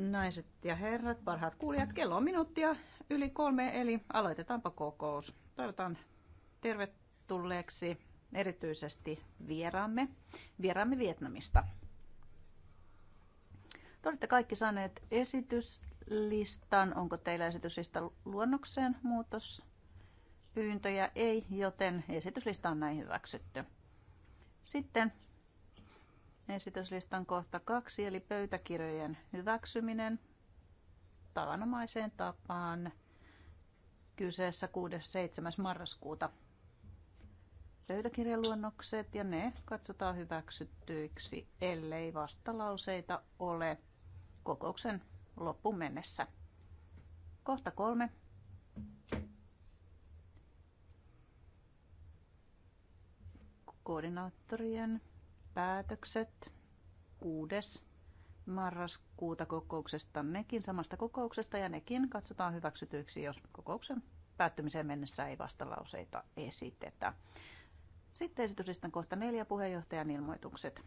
naiset ja herrat, parhaat kuulijat, kello on minuuttia yli kolme, eli aloitetaanpa kokous. Toivotan tervetulleeksi erityisesti vieraamme, vieraamme Vietnamista. Te olette kaikki saaneet esityslistan. Onko teillä esityslista luonnokseen muutos? Pyyntöjä ei, joten esityslista on näin hyväksytty. Sitten esityslistan kohta kaksi, eli pöytäkirjojen hyväksyminen tavanomaiseen tapaan kyseessä 6.7. marraskuuta. Pöytäkirjaluonnokset ja ne katsotaan hyväksyttyiksi, ellei vastalauseita ole kokouksen loppuun mennessä. Kohta kolme. Koordinaattorien päätökset 6. marraskuuta kokouksesta nekin samasta kokouksesta ja nekin katsotaan hyväksytyiksi, jos kokouksen päättymiseen mennessä ei vastalauseita esitetä. Sitten esityslistan kohta neljä puheenjohtajan ilmoitukset.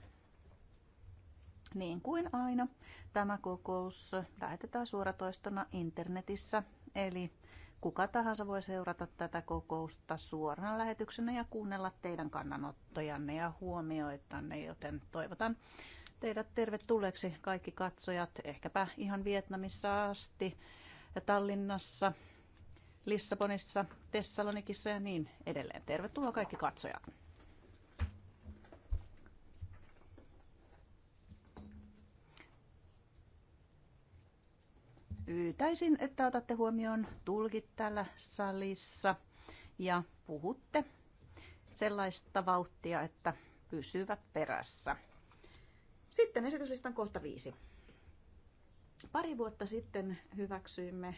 Niin kuin aina, tämä kokous lähetetään suoratoistona internetissä, eli Kuka tahansa voi seurata tätä kokousta suorana lähetyksenä ja kuunnella teidän kannanottojanne ja huomioitanne, joten toivotan teidät tervetulleeksi kaikki katsojat, ehkäpä ihan Vietnamissa asti, ja Tallinnassa, Lissabonissa, Tessalonikissa ja niin edelleen. Tervetuloa kaikki katsojat. pyytäisin, että otatte huomioon tulkit täällä salissa ja puhutte sellaista vauhtia, että pysyvät perässä. Sitten esityslistan kohta viisi. Pari vuotta sitten hyväksyimme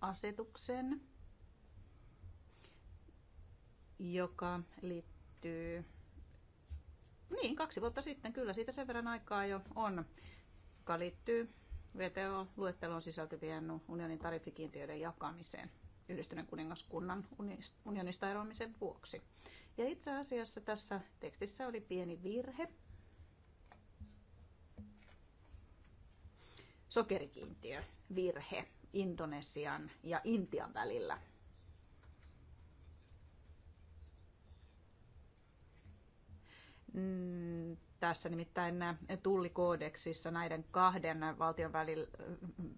asetuksen, joka liittyy... Niin, kaksi vuotta sitten, kyllä siitä sen verran aikaa jo on, joka liittyy VTO-luetteloon sisältyvien unionin tariffikiintiöiden jakamiseen yhdistyneen kuningaskunnan unionista eroamisen vuoksi. Ja itse asiassa tässä tekstissä oli pieni virhe. Sokerikiintiö, virhe Indonesian ja Intian välillä. Mm, tässä, nimittäin tullikoodeksissa näiden kahden valtion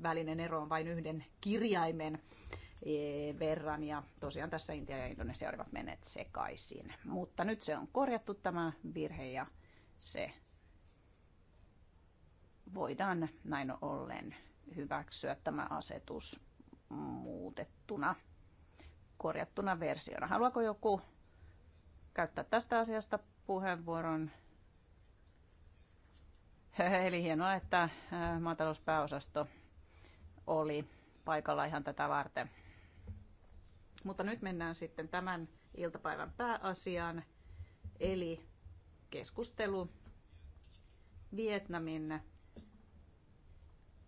välinen ero on vain yhden kirjaimen e, verran ja tosiaan tässä Intia ja Indonesia olivat menneet sekaisin. Mutta nyt se on korjattu tämä virhe ja se voidaan näin ollen hyväksyä tämä asetus muutettuna, korjattuna versiona. Haluaako joku käyttää tästä asiasta puheenvuoron? Eli hienoa, että äh, maatalouspääosasto oli paikalla ihan tätä varten. Mutta nyt mennään sitten tämän iltapäivän pääasiaan, eli keskustelu Vietnamin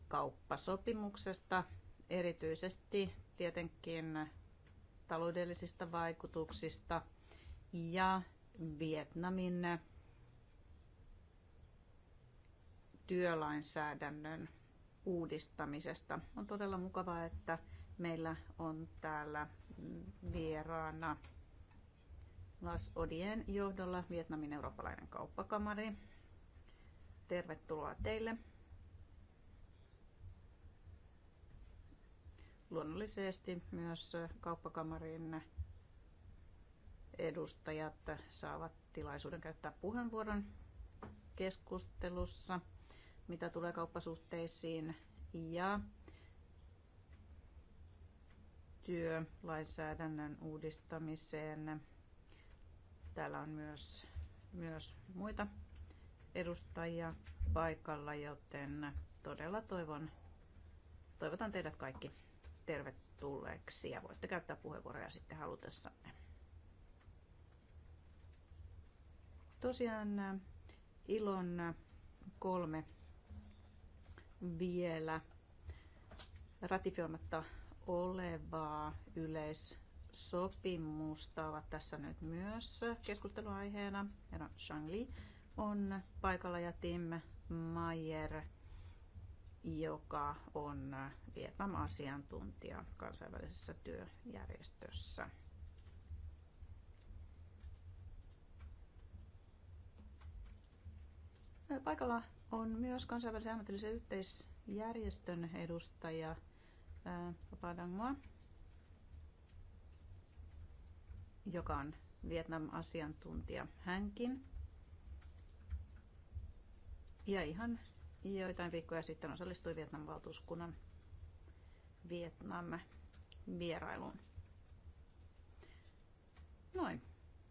kauppasopimuksesta, erityisesti tietenkin taloudellisista vaikutuksista ja Vietnamin työlainsäädännön uudistamisesta. On todella mukavaa, että meillä on täällä vieraana Las Odien johdolla Vietnamin eurooppalainen kauppakamari. Tervetuloa teille. Luonnollisesti myös kauppakamarin edustajat saavat tilaisuuden käyttää puheenvuoron keskustelussa – mitä tulee kauppasuhteisiin ja työlainsäädännön uudistamiseen. Täällä on myös, myös muita edustajia paikalla, joten todella toivon, toivotan teidät kaikki tervetulleeksi ja voitte käyttää puheenvuoroja sitten halutessanne. Tosiaan äh, ilon kolme vielä ratifioimatta olevaa yleissopimusta ovat tässä nyt myös keskusteluaiheena. Herra Shangli on paikalla ja Tim Mayer, joka on Vietnam-asiantuntija kansainvälisessä työjärjestössä. Paikalla on myös kansainvälisen ammatillisen yhteisjärjestön edustaja Papadangoa, joka on Vietnam-asiantuntija hänkin. Ja ihan joitain viikkoja sitten osallistui Vietnam-valtuuskunnan Vietnam-vierailuun. Noin.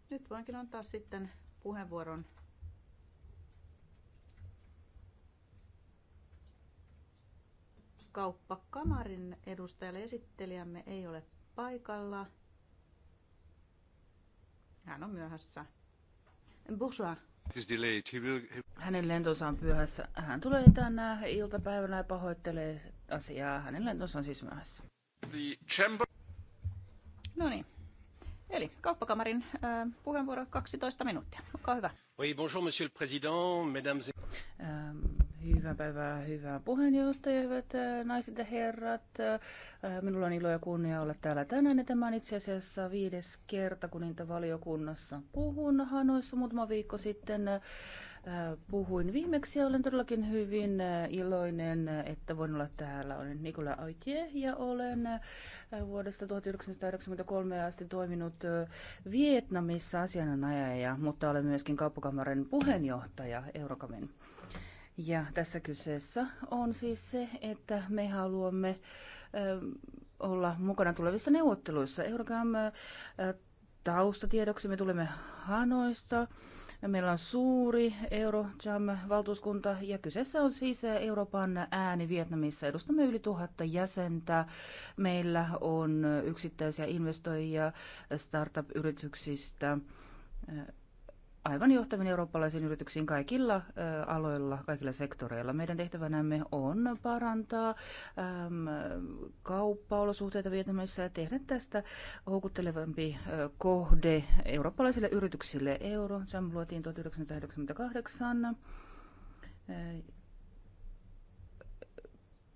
Nyt voinkin antaa sitten puheenvuoron kauppakamarin edustajalle. Esittelijämme ei ole paikalla. Hän on myöhässä. Bonsoir. Hänen lentonsa on myöhässä. Hän tulee tänään iltapäivänä ja pahoittelee asiaa. Hänen lentonsa on siis myöhässä. No niin. Eli kauppakamarin äh, puheenvuoro 12 minuuttia. Olkaa hyvä. Oui, bonjour, monsieur le président, mesdames et... Ähm, Hyvää päivää, hyvää puheenjohtaja, hyvät äh, naiset ja herrat. Äh, minulla on ilo ja kunnia olla täällä tänään ja tämä on itse asiassa viides kerta, kun niitä valiokunnassa puhun Hanoissa muutama viikko sitten. Äh, puhuin viimeksi ja olen todellakin hyvin iloinen, että voin olla täällä. Olen Nikola Aitje ja olen vuodesta 1993 asti toiminut Vietnamissa asianajaja, mutta olen myöskin kauppakamarin puheenjohtaja Eurokamin ja tässä kyseessä on siis se, että me haluamme olla mukana tulevissa neuvotteluissa. äh, taustatiedoksi me tulemme Hanoista. Meillä on suuri Eurojam-valtuuskunta ja kyseessä on siis Euroopan ääni Vietnamissa. Edustamme yli tuhatta jäsentä. Meillä on yksittäisiä investoijia startup-yrityksistä aivan johtaviin eurooppalaisiin yrityksiin kaikilla aloilla, kaikilla sektoreilla. Meidän tehtävänämme on parantaa kauppaolosuhteita Vietnamissa ja tehdä tästä houkuttelevampi kohde eurooppalaisille yrityksille. Euro, se luotiin 1998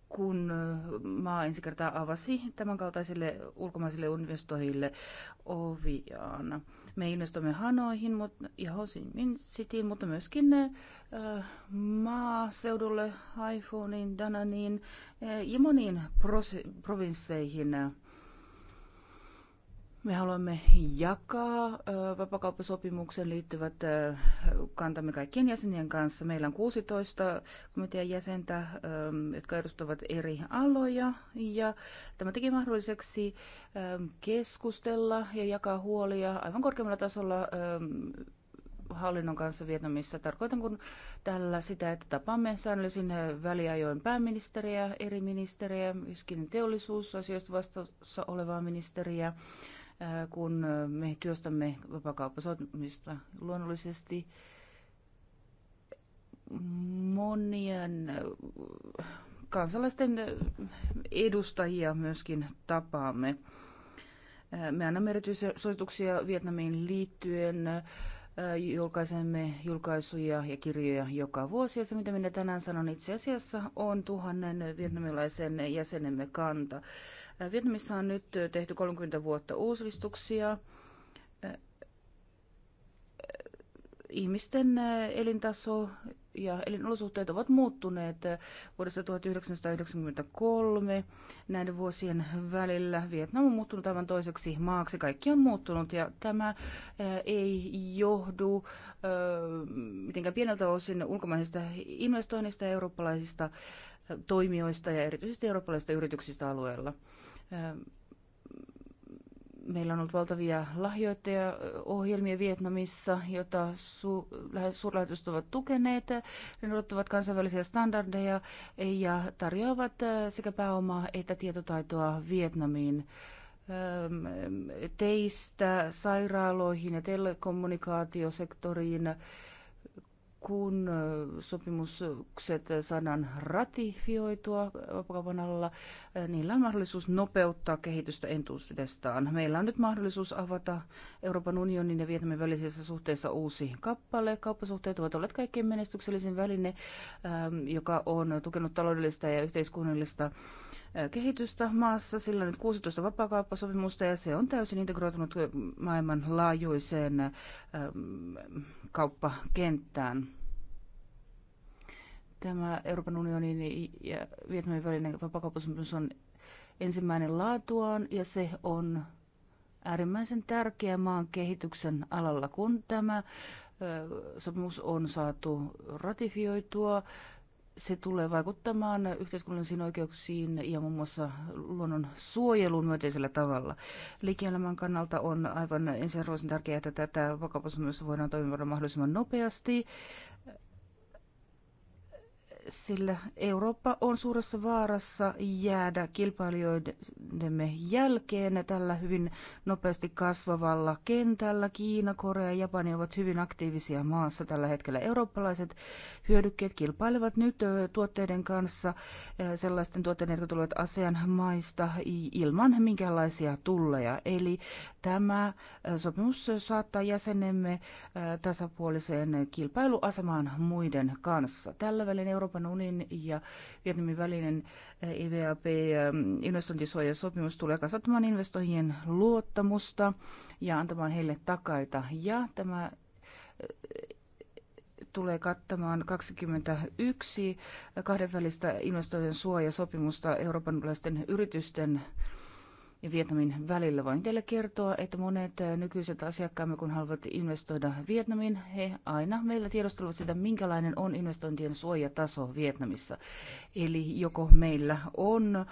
kun maa ensi kertaa avasi tämänkaltaisille ulkomaisille investoijille oviaan. Me investoimme Hanoihin mut, ja Ho Chi Minh mutta myöskin ne, äh, maaseudulle, iPhonein, Dananiin äh, ja moniin provinsseihin. Me haluamme jakaa vapakauppasopimuksen liittyvät kantamme kaikkien jäsenien kanssa. Meillä on 16 komitean jäsentä, jotka edustavat eri aloja ja tämä teki mahdolliseksi keskustella ja jakaa huolia aivan korkeammalla tasolla hallinnon kanssa Vietnamissa. Tarkoitan kun tällä sitä, että tapaamme säännöllisin väliajoin pääministeriä, eri ministeriä, myöskin teollisuusasioista vastaassa olevaa ministeriä, Äh, kun äh, me työstämme vapaakauppasopimusta luonnollisesti monien äh, kansalaisten edustajia myöskin tapaamme. Me annamme erityisiä suosituksia Vietnamiin liittyen, julkaisemme julkaisuja ja kirjoja joka vuosi. Ja se, mitä minä tänään sanon itse asiassa, on tuhannen vietnamilaisen jäsenemme kanta. Vietnamissa on nyt tehty 30 vuotta uudistuksia. Ihmisten elintaso ja elinolosuhteet ovat muuttuneet vuodesta 1993. Näiden vuosien välillä Vietnam on muuttunut aivan toiseksi maaksi. Kaikki on muuttunut ja tämä eh, ei johdu eh, mitenkään pieneltä osin ulkomaisista investoinnista ja eurooppalaisista toimijoista ja erityisesti eurooppalaisista yrityksistä alueella. Meillä on ollut valtavia ohjelmia Vietnamissa, jota su- suurlähetystöt ovat tukeneet. Ne odottavat kansainvälisiä standardeja ja tarjoavat sekä pääomaa että tietotaitoa Vietnamiin teistä sairaaloihin ja telekommunikaatiosektoriin kun sopimus saadaan ratifioitua vapakaupan alla, niillä on mahdollisuus nopeuttaa kehitystä entuudestaan. Meillä on nyt mahdollisuus avata Euroopan unionin ja Vietnamin välisessä suhteessa uusi kappale. Kauppasuhteet ovat olleet kaikkein menestyksellisin väline, joka on tukenut taloudellista ja yhteiskunnallista kehitystä maassa. Sillä on nyt 16 vapaakauppasopimusta ja se on täysin integroitunut maailmanlaajuiseen kauppakenttään. Tämä Euroopan unionin ja Vietnamin välinen vapakauppasopimus on ensimmäinen laatuaan ja se on äärimmäisen tärkeä maan kehityksen alalla, kun tämä sopimus on saatu ratifioitua. Se tulee vaikuttamaan yhteiskunnallisiin oikeuksiin ja muun muassa luonnon suojeluun myönteisellä tavalla. Liike-elämän kannalta on aivan ensiarvoisen tärkeää, että tätä vakavuusmyöstä voidaan toimivana mahdollisimman nopeasti sillä Eurooppa on suuressa vaarassa jäädä kilpailijoidemme jälkeen tällä hyvin nopeasti kasvavalla kentällä. Kiina, Korea ja Japani ovat hyvin aktiivisia maassa tällä hetkellä. Eurooppalaiset hyödykkeet kilpailevat nyt tuotteiden kanssa sellaisten tuotteiden, jotka tulevat ASEAN maista ilman minkäänlaisia tulleja. Eli tämä sopimus saattaa jäsenemme tasapuoliseen kilpailuasemaan muiden kanssa. Tällä välin Euroopan Euroopan ja Vietnamin välinen eh, IVAP eh, investointisuojasopimus tulee kasvattamaan investoijien luottamusta ja antamaan heille takaita. Ja tämä eh, tulee kattamaan 21 kahdenvälistä investointien suojasopimusta eurooppalaisten yritysten ja Vietnamin välillä. Voin teille kertoa, että monet nykyiset asiakkaamme, kun haluavat investoida Vietnamin, he aina meillä tiedostelevat sitä, minkälainen on investointien suojataso Vietnamissa. Eli joko meillä on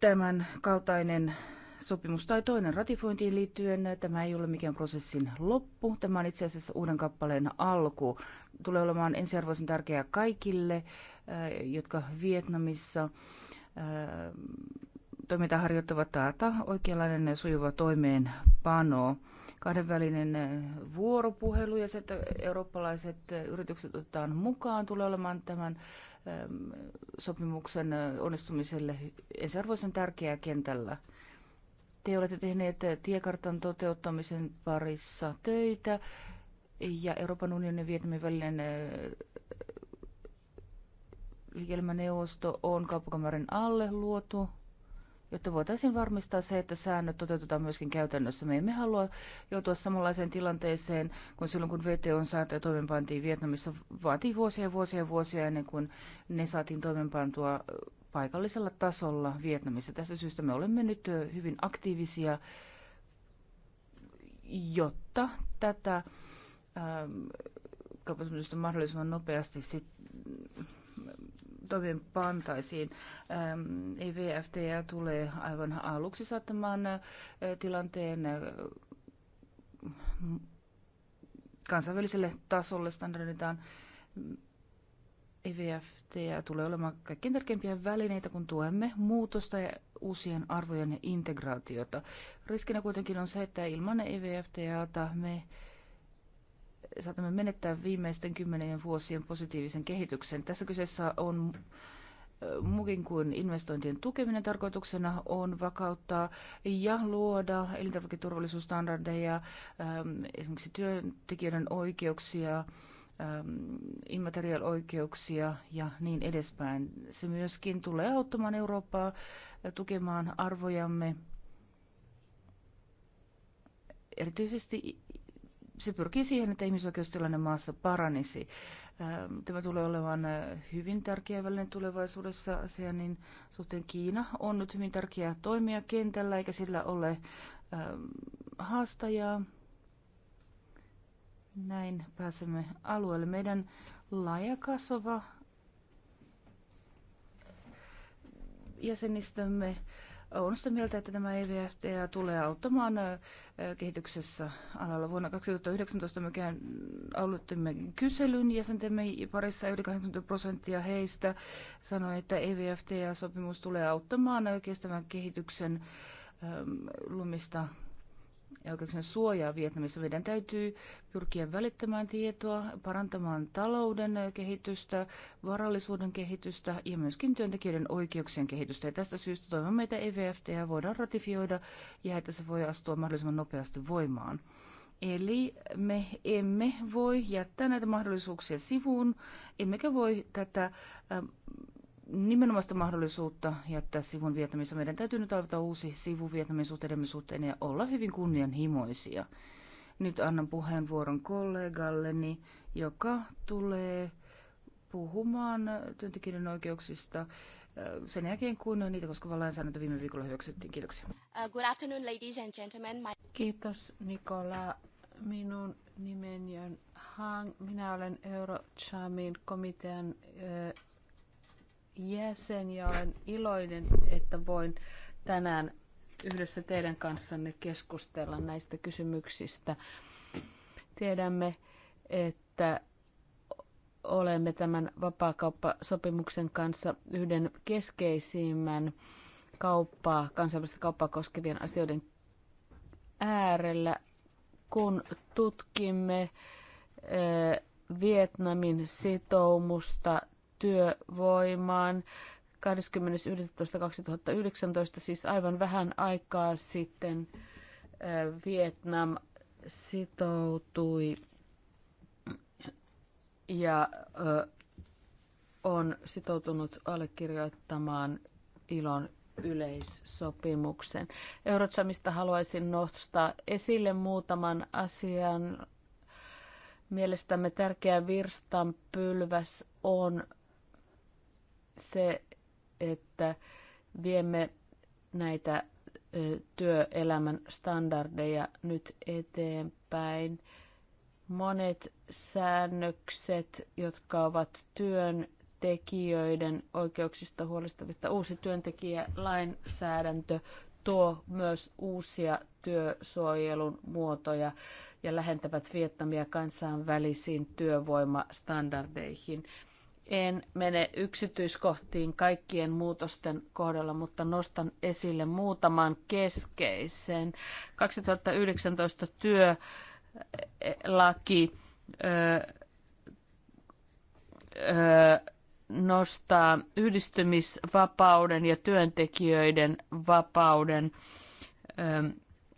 tämän kaltainen sopimus tai toinen ratifointiin liittyen. Tämä ei ole mikään prosessin loppu. Tämä on itse asiassa uuden kappaleen alku. Tulee olemaan ensiarvoisen tärkeää kaikille, jotka Vietnamissa äh, toiminta harjoittava taata oikeanlainen sujuva toimeenpano, kahdenvälinen vuoropuhelu ja se, että eurooppalaiset yritykset otetaan mukaan, tulee olemaan tämän ähm, sopimuksen onnistumiselle ensiarvoisen tärkeää kentällä. Te olette tehneet tiekartan toteuttamisen parissa töitä ja Euroopan unionin ja Vietnamin välinen Liikelmäneuvosto on kauppakamarin alle luotu, jotta voitaisiin varmistaa se, että säännöt toteutetaan myöskin käytännössä. Me emme halua joutua samanlaiseen tilanteeseen kuin silloin, kun saatu ja toimenpantiin Vietnamissa. Vaatii vuosia ja vuosia ja vuosia ennen kuin ne saatiin toimenpantua paikallisella tasolla Vietnamissa. Tässä syystä me olemme nyt hyvin aktiivisia, jotta tätä ähm, mahdollisimman nopeasti sit, toimeen pantaisiin. EVFTA tulee aivan aluksi saattamaan tilanteen kansainväliselle tasolle standarditaan. EVFTA tulee olemaan kaikkein tärkeimpiä välineitä, kun tuemme muutosta ja uusien arvojen integraatiota. Riskinä kuitenkin on se, että ilman IVFTAta e me saatamme menettää viimeisten kymmenen vuosien positiivisen kehityksen. Tässä kyseessä on mukin kuin investointien tukeminen tarkoituksena on vakauttaa ja luoda elintarviketurvallisuusstandardeja, esimerkiksi työntekijöiden oikeuksia, immateriaalioikeuksia ja niin edespäin. Se myöskin tulee auttamaan Eurooppaa tukemaan arvojamme, erityisesti se pyrkii siihen, että ihmisoikeustilanne maassa paranisi. Ähm, tämä tulee olemaan äh, hyvin tärkeä välinen tulevaisuudessa asia, niin suhteen Kiina on nyt hyvin tärkeä toimija kentällä, eikä sillä ole ähm, haastajaa. Näin pääsemme alueelle. Meidän laaja kasvava jäsenistömme on sitä mieltä, että tämä EVFTA tulee auttamaan kehityksessä alalla. Vuonna 2019 me aloittimme kyselyn jäsentemme parissa yli 80 prosenttia heistä sanoi, että EVFTA-sopimus tulee auttamaan kestävän kehityksen lumista ja oikeuksien suojaa Vietnamissa. Meidän täytyy pyrkiä välittämään tietoa, parantamaan talouden kehitystä, varallisuuden kehitystä ja myöskin työntekijöiden oikeuksien kehitystä. Ja tästä syystä toivomme, että EVFT voidaan ratifioida ja että se voi astua mahdollisimman nopeasti voimaan. Eli me emme voi jättää näitä mahdollisuuksia sivuun, emmekä voi tätä sitä mahdollisuutta jättää sivun vietämissä. Meidän täytyy nyt avata uusi sivu vietämin suhteen ja olla hyvin kunnianhimoisia. Nyt annan puheenvuoron kollegalleni, joka tulee puhumaan työntekijöiden oikeuksista äh, sen jälkeen, kun niitä koskeva lainsäädäntö viime viikolla hyväksyttiin. Kiitoksia. Uh, good afternoon, ladies and gentlemen. My... Kiitos Nikola. Minun nimeni on Hang. Minä olen Eurochamin komitean jäsen ja olen iloinen, että voin tänään yhdessä teidän kanssanne keskustella näistä kysymyksistä. Tiedämme, että olemme tämän vapaakauppasopimuksen kanssa yhden keskeisimmän kauppaa, kansainvälistä kauppaa koskevien asioiden äärellä, kun tutkimme eh, Vietnamin sitoumusta työvoimaan 20.11.2019, siis aivan vähän aikaa sitten Vietnam sitoutui ja on sitoutunut allekirjoittamaan ilon yleissopimuksen. Eurotsamista haluaisin nostaa esille muutaman asian. Mielestämme tärkeä virstanpylväs on se, että viemme näitä työelämän standardeja nyt eteenpäin. Monet säännökset, jotka ovat työntekijöiden oikeuksista huolestavista, uusi työntekijälainsäädäntö tuo myös uusia työsuojelun muotoja ja lähentävät viettämiä kansainvälisiin työvoimastandardeihin. En mene yksityiskohtiin kaikkien muutosten kohdalla, mutta nostan esille muutaman keskeisen. 2019 työlaki öö, öö, nostaa yhdistymisvapauden ja työntekijöiden vapauden öö,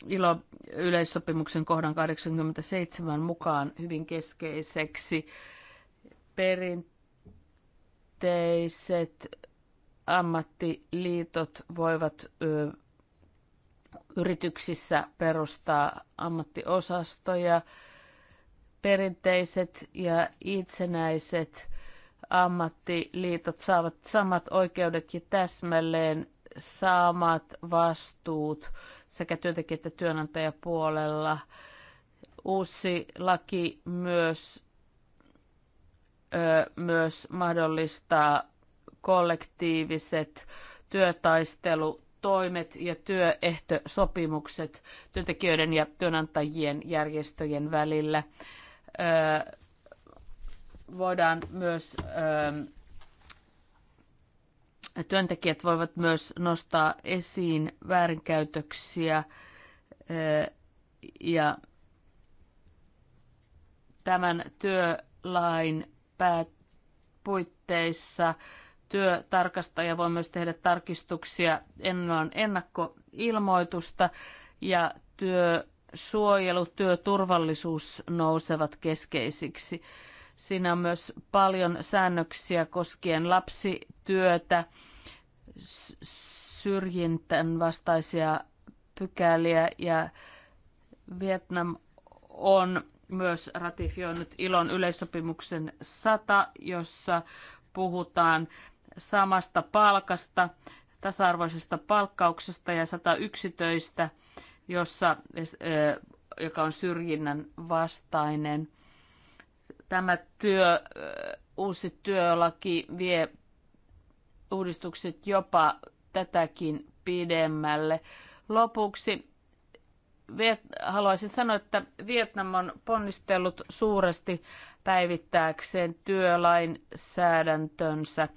ilo yleissopimuksen kohdan 87 mukaan hyvin keskeiseksi perinteeksi perinteiset ammattiliitot voivat ö, yrityksissä perustaa ammattiosastoja. Perinteiset ja itsenäiset ammattiliitot saavat samat oikeudet ja täsmälleen samat vastuut sekä työntekijä- että työnantajapuolella. Uusi laki myös myös mahdollistaa kollektiiviset työtaistelutoimet ja työehtosopimukset työntekijöiden ja työnantajien järjestöjen välillä. Voidaan myös työntekijät voivat myös nostaa esiin väärinkäytöksiä ja tämän työlain päät- puitteissa työtarkastaja voi myös tehdä tarkistuksia ennen ennakkoilmoitusta ja työsuojelu, työturvallisuus nousevat keskeisiksi. Siinä on myös paljon säännöksiä koskien lapsityötä, syrjintän vastaisia pykäliä ja Vietnam on myös ratifioinut ilon yleissopimuksen 100, jossa puhutaan samasta palkasta, tasa-arvoisesta palkkauksesta ja 1-töistä, jossa, eh, joka on syrjinnän vastainen. Tämä työ, eh, uusi työlaki vie uudistukset jopa tätäkin pidemmälle. Lopuksi haluaisin sanoa, että Vietnam on ponnistellut suuresti päivittääkseen työlainsäädäntönsä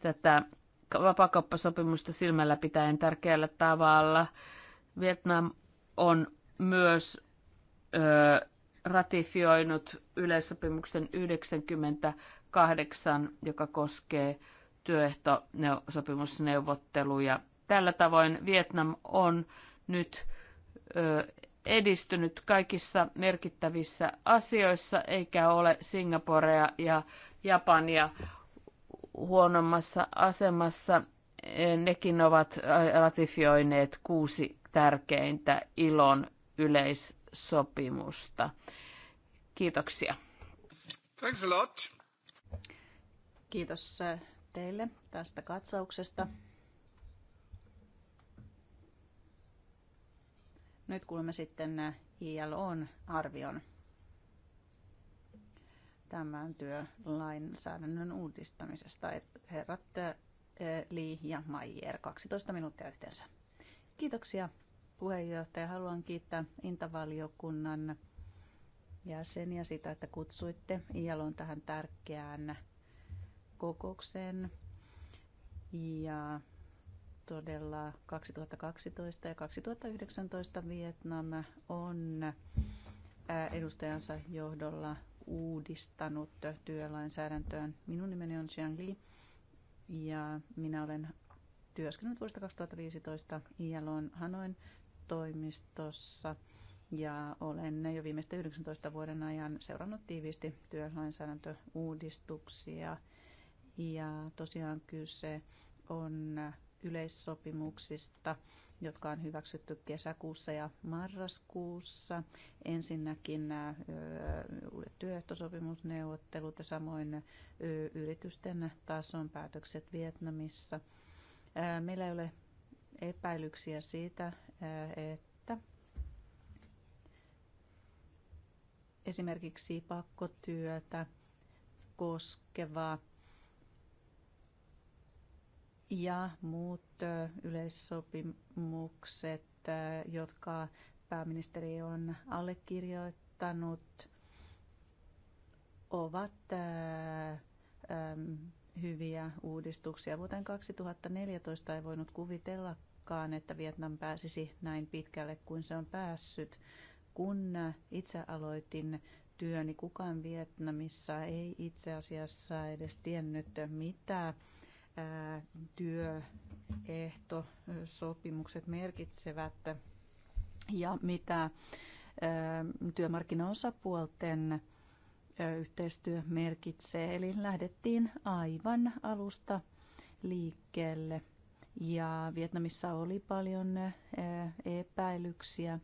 tätä vapakauppasopimusta silmällä pitäen tärkeällä tavalla. Vietnam on myös ö, ratifioinut yleissopimuksen 98, joka koskee työehtosopimusneuvotteluja. Tällä tavoin Vietnam on nyt edistynyt kaikissa merkittävissä asioissa, eikä ole Singaporea ja Japania huonommassa asemassa. E, nekin ovat ratifioineet kuusi tärkeintä ilon yleissopimusta. Kiitoksia. Thanks a lot. Kiitos teille tästä katsauksesta. Nyt kuulemme sitten äh, ILOn arvion tämän työlainsäädännön uudistamisesta. Herrat äh, Li ja Maijer, 12 minuuttia yhteensä. Kiitoksia puheenjohtaja. Haluan kiittää Intavaliokunnan jäseniä sitä, että kutsuitte ILOn tähän tärkeään kokoukseen. Ja todella 2012 ja 2019 Vietnam on edustajansa johdolla uudistanut työlainsäädäntöön. Minun nimeni on Xiang Li ja minä olen työskennellyt vuodesta 2015 ILOn Hanoin toimistossa ja olen jo viimeisten 19 vuoden ajan seurannut tiiviisti työlainsäädäntöuudistuksia ja tosiaan kyse on yleissopimuksista, jotka on hyväksytty kesäkuussa ja marraskuussa. Ensinnäkin nämä uudet työehtosopimusneuvottelut ja samoin yritysten tason päätökset Vietnamissa. Meillä ei ole epäilyksiä siitä, että esimerkiksi pakkotyötä koskeva ja muut yleissopimukset, jotka pääministeri on allekirjoittanut, ovat hyviä uudistuksia. Vuoteen 2014 ei voinut kuvitellakaan, että Vietnam pääsisi näin pitkälle kuin se on päässyt. Kun itse aloitin työni, niin kukaan Vietnamissa ei itse asiassa edes tiennyt, mitä työehtosopimukset merkitsevät ja mitä työmarkkinaosapuolten yhteistyö merkitsee. Eli lähdettiin aivan alusta liikkeelle. Ja Vietnamissa oli paljon epäilyksiä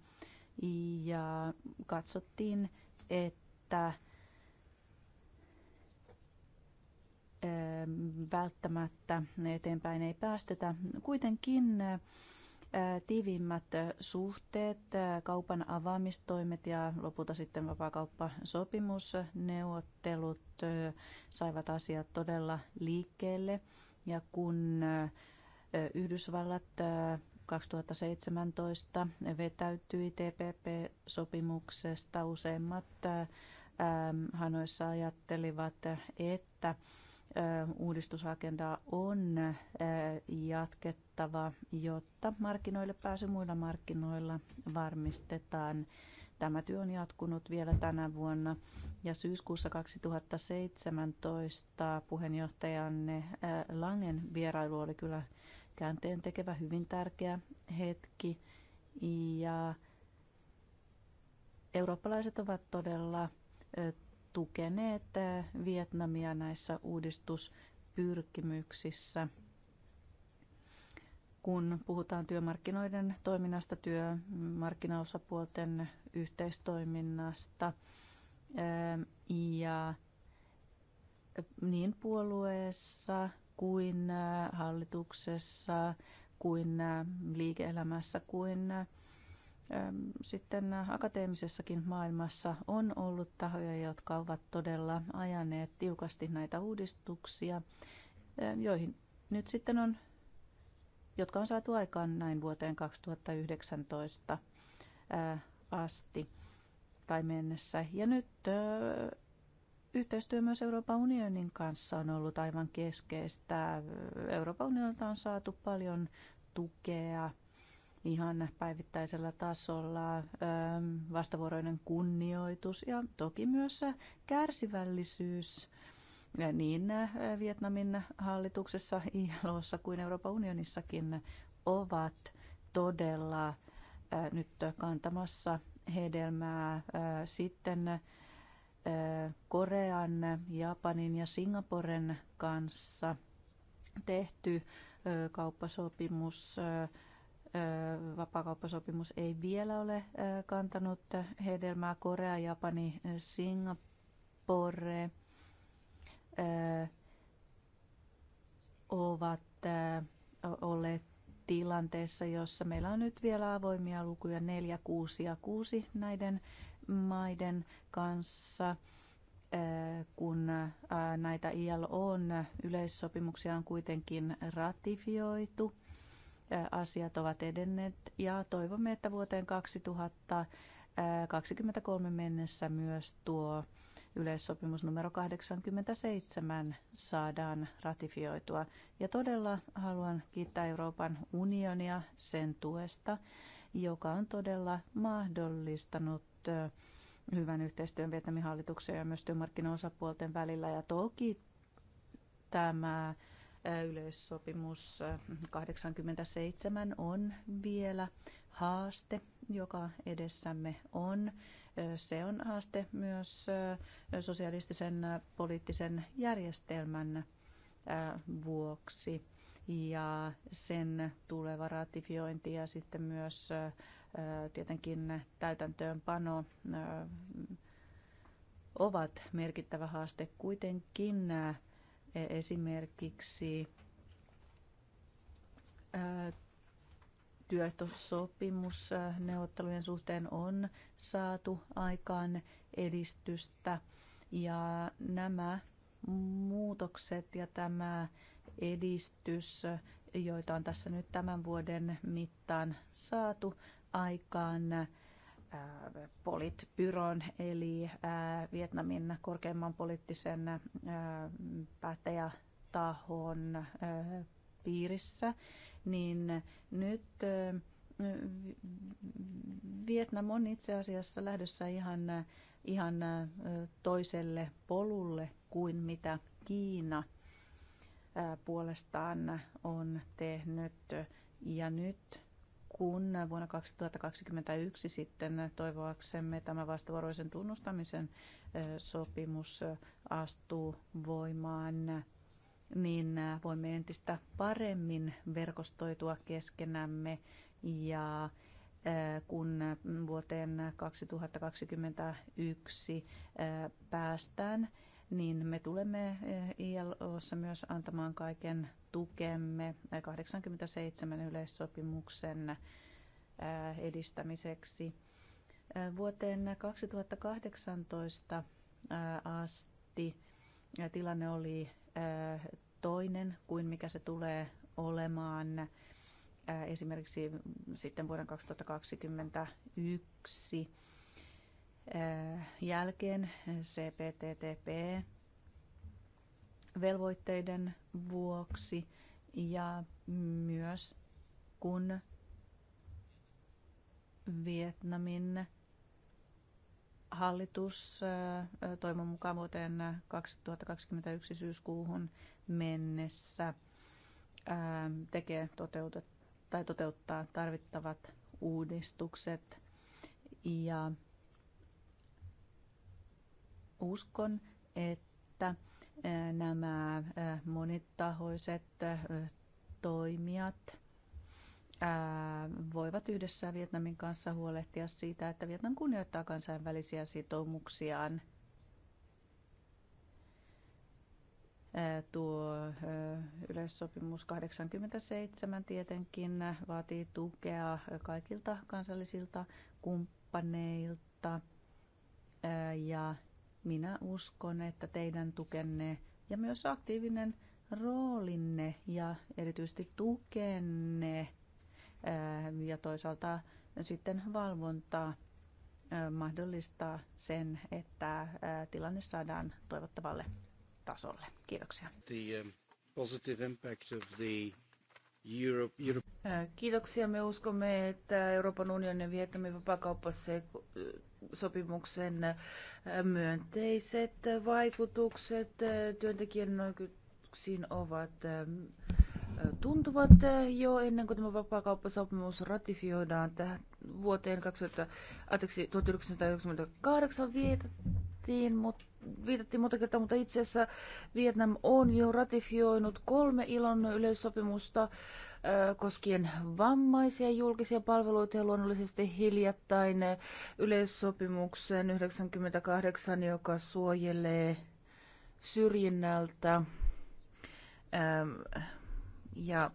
ja katsottiin, että välttämättä eteenpäin ei päästetä. Kuitenkin tiiviimmät suhteet, kaupan avaamistoimet ja lopulta sitten vapaakauppasopimusneuvottelut saivat asiat todella liikkeelle. Ja kun Yhdysvallat 2017 vetäytyi TPP-sopimuksesta, useimmat hanoissa ajattelivat, että uudistusagendaa on jatkettava, jotta markkinoille pääsy muilla markkinoilla varmistetaan. Tämä työ on jatkunut vielä tänä vuonna ja syyskuussa 2017 puheenjohtajanne Langen vierailu oli kyllä käänteen tekevä hyvin tärkeä hetki ja eurooppalaiset ovat todella tukeneet Vietnamia näissä uudistuspyrkimyksissä. Kun puhutaan työmarkkinoiden toiminnasta, työmarkkinaosapuolten yhteistoiminnasta ja niin puolueessa kuin hallituksessa kuin liike-elämässä kuin sitten akateemisessakin maailmassa on ollut tahoja, jotka ovat todella ajaneet tiukasti näitä uudistuksia, joihin nyt sitten on, jotka on saatu aikaan näin vuoteen 2019 asti tai mennessä. Ja nyt Yhteistyö myös Euroopan unionin kanssa on ollut aivan keskeistä. Euroopan unionilta on saatu paljon tukea ihan päivittäisellä tasolla, ähm, vastavuoroinen kunnioitus ja toki myös kärsivällisyys niin äh, Vietnamin hallituksessa, ILOssa kuin Euroopan unionissakin ovat todella äh, nyt kantamassa hedelmää äh, sitten Korean, Japanin ja Singaporen kanssa tehty kauppasopimus Vapaakauppasopimus ei vielä ole kantanut hedelmää. Korea, Japani, Singapore ovat olleet tilanteessa, jossa meillä on nyt vielä avoimia lukuja 4, 6 ja 6 näiden maiden kanssa, kun näitä ilo yleissopimuksia on kuitenkin ratifioitu asiat ovat edenneet ja toivomme, että vuoteen 2023 mennessä myös tuo yleissopimus numero 87 saadaan ratifioitua. Ja todella haluan kiittää Euroopan unionia sen tuesta, joka on todella mahdollistanut hyvän yhteistyön Vietnamin hallituksen ja myös työmarkkinaosapuolten välillä. Ja toki tämä yleissopimus 87 on vielä haaste, joka edessämme on. Se on haaste myös sosialistisen poliittisen järjestelmän vuoksi ja sen tuleva ratifiointi ja sitten myös tietenkin täytäntöönpano ovat merkittävä haaste. Kuitenkin E, esimerkiksi työehtosopimus neuvottelujen suhteen on saatu aikaan edistystä ja nämä muutokset ja tämä edistys, joita on tässä nyt tämän vuoden mittaan saatu aikaan, Äh, politbyron eli äh, Vietnamin korkeimman poliittisen äh, päättäjätahon piirissä, niin nyt Vietnam on itse asiassa lähdössä ihan, ihan toiselle polulle kuin mitä Kiina puolestaan on tehnyt. Ja nyt kun vuonna 2021 sitten toivoaksemme tämä vastavuoroisen tunnustamisen sopimus astuu voimaan, niin voimme entistä paremmin verkostoitua keskenämme ja kun vuoteen 2021 päästään, niin me tulemme eh, ILOssa myös antamaan kaiken tukemme 87 eh, yleissopimuksen eh, edistämiseksi. Vuoteen 2018 asti tilanne oli toinen kuin mikä se tulee olemaan esimerkiksi sitten vuoden 2021 jälkeen CPTTP velvoitteiden vuoksi ja myös kun Vietnamin hallitus toivon mukaan vuoteen 2021 syyskuuhun mennessä tekee toteutet, tai toteuttaa tarvittavat uudistukset ja uskon, että nämä monitahoiset toimijat voivat yhdessä Vietnamin kanssa huolehtia siitä, että Vietnam kunnioittaa kansainvälisiä sitoumuksiaan. Tuo yleissopimus 87 tietenkin vaatii tukea kaikilta kansallisilta kumppaneilta ja minä uskon, että teidän tukenne ja myös aktiivinen roolinne ja erityisesti tukenne ja toisaalta sitten valvontaa mahdollistaa sen, että tilanne saadaan toivottavalle tasolle. Kiitoksia. The, uh, positive impact of the Kiitoksia. Me uskomme, että Euroopan unionin viettämin vapaakauppasopimuksen myönteiset vaikutukset työntekijän oikeuksiin ovat tuntuvat jo ennen kuin tämä vapaakauppasopimus ratifioidaan tähän vuoteen 2000, anteeksi, 1998 viitattiin, mutta viitattiin monta kertaa, mutta itse asiassa Vietnam on jo ratifioinut kolme ilon yleissopimusta koskien vammaisia julkisia palveluita ja luonnollisesti hiljattain yleissopimuksen 98, joka suojelee syrjinnältä ja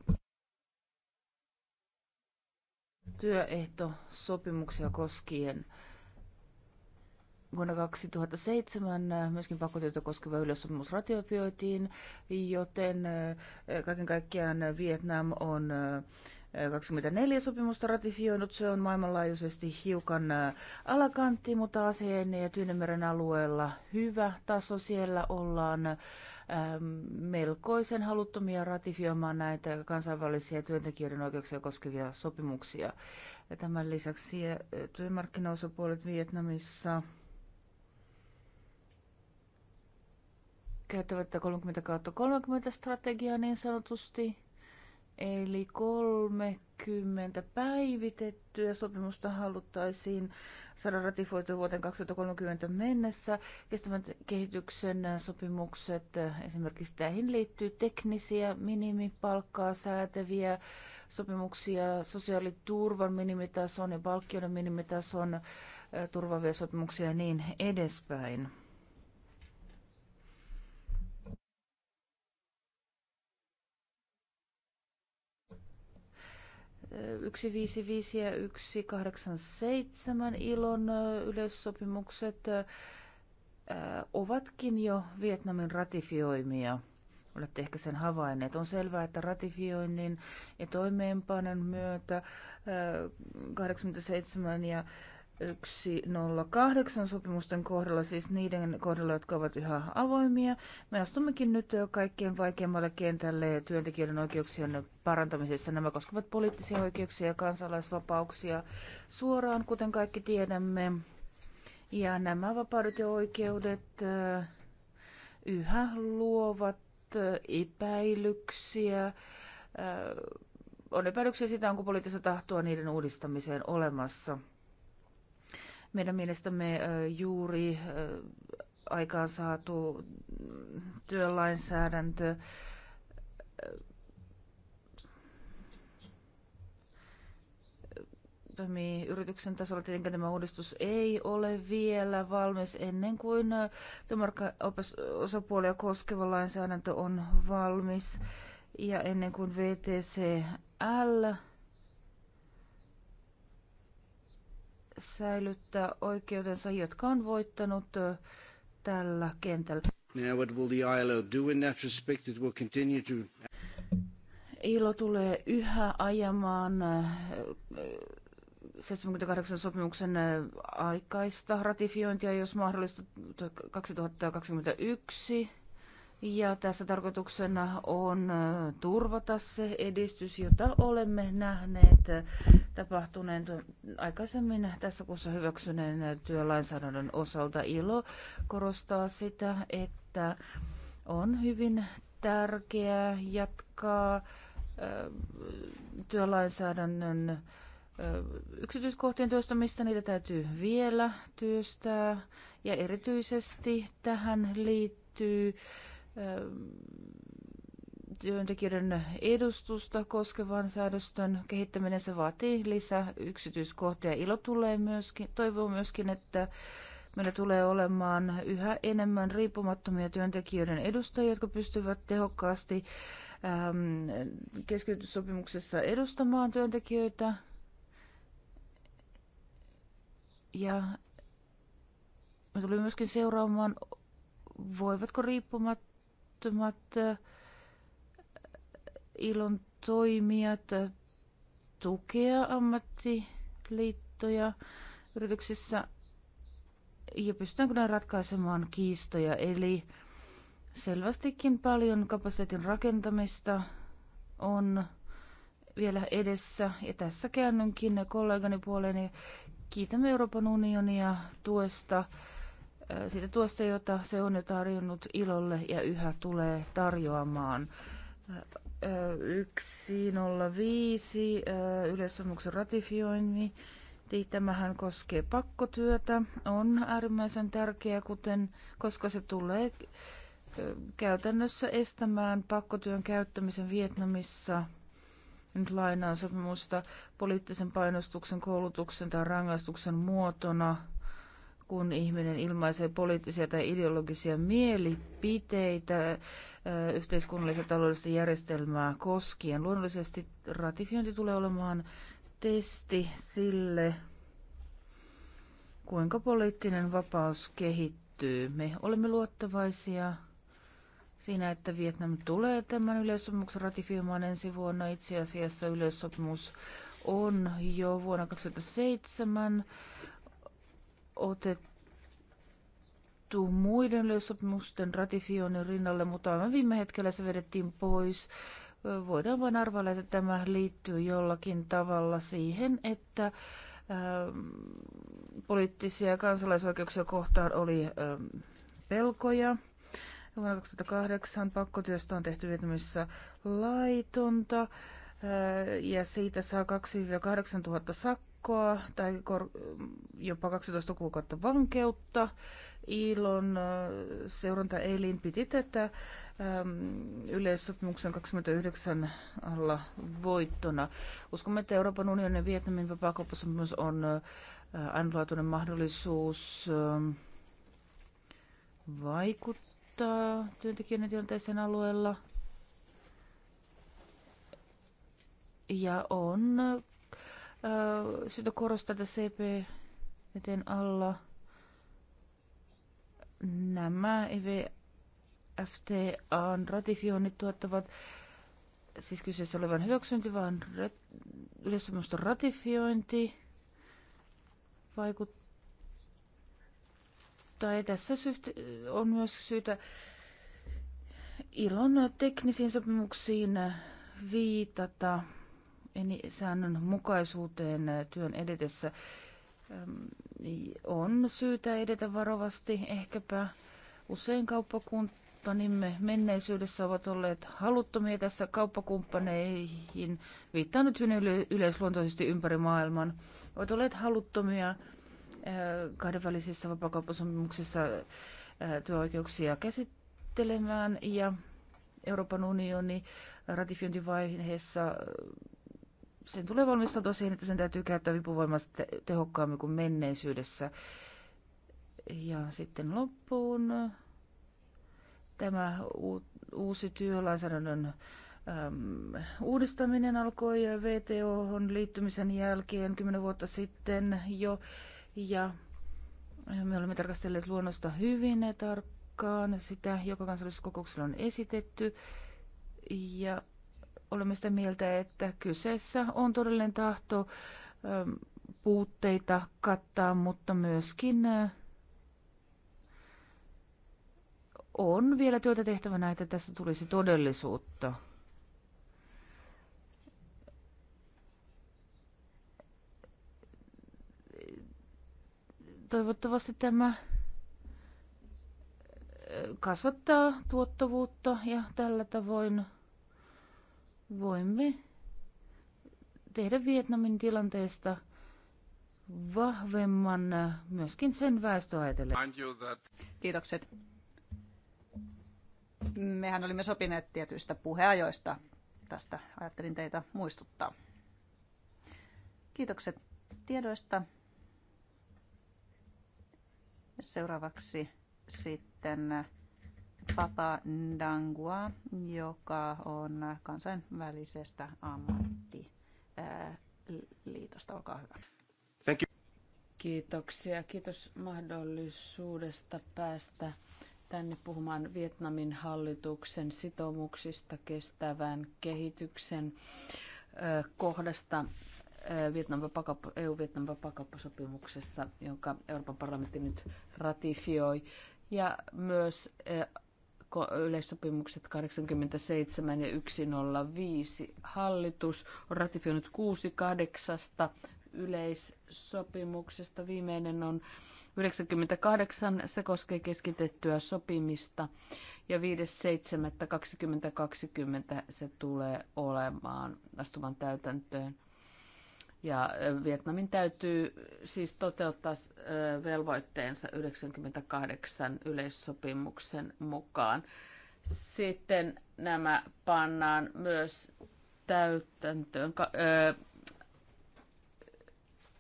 työehtosopimuksia koskien Vuonna 2007 äh, myöskin pakotettu koskeva yleissopimus ratifioitiin, joten äh, kaiken kaikkiaan Vietnam on 24 äh, sopimusta ratifioinut. Se on maailmanlaajuisesti hiukan alakantti, mutta aseen ja Tyynemeren alueella hyvä taso. Siellä ollaan ähm, melkoisen haluttomia ratifioimaan näitä kansainvälisiä työntekijöiden oikeuksia koskevia sopimuksia. Ja tämän lisäksi työmarkkinaosapuolet Vietnamissa käyttävät 30 kautta 30 strategiaa niin sanotusti. Eli 30 päivitettyä sopimusta haluttaisiin saada ratifioitua vuoteen 2030 mennessä. Kestävän kehityksen sopimukset, esimerkiksi tähän liittyy teknisiä minimipalkkaa säätäviä sopimuksia, sosiaaliturvan minimitason ja palkkioiden minimitason turvavia sopimuksia ja niin edespäin. 155 ja 187 ilon yleissopimukset ovatkin jo Vietnamin ratifioimia. Olette ehkä sen havainneet. On selvää, että ratifioinnin ja toimeenpanon myötä 87 ja 108 sopimusten kohdalla, siis niiden kohdalla, jotka ovat yhä avoimia. Me astummekin nyt jo kaikkein vaikeimmalle kentälle työntekijöiden oikeuksien parantamisessa. Nämä koskevat poliittisia oikeuksia ja kansalaisvapauksia suoraan, kuten kaikki tiedämme. Ja nämä vapaudet ja oikeudet eh, yhä luovat eh, epäilyksiä eh, on epäilyksiä sitä, onko poliittista tahtoa niiden uudistamiseen olemassa. Meidän mielestämme juuri aikaan saatu työlainsäädäntö toimii yrityksen tasolla. Tietenkin tämä uudistus ei ole vielä valmis ennen kuin työmarkkinaosapuolia koskeva lainsäädäntö on valmis ja ennen kuin VTCL säilyttää oikeutensa, jotka on voittanut tällä kentällä. Now what will the ILO do in that respect? It will continue to... ILO tulee yhä ajamaan 78 sopimuksen aikaista ratifiointia, jos mahdollista 2021. Ja tässä tarkoituksena on turvata se edistys, jota olemme nähneet tapahtuneen aikaisemmin tässä kuussa hyväksyneen työlainsäädännön osalta. ILO korostaa sitä, että on hyvin tärkeää jatkaa työlainsäädännön yksityiskohtien työstämistä, niitä täytyy vielä työstää ja erityisesti tähän liittyy työntekijöiden edustusta koskevan säädöstön kehittäminen, se vaatii lisää yksityiskohtia. Ilo tulee myöskin, toivoo myöskin, että meillä tulee olemaan yhä enemmän riippumattomia työntekijöiden edustajia, jotka pystyvät tehokkaasti äm, edustamaan työntekijöitä. Ja me tulimme myöskin seuraamaan, voivatko riippumatta riippumattomat ilon toimijat tukea ammattiliittoja yrityksissä ja pystytäänkö ne ratkaisemaan kiistoja. Eli selvästikin paljon kapasiteetin rakentamista on vielä edessä. Ja tässä käännynkin kollegani puoleeni. Kiitämme Euroopan unionia tuesta siitä tuosta, jota se on jo tarjonnut ilolle ja yhä tulee tarjoamaan. 105 yleissopimuksen ratifiointi. Tämähän koskee pakkotyötä. On äärimmäisen tärkeää, kuten, koska se tulee käytännössä estämään pakkotyön käyttämisen Vietnamissa nyt lainaan sopimusta poliittisen painostuksen, koulutuksen tai rangaistuksen muotona – kun ihminen ilmaisee poliittisia tai ideologisia mielipiteitä yhteiskunnallista taloudellista järjestelmää koskien. Luonnollisesti ratifiointi tulee olemaan testi sille, kuinka poliittinen vapaus kehittyy. Me olemme luottavaisia siinä, että Vietnam tulee tämän yleissopimuksen ratifioimaan ensi vuonna. Itse asiassa yleissopimus on jo vuonna 2007 otettu muiden yleissopimusten ratifioinnin rinnalle, mutta aivan viime hetkellä se vedettiin pois. Voidaan vain arvailla, että tämä liittyy jollakin tavalla siihen, että ähm, poliittisia ja kansalaisoikeuksia kohtaan oli ähm, pelkoja. Vuonna 2008 pakkotyöstä on tehty Vietnamissa laitonta äh, ja siitä saa 2-8 000 sakkoa sakkoa tai kor- jopa 12 kuukautta vankeutta. Ilon äh, seurantaelin piti tätä ähm, yleissopimuksen 29 alla voittona. Uskomme, että Euroopan unionin ja Vietnamin vapaakauppasopimus on äh, ainutlaatuinen mahdollisuus ähm, vaikuttaa työntekijöiden tilanteeseen alueella. Ja on syytä korostaa, CP eteen alla nämä EVFTAn ratifioinnit tuottavat siis kyseessä olevan hyväksynti, vaan yleissopimuksen ratifiointi vaikuttaa. tai tässä on myös syytä ilon teknisiin sopimuksiin viitata säännönmukaisuuteen työn edetessä on syytä edetä varovasti. Ehkäpä usein kauppakumppanimme menneisyydessä ovat olleet haluttomia tässä kauppakumppaneihin, viittaan nyt hyvin yleisluontoisesti ympäri maailman, ovat olleet haluttomia äh, kahdenvälisissä vapakauppasopimuksissa äh, työoikeuksia käsittelemään ja Euroopan unioni ratifiointivaiheessa sen tulee valmistautua siihen, että sen täytyy käyttää vipuvoimaa tehokkaammin kuin menneisyydessä. Ja sitten loppuun tämä uusi työlainsäädännön äm, uudistaminen alkoi VTOhon liittymisen jälkeen kymmenen vuotta sitten jo. Ja me olemme tarkastelleet luonnosta hyvin tarkkaan sitä, joka kansalliskokouksella on esitetty. Ja olemme sitä mieltä, että kyseessä on todellinen tahto ähm, puutteita kattaa, mutta myöskin äh, on vielä työtä tehtävänä, että tässä tulisi todellisuutta. Toivottavasti tämä äh, kasvattaa tuottavuutta ja tällä tavoin voimme tehdä Vietnamin tilanteesta vahvemman myöskin sen väestöajatelle. Kiitokset. Mehän olimme sopineet tietyistä puheajoista. Tästä ajattelin teitä muistuttaa. Kiitokset tiedoista. Seuraavaksi sitten Papa Ndangua, joka on kansainvälisestä ammattiliitosta. Olkaa hyvä. Thank you. Kiitoksia. Kiitos mahdollisuudesta päästä tänne puhumaan Vietnamin hallituksen sitoumuksista kestävän kehityksen kohdasta EU-Vietnam e vapakauppasopimuksessa, jonka Euroopan parlamentti nyt ratifioi, ja myös yleissopimukset 87 ja 105. Hallitus on ratifioinut 68 kahdeksasta yleissopimuksesta. Viimeinen on 98, se koskee keskitettyä sopimista ja 5.7.2020 se tulee olemaan astuvan täytäntöön. Ja Vietnamin täytyy siis toteuttaa velvoitteensa 98 yleissopimuksen mukaan. Sitten nämä pannaan myös täytäntöön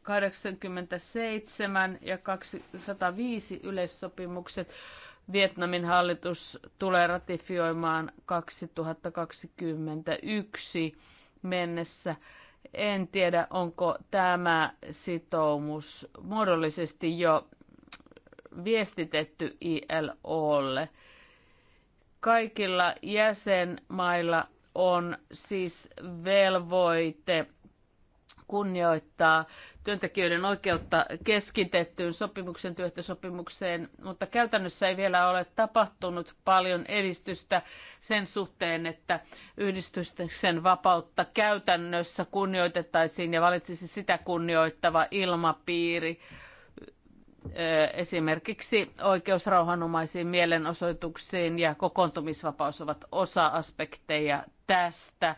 87 ja 205 yleissopimukset Vietnamin hallitus tulee ratifioimaan 2021 mennessä. En tiedä, onko tämä sitoumus muodollisesti jo viestitetty ILOlle. Kaikilla jäsenmailla on siis velvoite kunnioittaa työntekijöiden oikeutta keskitettyyn sopimuksen työehtosopimukseen, mutta käytännössä ei vielä ole tapahtunut paljon edistystä sen suhteen, että yhdistysten vapautta käytännössä kunnioitettaisiin ja valitsisi sitä kunnioittava ilmapiiri eh, esimerkiksi oikeus rauhanomaisiin mielenosoituksiin ja kokoontumisvapaus ovat osa aspekteja tästä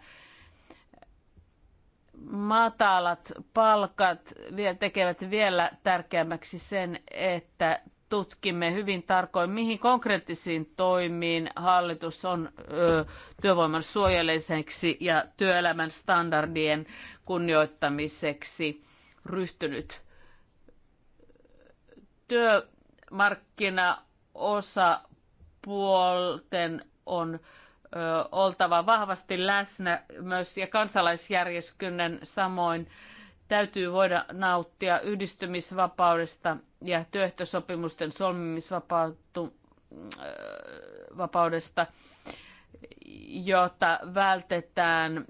matalat palkat tekevät vielä tärkeämmäksi sen, että tutkimme hyvin tarkoin, mihin konkreettisiin toimiin hallitus on ö, työvoiman suojelemiseksi ja työelämän standardien kunnioittamiseksi ryhtynyt. Työmarkkinaosapuolten on oltava vahvasti läsnä myös ja kansalaisjärjeskynnän samoin täytyy voida nauttia yhdistymisvapaudesta ja työehtosopimusten solmimisvapaudesta, jotta vältetään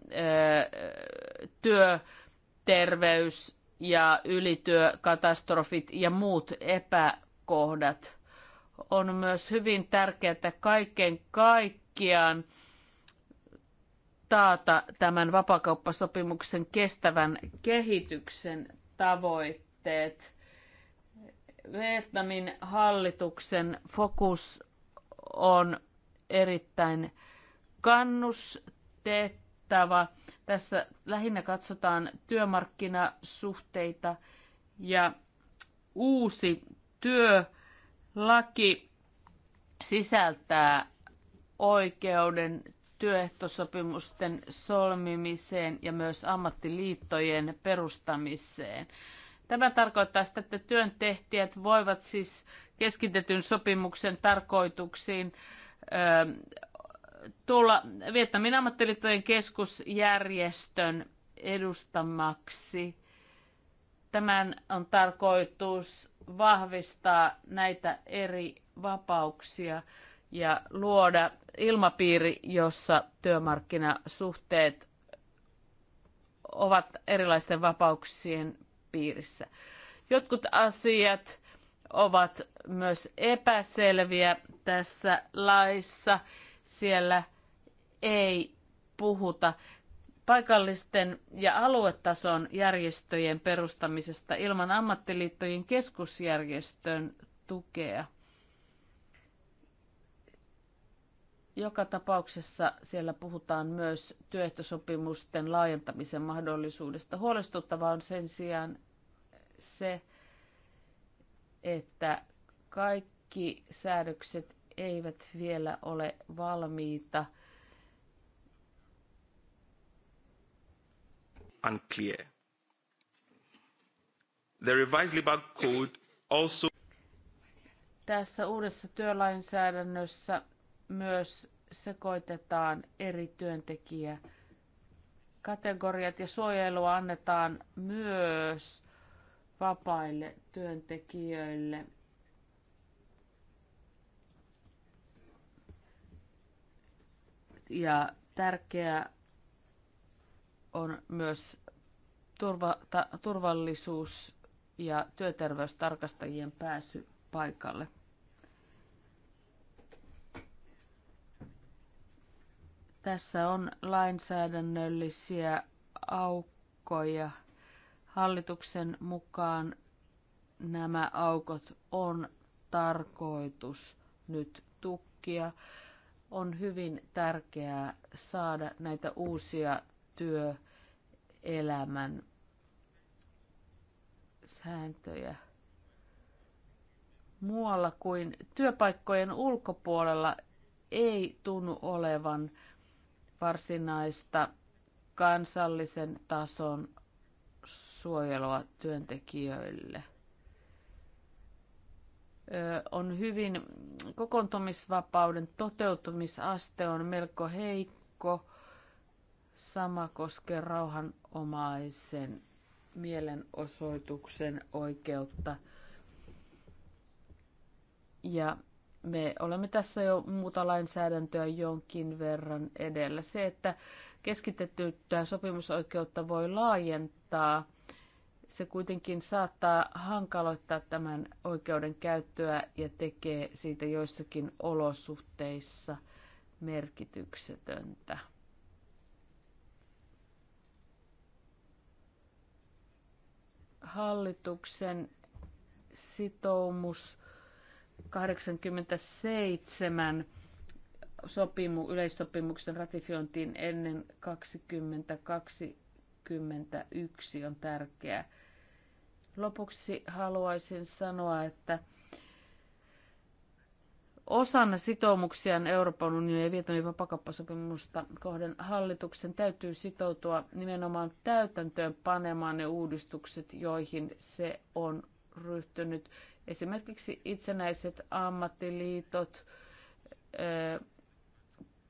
työterveys ja ylityökatastrofit ja muut epäkohdat. On myös hyvin tärkeää, että kaiken kaikkiaan kaikkiaan taata tämän vapakauppasopimuksen kestävän kehityksen tavoitteet. Vietnamin hallituksen fokus on erittäin kannustettava. Tässä lähinnä katsotaan työmarkkinasuhteita ja uusi työlaki sisältää oikeuden työehtosopimusten solmimiseen ja myös ammattiliittojen perustamiseen. Tämä tarkoittaa sitä, että työntehtijät voivat siis keskitetyn sopimuksen tarkoituksiin ö, tulla Vietnamin ammattiliittojen keskusjärjestön edustamaksi. Tämän on tarkoitus vahvistaa näitä eri vapauksia ja luoda ilmapiiri, jossa työmarkkinasuhteet ovat erilaisten vapauksien piirissä. Jotkut asiat ovat myös epäselviä tässä laissa. Siellä ei puhuta paikallisten ja aluetason järjestöjen perustamisesta ilman ammattiliittojen keskusjärjestön tukea. Joka tapauksessa siellä puhutaan myös työehtosopimusten laajentamisen mahdollisuudesta. Huolestuttavaa on sen sijaan se, että kaikki säädökset eivät vielä ole valmiita. Unclear. The revised labor code also Tässä uudessa työlainsäädännössä myös sekoitetaan eri työntekijäkategoriat ja suojelua annetaan myös vapaille työntekijöille. Ja tärkeää on myös turva, ta, turvallisuus ja työterveystarkastajien pääsy paikalle. Tässä on lainsäädännöllisiä aukkoja. Hallituksen mukaan nämä aukot on tarkoitus nyt tukkia. On hyvin tärkeää saada näitä uusia työelämän sääntöjä muualla kuin työpaikkojen ulkopuolella ei tunnu olevan varsinaista kansallisen tason suojelua työntekijöille. On hyvin, kokoontumisvapauden toteutumisaste on melko heikko. Sama koskee rauhanomaisen mielenosoituksen oikeutta. Ja me olemme tässä jo muuta lainsäädäntöä jonkin verran edellä. Se, että keskitettyä sopimusoikeutta voi laajentaa, se kuitenkin saattaa hankaloittaa tämän oikeuden käyttöä ja tekee siitä joissakin olosuhteissa merkityksetöntä. Hallituksen sitoumus 87 sopimu, yleissopimuksen ratifiointiin ennen 2021 on tärkeää. Lopuksi haluaisin sanoa, että osana sitoumuksiaan Euroopan unionin ja Vietnamin vapakauppasopimusta kohden hallituksen täytyy sitoutua nimenomaan täytäntöön panemaan ne uudistukset, joihin se on ryhtynyt Esimerkiksi itsenäiset ammattiliitot,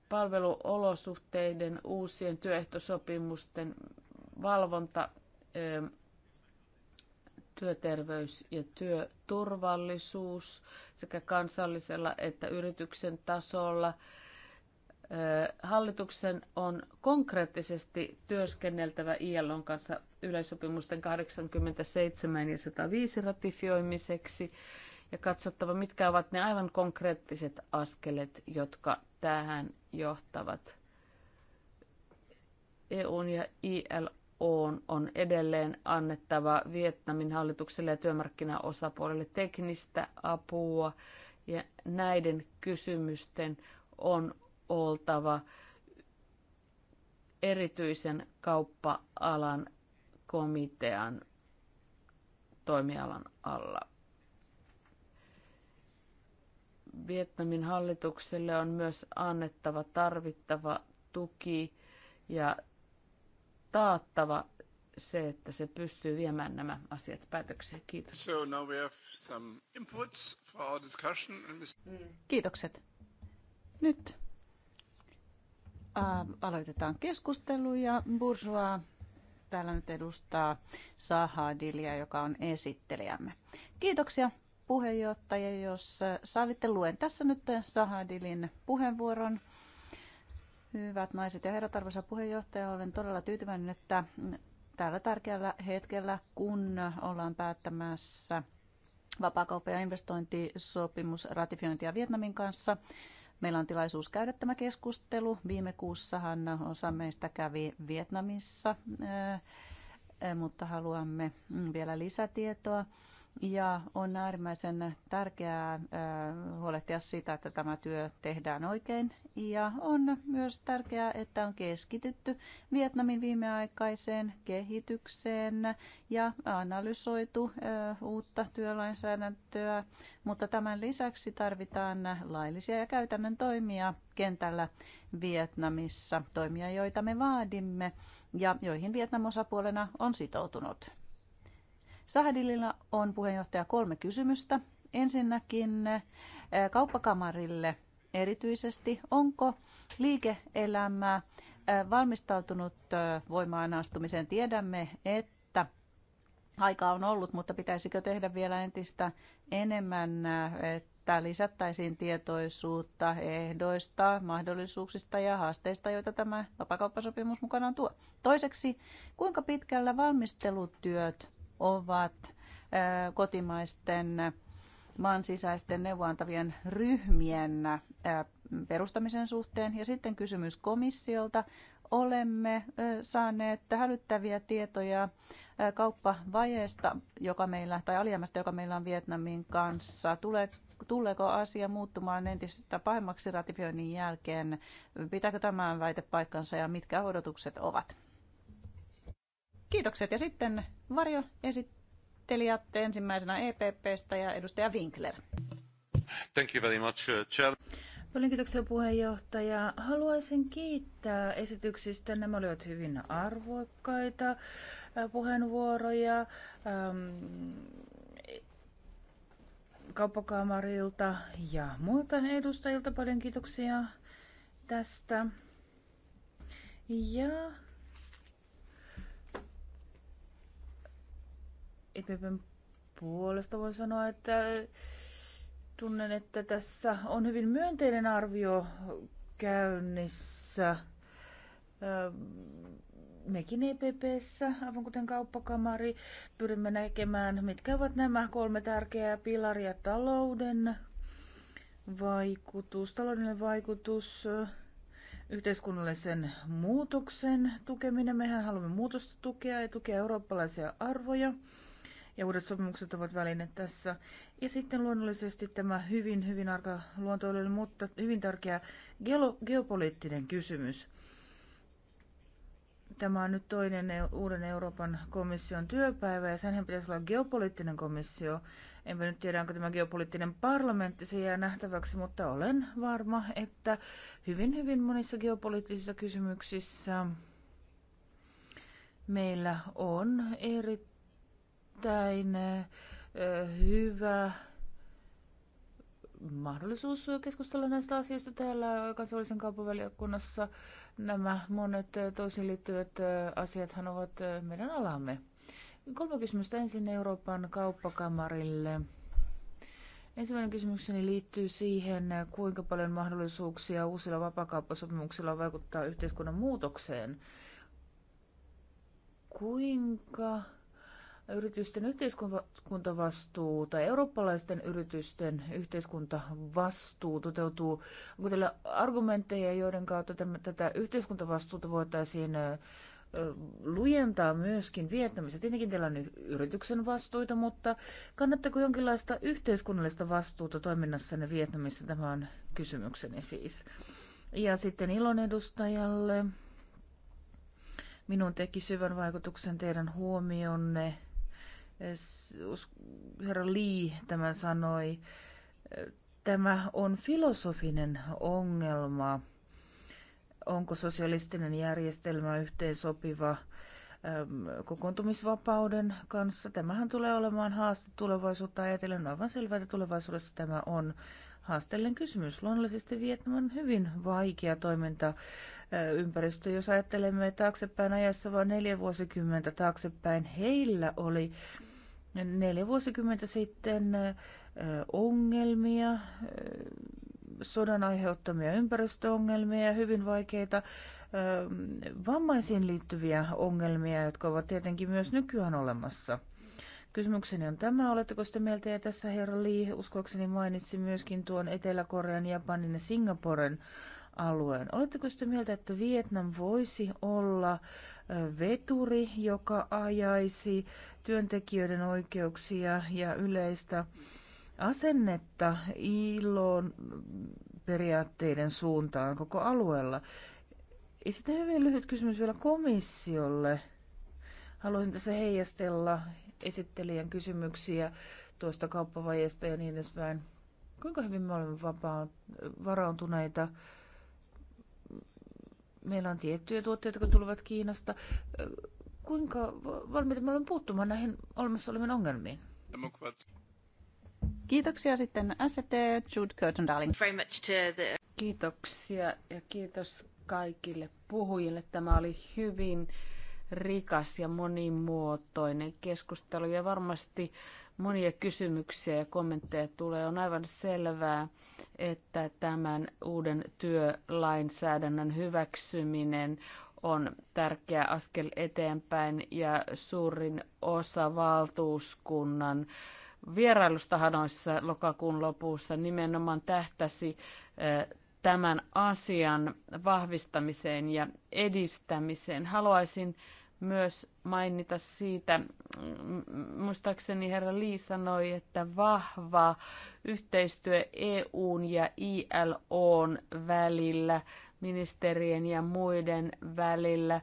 palveluolosuhteiden uusien työehtosopimusten valvonta, työterveys ja työturvallisuus sekä kansallisella että yrityksen tasolla – Hallituksen on konkreettisesti työskenneltävä ILOn kanssa yleissopimusten 87 ja 105 ratifioimiseksi ja katsottava, mitkä ovat ne aivan konkreettiset askeleet, jotka tähän johtavat. EUn ja ILOn on edelleen annettava Vietnamin hallitukselle ja työmarkkinaosapuolelle teknistä apua ja näiden kysymysten on oltava erityisen kauppa-alan komitean toimialan alla. Vietnamin hallitukselle on myös annettava tarvittava tuki ja taattava se, että se pystyy viemään nämä asiat päätökseen. Kiitos. So now we have some inputs for our discussion. Kiitokset. Nyt Äh, aloitetaan keskustelu ja Bourgeois täällä nyt edustaa Sahadilia, joka on esittelijämme. Kiitoksia puheenjohtaja, jos äh, saavitte luen tässä nyt Sahadilin puheenvuoron. Hyvät naiset ja herrat, arvoisa puheenjohtaja, olen todella tyytyväinen, että mm, tällä tärkeällä hetkellä, kun ollaan päättämässä vapaakauppa- ja investointisopimus ratifiointia Vietnamin kanssa, Meillä on tilaisuus käydä tämä keskustelu. Viime kuussahan osa meistä kävi Vietnamissa, mutta haluamme mm, vielä lisätietoa ja on äärimmäisen tärkeää äh, huolehtia sitä, että tämä työ tehdään oikein. Ja on myös tärkeää, että on keskitytty Vietnamin viimeaikaiseen kehitykseen ja analysoitu äh, uutta työlainsäädäntöä, mutta tämän lisäksi tarvitaan laillisia ja käytännön toimia kentällä Vietnamissa, toimia joita me vaadimme ja joihin Vietnam osapuolena on sitoutunut. Sahadililla on puheenjohtaja kolme kysymystä. Ensinnäkin eh, kauppakamarille erityisesti, onko liike-elämä eh, valmistautunut eh, voimaan astumiseen? Tiedämme, että aika on ollut, mutta pitäisikö tehdä vielä entistä enemmän, että lisättäisiin tietoisuutta ehdoista, mahdollisuuksista ja haasteista, joita tämä vapakauppasopimus mukanaan tuo. Toiseksi, kuinka pitkällä valmistelutyöt ovat kotimaisten maan sisäisten neuvoantavien ryhmien perustamisen suhteen. Ja sitten kysymys komissiolta. Olemme saaneet hälyttäviä tietoja kauppavajeesta, joka meillä, tai alijäämästä, joka meillä on Vietnamin kanssa. Tulee Tuleeko asia muuttumaan entistä pahemmaksi ratifioinnin jälkeen? Pitääkö tämä väite paikkansa ja mitkä odotukset ovat? Kiitokset ja sitten Varjo esittelijät ensimmäisenä EPPstä ja edustaja Winkler. Thank you very much, uh, Chair. Paljon kiitoksia puheenjohtaja. Haluaisin kiittää esityksistä. Nämä olivat hyvin arvokkaita puheenvuoroja. kauppakamarilta ja muilta edustajilta paljon kiitoksia tästä. Ja EPPn puolesta voi sanoa, että tunnen, että tässä on hyvin myönteinen arvio käynnissä. Öö, mekin EPPssä, aivan kuten kauppakamari, pyrimme näkemään, mitkä ovat nämä kolme tärkeää pilaria talouden vaikutus, taloudellinen vaikutus, yhteiskunnallisen muutoksen tukeminen. Mehän haluamme muutosta tukea ja tukea eurooppalaisia arvoja ja uudet sopimukset ovat väline tässä. Ja sitten luonnollisesti tämä hyvin, hyvin arka luontoilun, mutta hyvin tärkeä geopoliittinen kysymys. Tämä on nyt toinen uuden Euroopan komission työpäivä ja senhän pitäisi olla geopoliittinen komissio. Enpä nyt tiedä, onko tämä geopoliittinen parlamentti, se jää nähtäväksi, mutta olen varma, että hyvin, hyvin monissa geopoliittisissa kysymyksissä meillä on erittäin erittäin hyvä mahdollisuus keskustella näistä asioista täällä kansallisen kaupavaliokunnassa. Nämä monet toisiin liittyvät asiathan ovat meidän alamme. Kolme kysymystä ensin Euroopan kauppakamarille. Ensimmäinen kysymykseni liittyy siihen, kuinka paljon mahdollisuuksia uusilla vapakauppasopimuksilla vaikuttaa yhteiskunnan muutokseen. Kuinka yritysten yhteiskuntavastuu tai eurooppalaisten yritysten yhteiskuntavastuu toteutuu? Onko teillä argumentteja, joiden kautta tätä yhteiskuntavastuuta voitaisiin lujentaa myöskin viettämistä. Tietenkin teillä on yrityksen vastuita, mutta kannattaako jonkinlaista yhteiskunnallista vastuuta toiminnassanne Vietnamissa? Tämä on kysymykseni siis. Ja sitten Ilon edustajalle. Minun teki syvän vaikutuksen teidän huomionne herra Lee tämän sanoi, tämä on filosofinen ongelma. Onko sosialistinen järjestelmä yhteensopiva ähm, kokoontumisvapauden kanssa? Tämähän tulee olemaan haaste tulevaisuutta ajatellen. On aivan selvää, että tulevaisuudessa tämä on haasteellinen kysymys. Luonnollisesti Vietnam on hyvin vaikea toiminta äh, ympäristö. Jos ajattelemme taaksepäin ajassa vain neljä vuosikymmentä taaksepäin, heillä oli neljä vuosikymmentä sitten ongelmia, sodan aiheuttamia ympäristöongelmia ja hyvin vaikeita vammaisiin liittyviä ongelmia, jotka ovat tietenkin myös nykyään olemassa. Kysymykseni on tämä, oletteko sitä mieltä, ja tässä herra Lee uskoakseni mainitsi myöskin tuon Etelä-Korean, Japanin ja Singaporen alueen. Oletteko sitä mieltä, että Vietnam voisi olla veturi, joka ajaisi työntekijöiden oikeuksia ja yleistä asennetta ILOn periaatteiden suuntaan koko alueella. Ja sitten hyvin lyhyt kysymys vielä komissiolle. Haluaisin tässä heijastella esittelijän kysymyksiä tuosta kauppavajeesta ja niin edespäin. Kuinka hyvin me olemme vapaa, varautuneita? Meillä on tiettyjä tuotteita, jotka tulevat Kiinasta kuinka valmiita me olemme puuttumaan näihin olemassa oleviin ongelmiin? Kiitoksia sitten ST Jude Curtin, darling. Very much to the... Kiitoksia ja kiitos kaikille puhujille. Tämä oli hyvin rikas ja monimuotoinen keskustelu ja varmasti monia kysymyksiä ja kommentteja tulee. On aivan selvää, että tämän uuden työlainsäädännön hyväksyminen on tärkeä askel eteenpäin ja suurin osa valtuuskunnan vierailusta lokakuun lopussa nimenomaan tähtäsi tämän asian vahvistamiseen ja edistämiseen. Haluaisin myös mainita siitä, mm, muistaakseni herra Lee sanoi, että vahva yhteistyö EUn ja ILOn välillä ministerien ja muiden välillä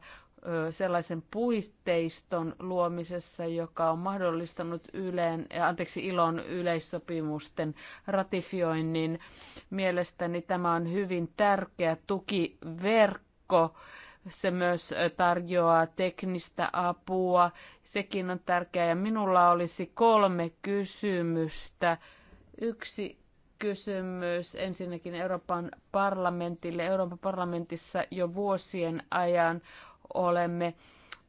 sellaisen puitteiston luomisessa, joka on mahdollistanut yleen, anteeksi, ilon yleissopimusten ratifioinnin. Mielestäni tämä on hyvin tärkeä tukiverkko. Se myös tarjoaa teknistä apua. Sekin on tärkeää. Ja minulla olisi kolme kysymystä. Yksi kysymys ensinnäkin Euroopan parlamentille. Euroopan parlamentissa jo vuosien ajan olemme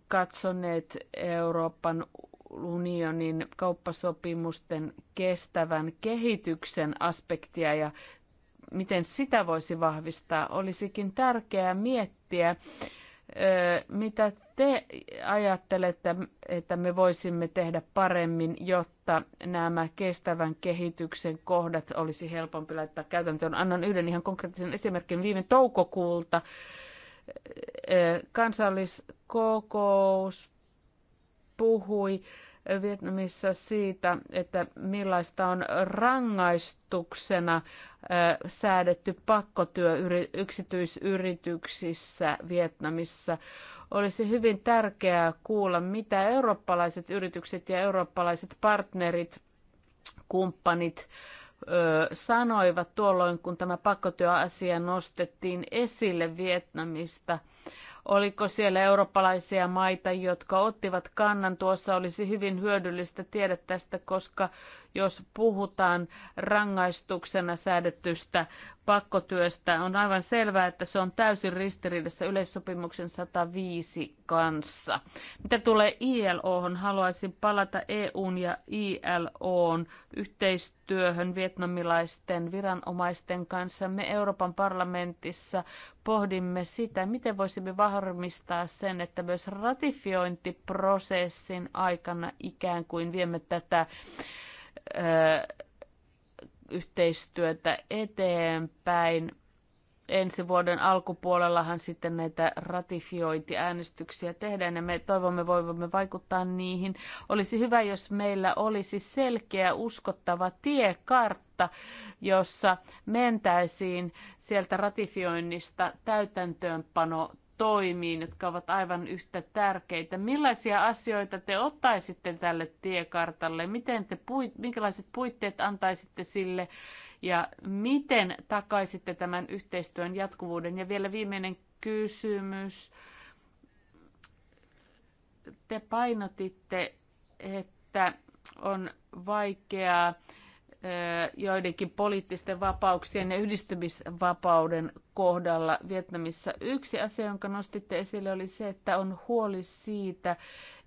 katsoneet Euroopan unionin kauppasopimusten kestävän kehityksen aspektia ja miten sitä voisi vahvistaa. Olisikin tärkeää miettiä, mitä te ajattelette, että me voisimme tehdä paremmin, jotta nämä kestävän kehityksen kohdat olisi helpompi laittaa käytäntöön? Annan yhden ihan konkreettisen esimerkin viime toukokuulta. Kansalliskokous puhui Vietnamissa siitä, että millaista on rangaistuksena säädetty pakkotyö yksityisyrityksissä Vietnamissa. Olisi hyvin tärkeää kuulla, mitä eurooppalaiset yritykset ja eurooppalaiset partnerit, kumppanit sanoivat tuolloin, kun tämä pakkotyöasia nostettiin esille Vietnamista. Oliko siellä eurooppalaisia maita, jotka ottivat kannan? Tuossa olisi hyvin hyödyllistä tiedä tästä, koska jos puhutaan rangaistuksena säädettystä pakkotyöstä. On aivan selvää, että se on täysin ristiriidassa yleissopimuksen 105 kanssa. Mitä tulee ILOhon, haluaisin palata EUn ja ILOn yhteistyöhön vietnamilaisten viranomaisten kanssa. Me Euroopan parlamentissa pohdimme sitä, miten voisimme varmistaa sen, että myös ratifiointiprosessin aikana ikään kuin viemme tätä yhteistyötä eteenpäin. Ensi vuoden alkupuolellahan sitten näitä ratifiointiäänestyksiä tehdään ja me toivomme voivamme vaikuttaa niihin. Olisi hyvä, jos meillä olisi selkeä, uskottava tiekartta, jossa mentäisiin sieltä ratifioinnista täytäntöönpano toimiin, jotka ovat aivan yhtä tärkeitä. Millaisia asioita te ottaisitte tälle tiekartalle? Miten te puit, minkälaiset puitteet antaisitte sille? Ja miten takaisitte tämän yhteistyön jatkuvuuden? Ja vielä viimeinen kysymys. Te painotitte, että on vaikeaa joidenkin poliittisten vapauksien ja yhdistymisvapauden kohdalla Vietnamissa. Yksi asia, jonka nostitte esille, oli se, että on huoli siitä,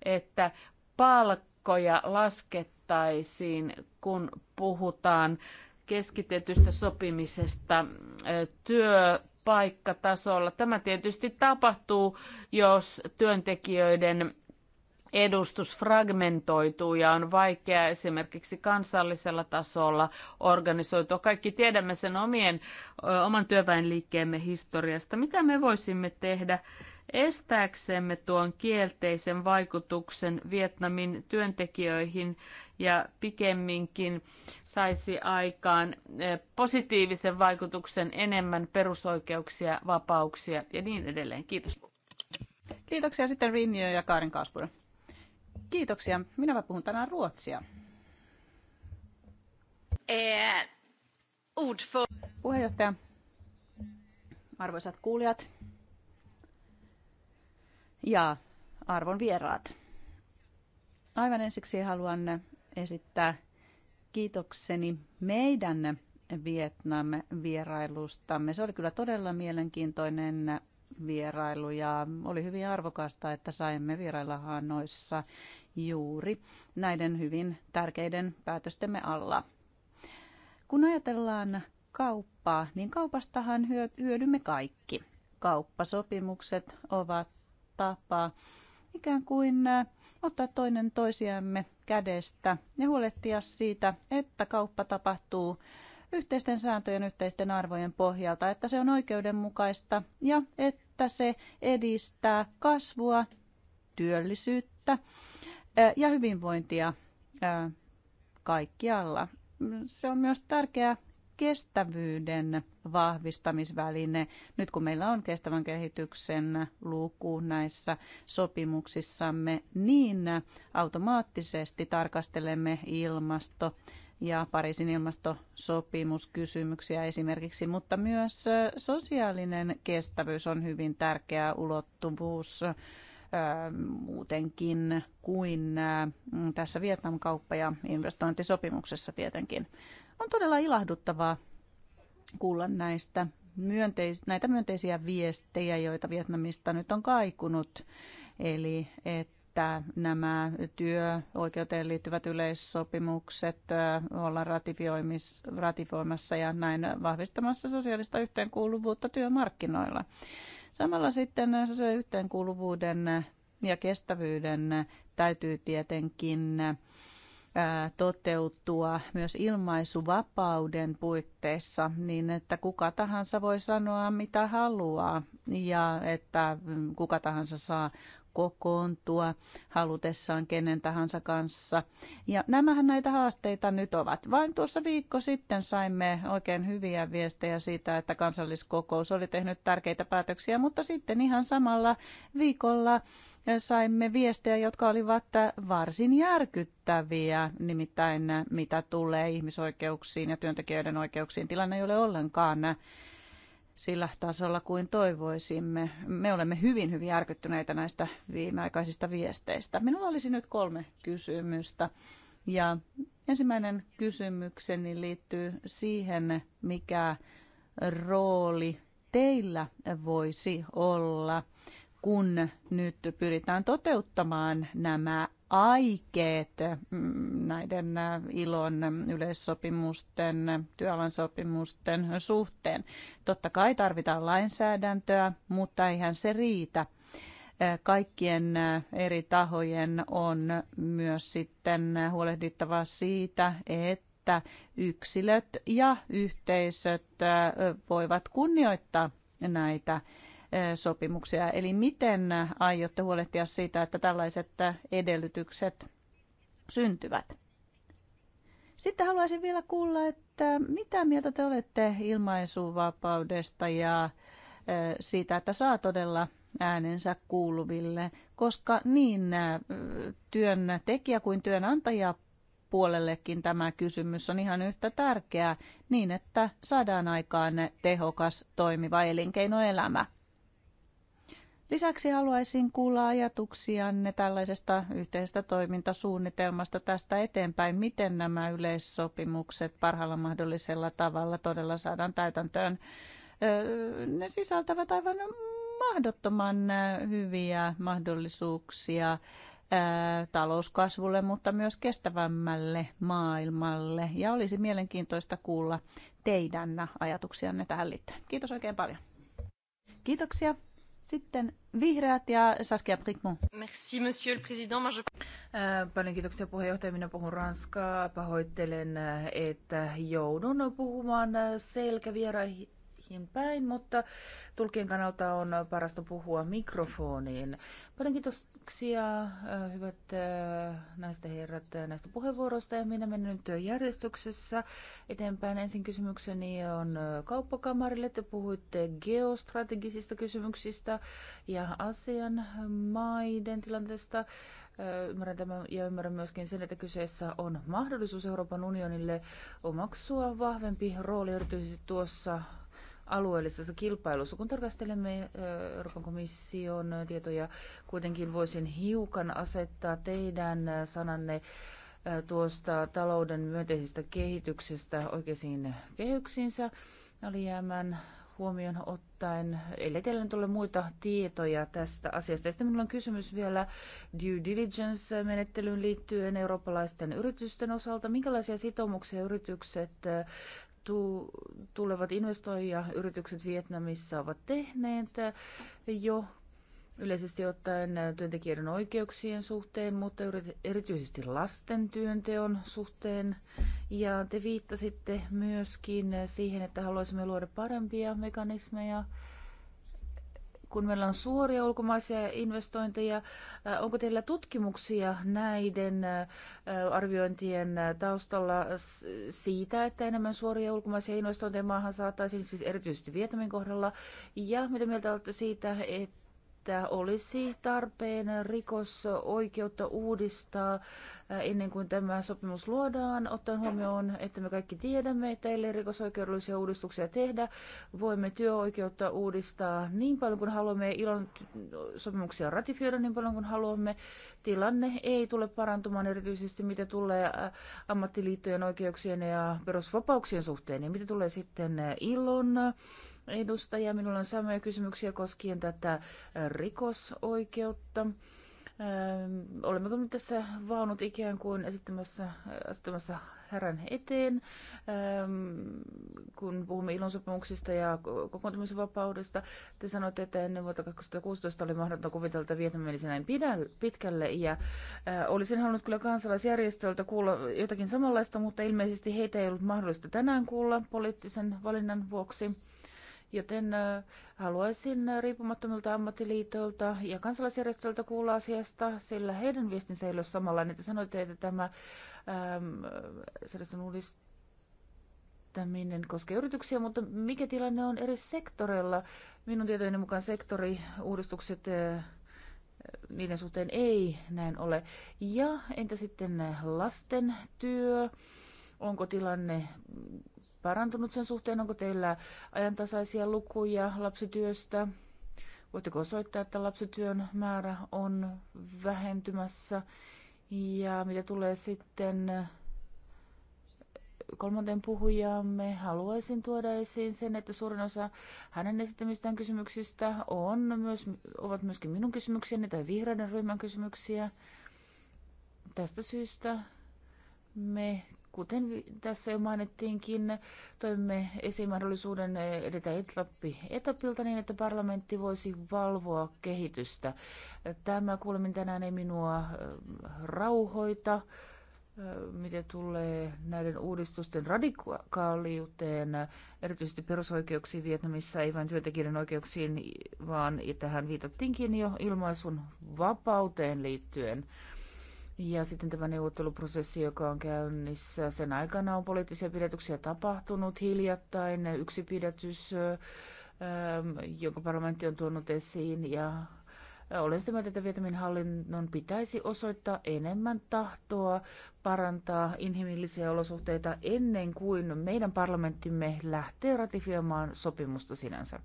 että palkkoja laskettaisiin, kun puhutaan keskitetystä sopimisesta työpaikkatasolla. Tämä tietysti tapahtuu, jos työntekijöiden edustus fragmentoituu ja on vaikea esimerkiksi kansallisella tasolla organisoitua. Kaikki tiedämme sen omien, oman työväenliikkeemme historiasta. Mitä me voisimme tehdä estääksemme tuon kielteisen vaikutuksen Vietnamin työntekijöihin ja pikemminkin saisi aikaan positiivisen vaikutuksen enemmän perusoikeuksia, vapauksia ja niin edelleen. Kiitos. Kiitoksia sitten Rinnio ja Kaarin Kaaspuren. Kiitoksia. Minä puhun tänään ruotsia. Eh, Puheenjohtaja, arvoisat kuulijat ja arvon vieraat. Aivan ensiksi haluan esittää kiitokseni meidän Vietnam-vierailustamme. Se oli kyllä todella mielenkiintoinen vierailu ja oli hyvin arvokasta, että saimme vierailla Hanoissa juuri näiden hyvin tärkeiden päätöstemme alla. Kun ajatellaan kauppaa, niin kaupastahan hyödymme kaikki. Kauppasopimukset ovat tapa ikään kuin äh, ottaa toinen toisiamme kädestä ja huolehtia siitä, että kauppa tapahtuu yhteisten sääntöjen, yhteisten arvojen pohjalta, että se on oikeudenmukaista ja että se edistää kasvua, työllisyyttä ja hyvinvointia kaikkialla. Se on myös tärkeä kestävyyden vahvistamisväline. Nyt kun meillä on kestävän kehityksen luku näissä sopimuksissamme, niin automaattisesti tarkastelemme ilmasto ja Pariisin ilmastosopimuskysymyksiä esimerkiksi, mutta myös sosiaalinen kestävyys on hyvin tärkeä ulottuvuus muutenkin kuin tässä Vietnam-kauppa- ja investointisopimuksessa tietenkin. On todella ilahduttavaa kuulla näistä myönteis- näitä myönteisiä viestejä, joita Vietnamista nyt on kaikunut. Eli että nämä työoikeuteen liittyvät yleissopimukset ollaan ratifioimassa ja näin vahvistamassa sosiaalista yhteenkuuluvuutta työmarkkinoilla. Samalla sitten se yhteenkuuluvuuden ja kestävyyden täytyy tietenkin toteutua myös ilmaisuvapauden puitteissa niin, että kuka tahansa voi sanoa mitä haluaa ja että mm, kuka tahansa saa kokoontua halutessaan kenen tahansa kanssa. Ja nämähän näitä haasteita nyt ovat. Vain tuossa viikko sitten saimme oikein hyviä viestejä siitä, että kansalliskokous oli tehnyt tärkeitä päätöksiä, mutta sitten ihan samalla viikolla saimme viestejä, jotka olivat varsin järkyttäviä, nimittäin mitä tulee ihmisoikeuksiin ja työntekijöiden oikeuksiin. Tilanne ei ole ollenkaan sillä tasolla kuin toivoisimme. Me olemme hyvin, hyvin järkyttyneitä näistä viimeaikaisista viesteistä. Minulla olisi nyt kolme kysymystä. Ja ensimmäinen kysymykseni liittyy siihen, mikä rooli teillä voisi olla, kun nyt pyritään toteuttamaan nämä aikeet mm, näiden äh, ilon mm, yleissopimusten, työalan sopimusten suhteen. Totta kai tarvitaan lainsäädäntöä, mutta eihän se riitä. Äh, kaikkien äh, eri tahojen on myös sitten huolehdittava siitä, että että yksilöt ja yhteisöt voivat kunnioittaa näitä sopimuksia. Eli miten aiotte huolehtia siitä, että tällaiset edellytykset syntyvät? Sitten haluaisin vielä kuulla, että mitä mieltä te olette ilmaisuvapaudesta ja siitä, että saa todella äänensä kuuluville, koska niin työntekijä kuin työnantaja puolellekin tämä kysymys on ihan yhtä tärkeää niin, että saadaan aikaan tehokas toimiva elinkeinoelämä. Lisäksi haluaisin kuulla ajatuksianne tällaisesta yhteisestä toimintasuunnitelmasta tästä eteenpäin, miten nämä yleissopimukset parhaalla mahdollisella tavalla todella saadaan täytäntöön. Ne sisältävät aivan mahdottoman hyviä mahdollisuuksia talouskasvulle, mutta myös kestävämmälle maailmalle. Ja olisi mielenkiintoista kuulla teidän ajatuksianne tähän liittyen. Kiitos oikein paljon. Kiitoksia. Sitten vihreät ja Saskia Brickmont. Merci, monsieur le président. Je... Äh, Paljon kiitoksia puheenjohtaja. Minä puhun ranskaa. Pahoittelen, äh, että joudun puhumaan äh, selkävieraihin mihin päin, mutta tulkien kannalta on parasta puhua mikrofoniin. Paljon kiitoksia, äh, hyvät äh, näistä herrat, äh, näistä puheenvuoroista ja minä menen nyt järjestyksessä eteenpäin. Ensin kysymykseni on kauppakamarille. Te puhuitte geostrategisista kysymyksistä ja asian maiden tilanteesta. Ymmärrän tämän ja ymmärrän myöskin sen, että kyseessä on mahdollisuus Euroopan unionille omaksua vahvempi rooli erityisesti tuossa alueellisessa kilpailussa. Kun tarkastelemme Euroopan komission tietoja, kuitenkin voisin hiukan asettaa teidän sananne tuosta talouden myönteisestä kehityksestä oikeisiin kehyksiinsä alijäämän huomioon ottaen, ellei teillä nyt ole muita tietoja tästä asiasta. Ja sitten minulla on kysymys vielä due diligence-menettelyyn liittyen eurooppalaisten yritysten osalta. Minkälaisia sitoumuksia yritykset tu, tulevat yritykset Vietnamissa ovat tehneet jo yleisesti ottaen työntekijöiden oikeuksien suhteen, mutta erityisesti lasten työnteon suhteen. Ja te viittasitte myöskin siihen, että haluaisimme luoda parempia mekanismeja kun meillä on suoria ulkomaisia investointeja, äh, onko teillä tutkimuksia näiden äh, arviointien äh, taustalla siitä, että enemmän suoria ulkomaisia investointeja maahan saataisiin, siis erityisesti Vietnamin kohdalla, ja mitä mieltä olette siitä, että että olisi tarpeen rikosoikeutta uudistaa äh, ennen kuin tämä sopimus luodaan, ottaen huomioon, että me kaikki tiedämme, että ellei rikosoikeudellisia uudistuksia tehdä, voimme työoikeutta uudistaa niin paljon kuin haluamme, ilon sopimuksia ratifioida niin paljon kuin haluamme. Tilanne ei tule parantumaan erityisesti, mitä tulee äh, ammattiliittojen oikeuksien ja perusvapauksien suhteen ja mitä tulee sitten äh, ilon edustaja. Minulla on samoja kysymyksiä koskien tätä äh, rikosoikeutta. Ähm, olemmeko nyt tässä vaunut ikään kuin esittämässä, esittämässä härän eteen, ähm, kun puhumme ilonsopimuksista ja kokoontumisen vapaudesta. Te sanoitte, että ennen vuotta 2016 oli mahdotonta kuvitella, että menisi näin pitkälle. Ja äh, olisin halunnut kyllä kansalaisjärjestöiltä kuulla jotakin samanlaista, mutta ilmeisesti heitä ei ollut mahdollista tänään kuulla poliittisen valinnan vuoksi. Joten haluaisin riippumattomilta ammattiliitoilta ja kansalaisjärjestöiltä kuulla asiasta, sillä heidän viestinsä ei ole samanlainen. Te sanoitte, että tämä ähm, uudistaminen koskee yrityksiä, mutta mikä tilanne on eri sektoreilla? Minun tietojeni mukaan sektoriuudistukset niiden suhteen ei näin ole. Ja entä sitten lasten työ? Onko tilanne parantunut sen suhteen? Onko teillä ajantasaisia lukuja lapsityöstä? Voitteko osoittaa, että lapsityön määrä on vähentymässä? Ja mitä tulee sitten kolmanteen puhujaamme, haluaisin tuoda esiin sen, että suurin osa hänen esittämistään kysymyksistä on myös, ovat myöskin minun kysymyksiäni tai vihreiden ryhmän kysymyksiä. Tästä syystä me Kuten tässä jo mainittiinkin, toimme esiin mahdollisuuden edetä etappi etapilta niin, että parlamentti voisi valvoa kehitystä. Tämä kuulemin tänään ei minua rauhoita, mitä tulee näiden uudistusten radikaaliuteen, erityisesti perusoikeuksiin Vietnamissa, ei vain työntekijöiden oikeuksiin, vaan tähän viitattiinkin jo ilmaisun vapauteen liittyen. Ja sitten tämä neuvotteluprosessi, joka on käynnissä, sen aikana on poliittisia pidätyksiä tapahtunut hiljattain, yksi pidätys, ähm, jonka parlamentti on tuonut esiin, ja äh, olen sitä mieltä, että Vietnamin hallinnon pitäisi osoittaa enemmän tahtoa parantaa inhimillisiä olosuhteita ennen kuin meidän parlamenttimme lähtee ratifioimaan sopimusta sinänsä.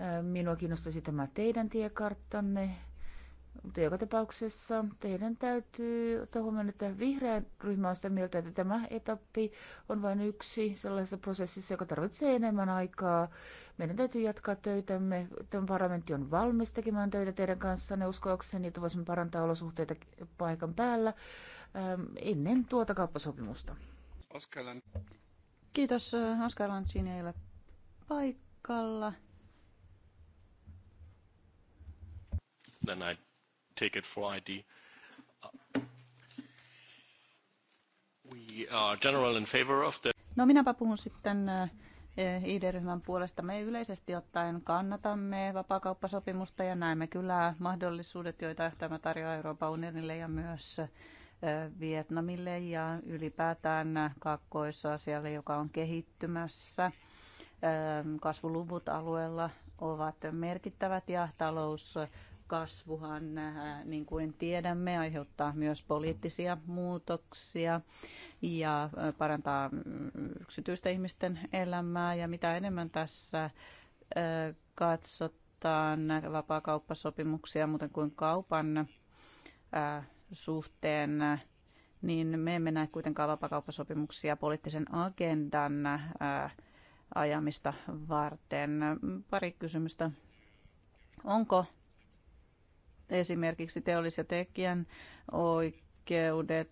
Äh, minua kiinnostaisi tämä teidän tiekarttanne mutta joka tapauksessa teidän täytyy ottaa huomioon, että vihreä ryhmä on sitä mieltä, että tämä etappi on vain yksi sellaisessa prosessissa, joka tarvitsee enemmän aikaa. Meidän täytyy jatkaa töitämme. Tämä parlamentti on valmis tekemään töitä teidän kanssanne uskoakseni, että voisimme parantaa olosuhteita paikan päällä ähm, ennen tuota kauppasopimusta. Oskalan. Kiitos. Oskar Lantzin ei ole paikalla. Näin it for ID. We are general in favor of the... No minäpä puhun sitten eh, ID-ryhmän puolesta. Me yleisesti ottaen kannatamme vapaakauppasopimusta ja näemme kyllä mahdollisuudet, joita tämä tarjoaa Euroopan unionille ja myös eh, Vietnamille ja ylipäätään Kaakkois-Aasialle, joka on kehittymässä. Eh, kasvuluvut alueella ovat merkittävät ja talous kasvuhan, äh, niin kuin tiedämme, aiheuttaa myös poliittisia muutoksia ja äh, parantaa mm, yksityisten ihmisten elämää. Ja mitä enemmän tässä äh, katsotaan vapaakauppasopimuksia muuten kuin kaupan suhteen, niin me emme näe kuitenkaan vapaakauppasopimuksia poliittisen agendan ajamista varten. Pari kysymystä. Onko esimerkiksi teollis- ja tekijän oikeudet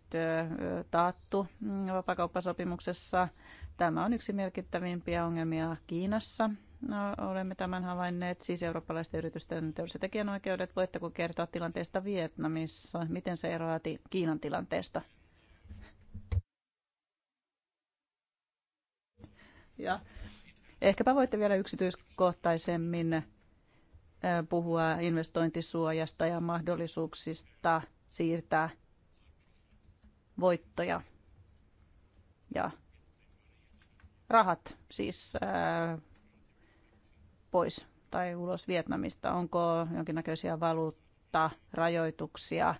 taattu mm, vapakauppasopimuksessa. Tämä on yksi merkittävimpiä ongelmia Kiinassa. No, olemme tämän havainneet, siis eurooppalaisten yritysten teollis- ja tekijänoikeudet. Voitteko kertoa tilanteesta Vietnamissa? Miten se eroaa ti Kiinan tilanteesta? Ja ehkäpä voitte vielä yksityiskohtaisemmin puhua investointisuojasta ja mahdollisuuksista siirtää voittoja ja rahat siis pois tai ulos Vietnamista? Onko jonkinnäköisiä valuutta, rajoituksia,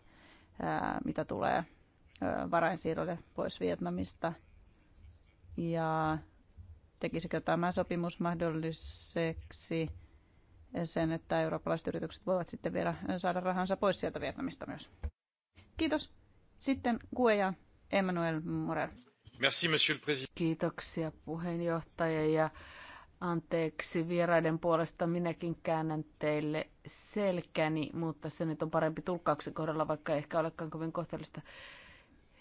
mitä tulee varainsiirrolle pois Vietnamista? Ja tekisikö tämä sopimus mahdolliseksi sen, että eurooppalaiset yritykset voivat sitten vielä saada rahansa pois sieltä Vietnamista myös. Kiitos. Sitten Kue ja Emmanuel Morel. Merci, monsieur le président. Kiitoksia puheenjohtaja ja anteeksi vieraiden puolesta minäkin käännän teille selkäni, mutta se nyt on parempi tulkkauksen kohdalla, vaikka ehkä olekaan kovin kohtelista.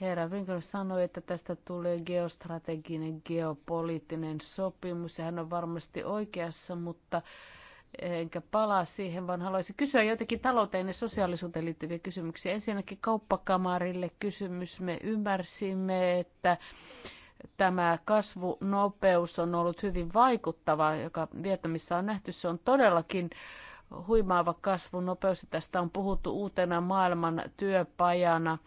Herra Winkler sanoi, että tästä tulee geostrateginen, geopoliittinen sopimus ja hän on varmasti oikeassa, mutta enkä palaa siihen, vaan haluaisin kysyä jotenkin talouteen ja sosiaalisuuteen liittyviä kysymyksiä. Ensinnäkin kauppakamarille kysymys. Me ymmärsimme, että tämä kasvunopeus on ollut hyvin vaikuttava, joka Vietnamissa on nähty. Se on todellakin huimaava kasvunopeus. Tästä on puhuttu uutena maailman työpajana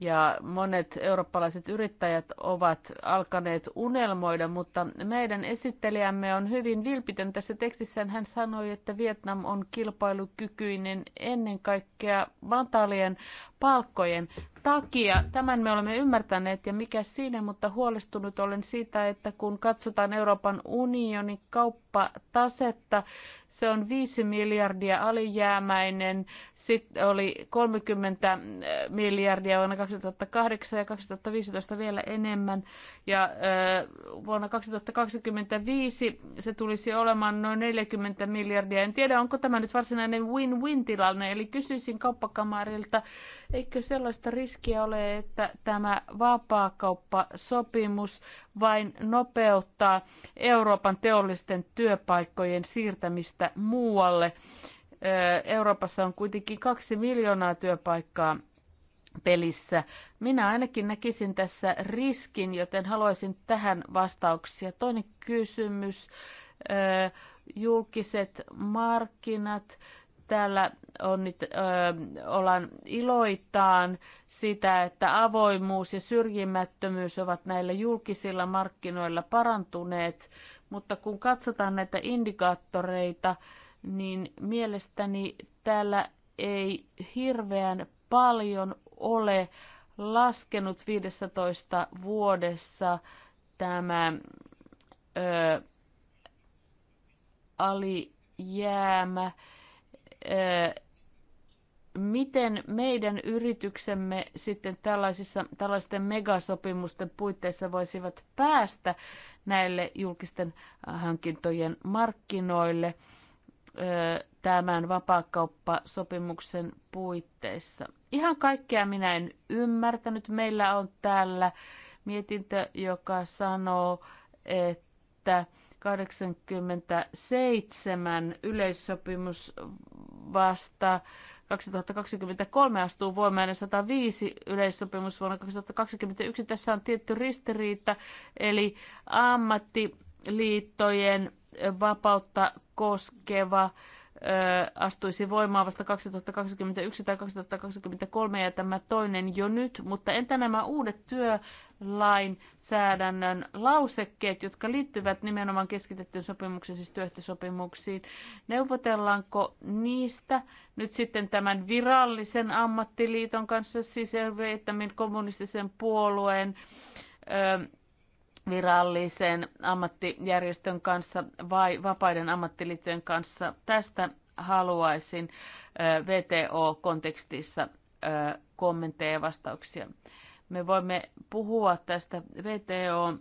ja monet eurooppalaiset yrittäjät ovat alkaneet unelmoida, mutta meidän esittelijämme on hyvin vilpitön tässä tekstissään. Hän sanoi, että Vietnam on kilpailukykyinen ennen kaikkea matalien palkkojen takia. Tämän me olemme ymmärtäneet ja mikä siinä, mutta huolestunut olen siitä, että kun katsotaan Euroopan unionin kauppa, tasetta. Se on 5 miljardia alijäämäinen. Sitten oli 30 eh, miljardia vuonna 2008 ja 2015 vielä enemmän. Ja eh, vuonna 2025 se tulisi olemaan noin 40 miljardia. En tiedä, onko tämä nyt varsinainen win-win tilanne. Eli kysyisin kauppakamarilta, eikö sellaista riskiä ole, että tämä vapaakauppasopimus vain nopeuttaa Euroopan teollisten työpaikkojen siirtämistä muualle. Euroopassa on kuitenkin kaksi miljoonaa työpaikkaa pelissä. Minä ainakin näkisin tässä riskin, joten haluaisin tähän vastauksia. Toinen kysymys, julkiset markkinat Täällä on nyt, ö, ollaan iloitaan sitä, että avoimuus ja syrjimättömyys ovat näillä julkisilla markkinoilla parantuneet, mutta kun katsotaan näitä indikaattoreita, niin mielestäni täällä ei hirveän paljon ole laskenut 15 vuodessa tämä ö, alijäämä miten meidän yrityksemme sitten tällaisissa, tällaisten megasopimusten puitteissa voisivat päästä näille julkisten hankintojen markkinoille tämän vapaakauppasopimuksen puitteissa. Ihan kaikkea minä en ymmärtänyt. Meillä on täällä mietintö, joka sanoo, että 87 yleissopimus vasta 2023 astuu voimaan 105 yleissopimus vuonna 2021. Tässä on tietty ristiriita, eli ammattiliittojen vapautta koskeva astuisi voimaan vasta 2021 tai 2023 ja tämä toinen jo nyt, mutta entä nämä uudet työlainsäädännön lausekkeet, jotka liittyvät nimenomaan keskitettyyn sopimukseen, siis työhtösopimuksiin, neuvotellaanko niistä nyt sitten tämän virallisen ammattiliiton kanssa, siis Vietnamin kommunistisen puolueen, ö, virallisen ammattijärjestön kanssa vai vapaiden ammattiliittojen kanssa. Tästä haluaisin VTO-kontekstissa kommentteja ja vastauksia. Me voimme puhua tästä VTO,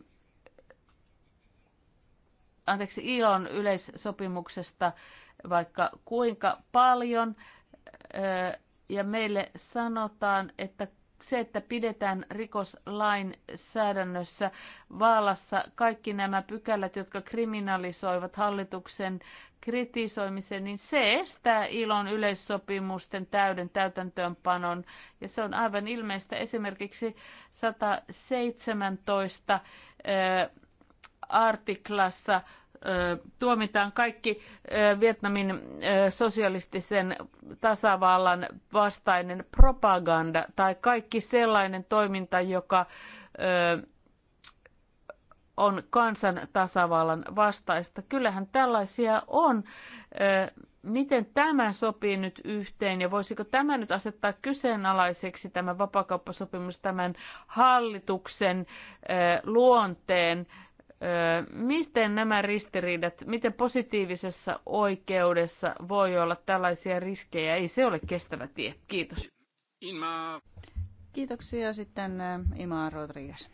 anteeksi, ILON yleissopimuksesta vaikka kuinka paljon, ja meille sanotaan, että se, että pidetään rikoslain säädännössä vaalassa kaikki nämä pykälät, jotka kriminalisoivat hallituksen kritisoimisen, niin se estää ilon yleissopimusten täyden täytäntöönpanon. Ja se on aivan ilmeistä esimerkiksi 117 ö, artiklassa tuomitaan kaikki Vietnamin sosialistisen tasavallan vastainen propaganda tai kaikki sellainen toiminta, joka on kansan tasavallan vastaista. Kyllähän tällaisia on. Miten tämä sopii nyt yhteen ja voisiko tämä nyt asettaa kyseenalaiseksi tämä vapakauppasopimus tämän hallituksen luonteen Miten nämä ristiriidat, miten positiivisessa oikeudessa voi olla tällaisia riskejä? Ei se ole kestävä tie. Kiitos. Inma. Kiitoksia sitten Ima Rodriguez.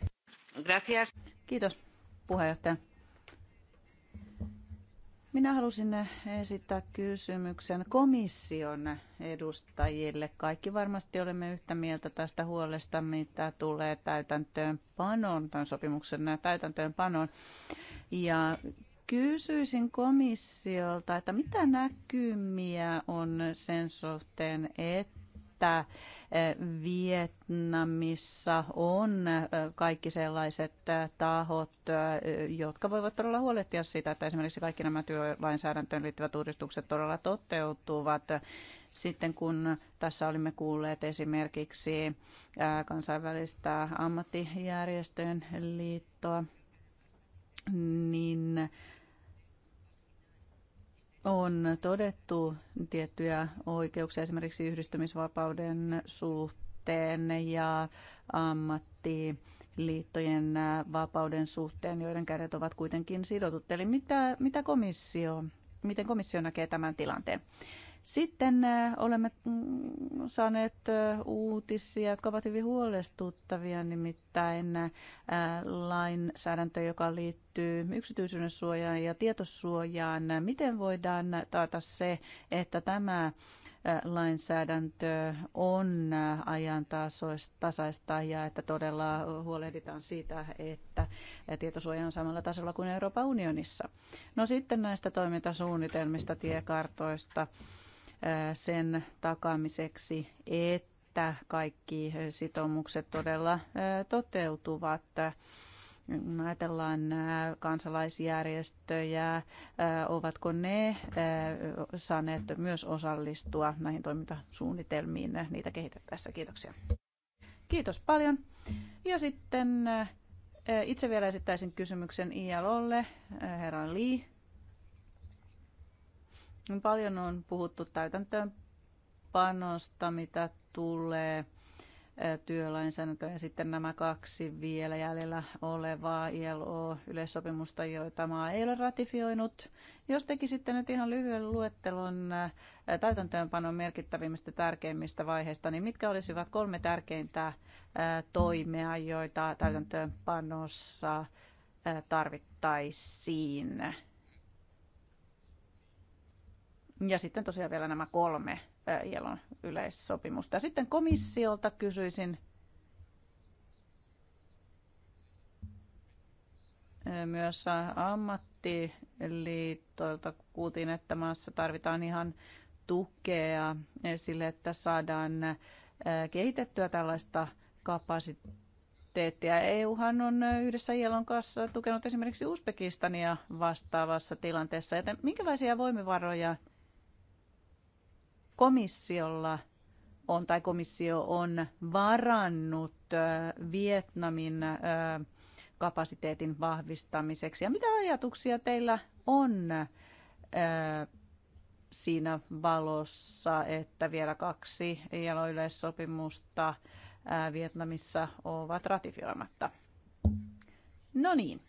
Gracias. Kiitos puheenjohtaja. Minä halusin esittää kysymyksen komission edustajille. Kaikki varmasti olemme yhtä mieltä tästä huolesta, mitä tulee täytäntöönpanoon, tämän sopimuksen täytäntöönpanoon. Ja kysyisin komissiolta, että mitä näkymiä on sen suhteen, että että eh, Vietnamissa on eh, kaikki sellaiset eh, tahot, jotka voivat todella huolehtia siitä, että esimerkiksi kaikki nämä työlainsäädäntöön liittyvät uudistukset todella toteutuvat. Sitten kun tässä olimme kuulleet esimerkiksi kansainvälistä ammattijärjestöjen liittoa, niin on todettu tiettyjä oikeuksia esimerkiksi yhdistymisvapauden suhteen ja ammattiliittojen vapauden suhteen, joiden kädet ovat kuitenkin sidotut. Eli mitä, mitä komissio, miten komissio näkee tämän tilanteen? Sitten äh, olemme mm, saaneet äh, uutisia, jotka ovat hyvin huolestuttavia, nimittäin äh, lainsäädäntö, joka liittyy yksityisyyden suojaan ja tietosuojaan. Miten voidaan taata se, että tämä lainsäädäntö on ajan tasaista ja että todella huolehditaan siitä, että tietosuoja on samalla tasolla kuin Euroopan unionissa. No sitten näistä toimintasuunnitelmista, tiekartoista sen takaamiseksi, että kaikki sitoumukset todella toteutuvat ajatellaan kansalaisjärjestöjä, ovatko ne saaneet myös osallistua näihin toimintasuunnitelmiin niitä kehitettäessä? Kiitoksia. Kiitos paljon. Ja sitten itse vielä esittäisin kysymyksen ILOlle, herran Lee. No, paljon on puhuttu täytäntöönpanosta, mitä tulee työlainsäädäntöön ja sitten nämä kaksi vielä jäljellä olevaa ILO-yleissopimusta, joita maa ei ole ratifioinut. Jos tekisitte nyt ihan lyhyen luettelon täytäntöönpanon merkittävimmistä tärkeimmistä vaiheista, niin mitkä olisivat kolme tärkeintä toimea, joita täytäntöönpanossa tarvittaisiin? Ja sitten tosiaan vielä nämä kolme ILOn yleissopimusta. Sitten komissiolta kysyisin myös ammattiliitoilta. Kuultiin, että maassa tarvitaan ihan tukea sille, että saadaan kehitettyä tällaista kapasiteettia. EUhan on yhdessä ILOn kanssa tukenut esimerkiksi Uzbekistania vastaavassa tilanteessa, joten minkälaisia voimivaroja komissiolla on tai komissio on varannut Vietnamin kapasiteetin vahvistamiseksi. Ja mitä ajatuksia teillä on siinä valossa, että vielä kaksi jaloyleissopimusta Vietnamissa ovat ratifioimatta? No niin.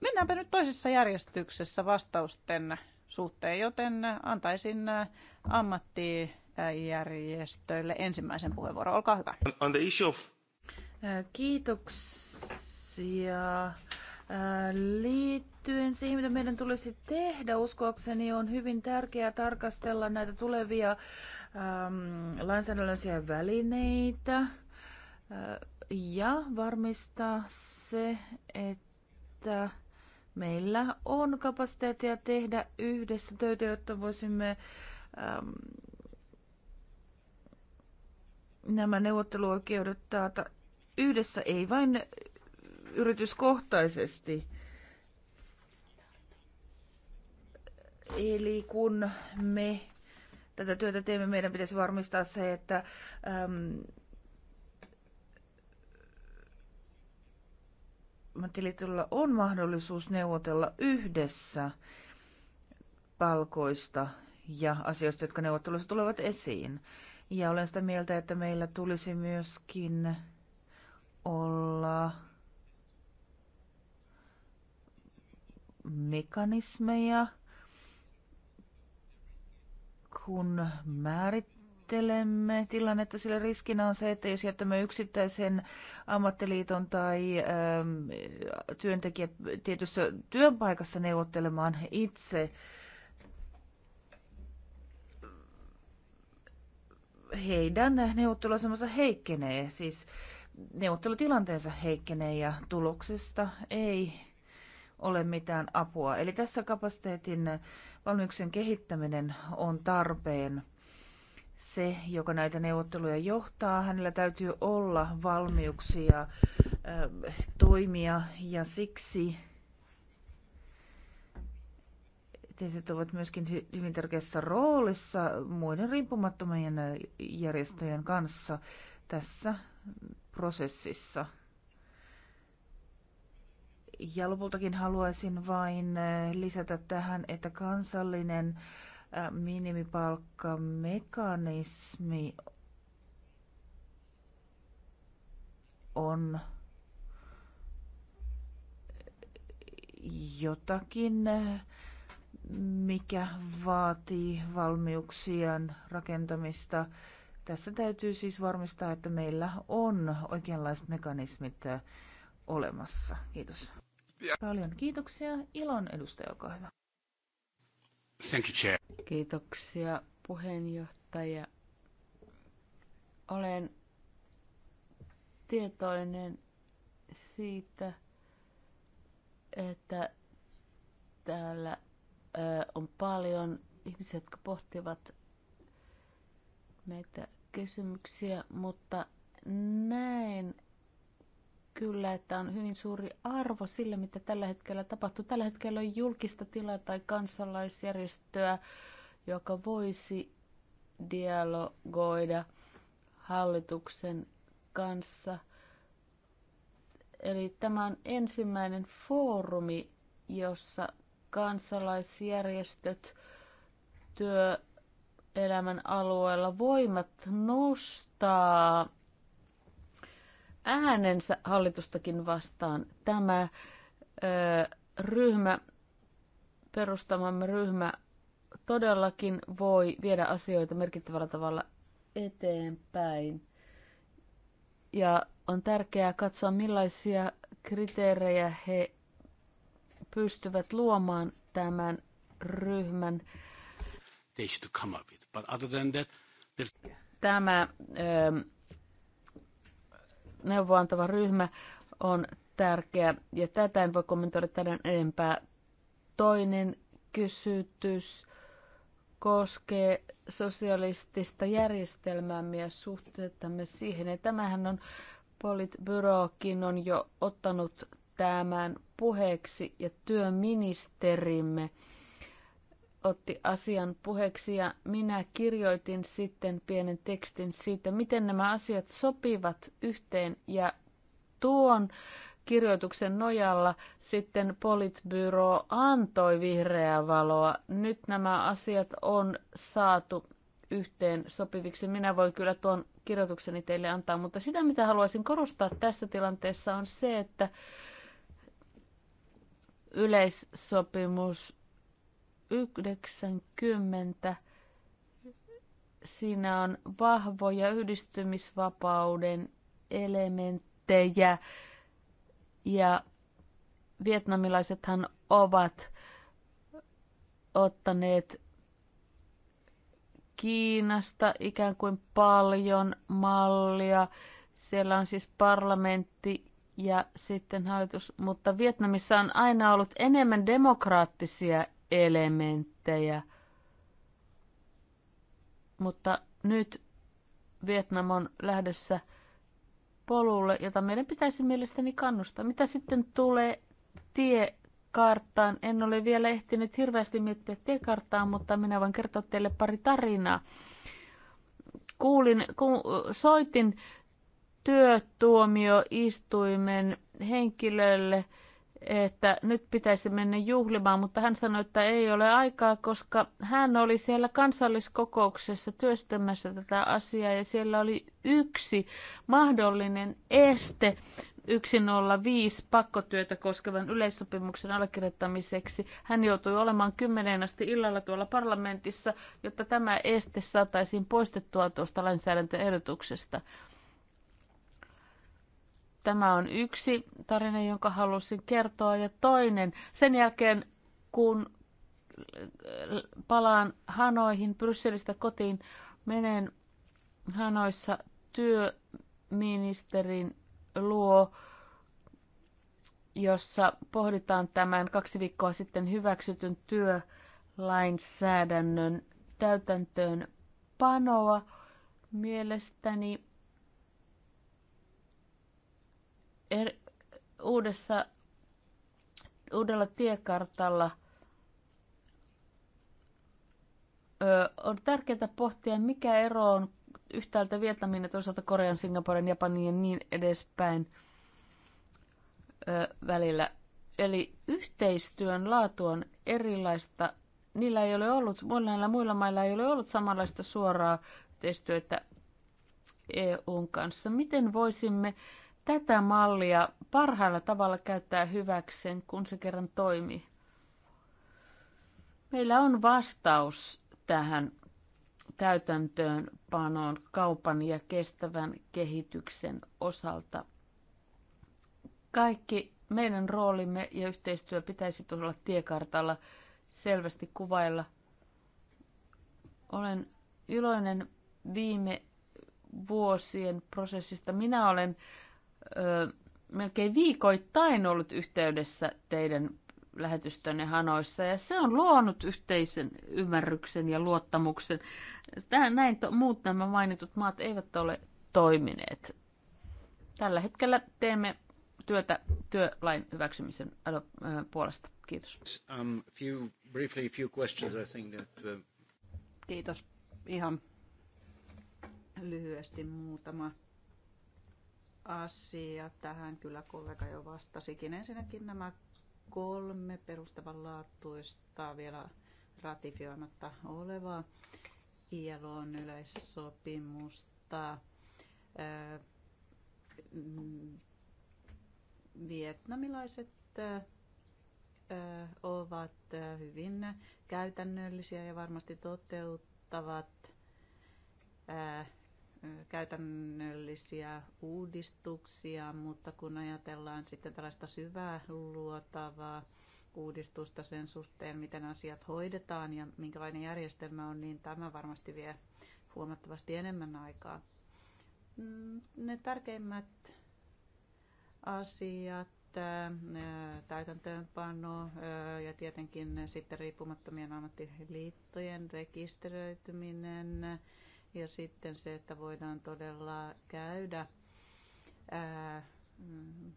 Mennäänpä nyt toisessa järjestyksessä vastausten suhteen, joten antaisin äh, ammattijärjestöille ensimmäisen puheenvuoron. Olkaa hyvä. On the issue of... Äh, kiitoksia. Äh, liittyen siihen, mitä meidän tulisi tehdä, uskoakseni on hyvin tärkeää tarkastella näitä tulevia ähm, lainsäädännöllisiä välineitä äh, ja varmistaa se, että meillä on kapasiteettia tehdä yhdessä töitä, jotta voisimme äm, nämä neuvotteluoikeudet taata yhdessä, ei vain yrityskohtaisesti. Eli kun me tätä työtä teemme, meidän pitäisi varmistaa se, että äm, ammattiliitolla on mahdollisuus neuvotella yhdessä palkoista ja asioista, jotka neuvotteluissa tulevat esiin. Ja olen sitä mieltä, että meillä tulisi myöskin olla mekanismeja, kun määrit käsittelemme tilannetta, sillä riskinä on se, että jos jättämme yksittäisen ammattiliiton tai ähm, työntekijät tietyssä työpaikassa neuvottelemaan itse, heidän neuvotteluasemansa heikkenee, siis neuvottelutilanteensa heikkenee ja tuloksesta ei ole mitään apua. Eli tässä kapasiteetin valmiuksien kehittäminen on tarpeen se, joka näitä neuvotteluja johtaa. Hänellä täytyy olla valmiuksia toimia ja siksi teiset ovat myöskin hyvin tärkeässä roolissa muiden riippumattomien järjestöjen kanssa tässä prosessissa. Ja lopultakin haluaisin vain lisätä tähän, että kansallinen äh, minimipalkkamekanismi on jotakin, mikä vaatii valmiuksien rakentamista. Tässä täytyy siis varmistaa, että meillä on oikeanlaiset mekanismit olemassa. Kiitos. Paljon kiitoksia. Ilon edustaja, olkaa hyvä. Thank you, Chair. Kiitoksia puheenjohtaja. Olen tietoinen siitä, että täällä on paljon ihmisiä, jotka pohtivat näitä kysymyksiä, mutta näin kyllä, että on hyvin suuri arvo sillä, mitä tällä hetkellä tapahtuu. Tällä hetkellä on julkista tilaa tai kansalaisjärjestöä, joka voisi dialogoida hallituksen kanssa. Eli tämä on ensimmäinen foorumi, jossa kansalaisjärjestöt työelämän alueella voimat nostaa äänensä hallitustakin vastaan. Tämä ö, ryhmä, perustamamme ryhmä, todellakin voi viedä asioita merkittävällä tavalla eteenpäin. Ja on tärkeää katsoa, millaisia kriteerejä he pystyvät luomaan tämän ryhmän. They should come up with. But other than that, there's... Tämä ö, neuvoantava ryhmä on tärkeä. Ja tätä en voi kommentoida tämän enempää. Toinen kysytys koskee sosialistista järjestelmäämme ja suhteettamme siihen. Ja tämähän on Politbyrokin on jo ottanut tämän puheeksi ja työministerimme otti asian puheeksi ja minä kirjoitin sitten pienen tekstin siitä, miten nämä asiat sopivat yhteen ja tuon kirjoituksen nojalla sitten Politbyro antoi vihreää valoa. Nyt nämä asiat on saatu yhteen sopiviksi. Minä voin kyllä tuon kirjoitukseni teille antaa, mutta sitä mitä haluaisin korostaa tässä tilanteessa on se, että yleissopimus 90. Siinä on vahvoja yhdistymisvapauden elementtejä ja vietnamilaisethan ovat ottaneet Kiinasta ikään kuin paljon mallia. Siellä on siis parlamentti ja sitten hallitus, mutta Vietnamissa on aina ollut enemmän demokraattisia elementtejä. Mutta nyt Vietnam on lähdössä polulle, jota meidän pitäisi mielestäni kannustaa. Mitä sitten tulee tiekarttaan? En ole vielä ehtinyt hirveästi miettiä tiekarttaa, mutta minä voin kertoa teille pari tarinaa. Kuulin, kun soitin työtuomioistuimen henkilölle, että nyt pitäisi mennä juhlimaan, mutta hän sanoi, että ei ole aikaa, koska hän oli siellä kansalliskokouksessa työstämässä tätä asiaa ja siellä oli yksi mahdollinen este 105 pakkotyötä koskevan yleissopimuksen allekirjoittamiseksi. Hän joutui olemaan kymmeneen asti illalla tuolla parlamentissa, jotta tämä este saataisiin poistettua tuosta lainsäädäntöehdotuksesta. Tämä on yksi tarina, jonka halusin kertoa. Ja toinen, sen jälkeen kun äh, palaan Hanoihin, Brysselistä kotiin, menen Hanoissa työministerin luo, jossa pohditaan tämän kaksi viikkoa sitten hyväksytyn työlainsäädännön täytäntöön panoa. Mielestäni er, uudessa, uudella tiekartalla ö, on tärkeää pohtia, mikä ero on yhtäältä Vietnamin ja toisaalta Korean, Singaporen, Japanin ja niin edespäin ö, välillä. Eli yhteistyön laatu on erilaista. Niillä ei ole ollut, muilla muilla mailla ei ole ollut samanlaista suoraa yhteistyötä EUn kanssa. Miten voisimme tätä mallia parhaalla tavalla käyttää hyväkseen, kun se kerran toimii? Meillä on vastaus tähän täytäntöönpanoon kaupan ja kestävän kehityksen osalta. Kaikki meidän roolimme ja yhteistyö pitäisi tuolla tiekartalla selvästi kuvailla. Olen iloinen viime vuosien prosessista. Minä olen ö, melkein viikoittain ollut yhteydessä teidän lähetystönne Hanoissa ja se on luonut yhteisen ymmärryksen ja luottamuksen. Tähän näin to, muut nämä mainitut maat eivät ole toimineet. Tällä hetkellä teemme työtä työlain hyväksymisen puolesta. Kiitos. Um, few, briefly, few questions, I think that, uh... Kiitos. Ihan lyhyesti muutama asia. Tähän kyllä kollega jo vastasikin. Ensinnäkin nämä kolme perustavanlaatuista vielä ratifioimatta olevaa ILOn yleissopimusta. Vietnamilaiset ovat hyvin käytännöllisiä ja varmasti toteuttavat käytännöllisiä uudistuksia, mutta kun ajatellaan sitten tällaista syvää luotavaa uudistusta sen suhteen, miten asiat hoidetaan ja minkälainen järjestelmä on, niin tämä varmasti vie huomattavasti enemmän aikaa. Mm, ne tärkeimmät asiat, äh, täytäntöönpano äh, ja tietenkin sitten riippumattomien ammattiliittojen rekisteröityminen, ja sitten se, että voidaan todella käydä ää, mm,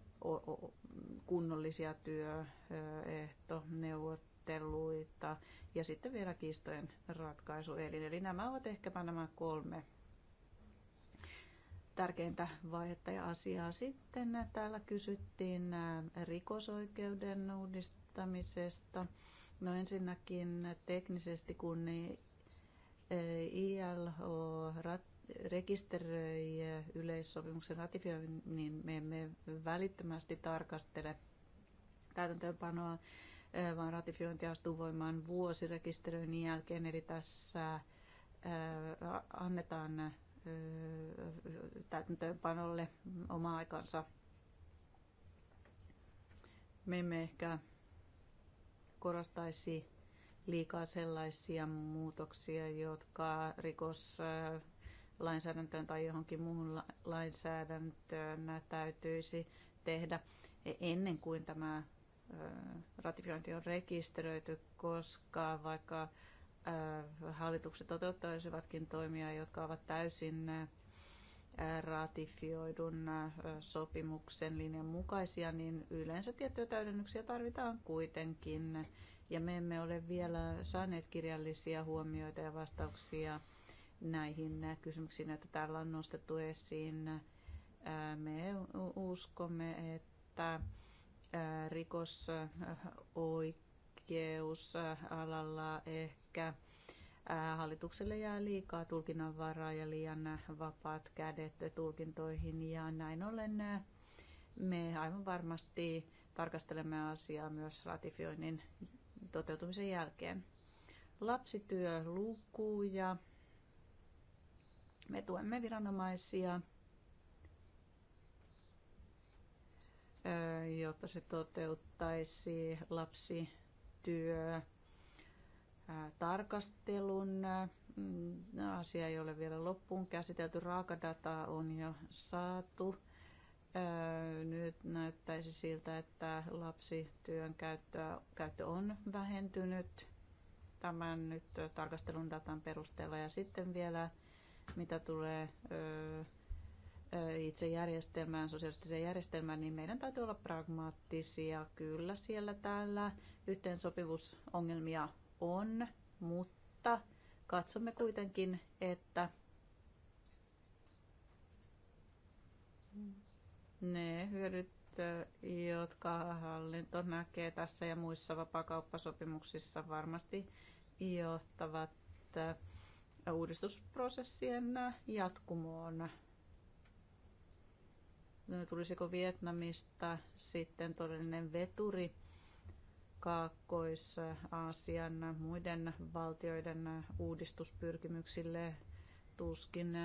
kunnollisia työehtoneuvotteluita ja sitten vielä kiistojen ratkaisuelin. Eli nämä ovat ehkäpä nämä kolme tärkeintä vaihetta ja asiaa. Sitten täällä kysyttiin rikosoikeuden uudistamisesta. No ensinnäkin teknisesti, kun E rat, rekisteröi yleissopimuksen ratifioinnin, niin me emme välittömästi tarkastele täytäntöönpanoa, vaan ratifiointi astuu voimaan vuosirekisteröinnin jälkeen, eli tässä annetaan täytäntöönpanolle oma aikansa. Me emme ehkä korostaisi liikaa sellaisia muutoksia, jotka rikoslainsäädäntöön tai johonkin muuhun lainsäädäntöön täytyisi tehdä ennen kuin tämä ratifiointi on rekisteröity, koska vaikka hallitukset toteuttaisivatkin toimia, jotka ovat täysin ratifioidun sopimuksen linjan mukaisia, niin yleensä tiettyjä täydennyksiä tarvitaan kuitenkin ja me emme ole vielä saaneet kirjallisia huomioita ja vastauksia näihin kysymyksiin, joita täällä on nostettu esiin. Me uskomme, että rikosoikeusalalla ehkä hallitukselle jää liikaa tulkinnanvaraa ja liian vapaat kädet tulkintoihin ja näin ollen me aivan varmasti tarkastelemme asiaa myös ratifioinnin toteutumisen jälkeen. lapsityö lukuu ja Me tuemme viranomaisia, jotta se toteuttaisi lapsityö tarkastelun. Mm, asia ei ole vielä loppuun käsitelty. Raakadataa on jo saatu nyt näyttäisi siltä, että lapsityön käyttöä, käyttö on vähentynyt tämän nyt tarkastelun datan perusteella. Ja sitten vielä, mitä tulee itse järjestelmään, sosiaalistiseen järjestelmään, niin meidän täytyy olla pragmaattisia. Kyllä siellä täällä yhteensopivuusongelmia on, mutta katsomme kuitenkin, että ne hyödyt, jotka hallinto näkee tässä ja muissa vapakauppasopimuksissa varmasti johtavat uudistusprosessien jatkumoon. No, tulisiko Vietnamista sitten todellinen veturi Kaakkois-Aasian muiden valtioiden uudistuspyrkimyksille tuskin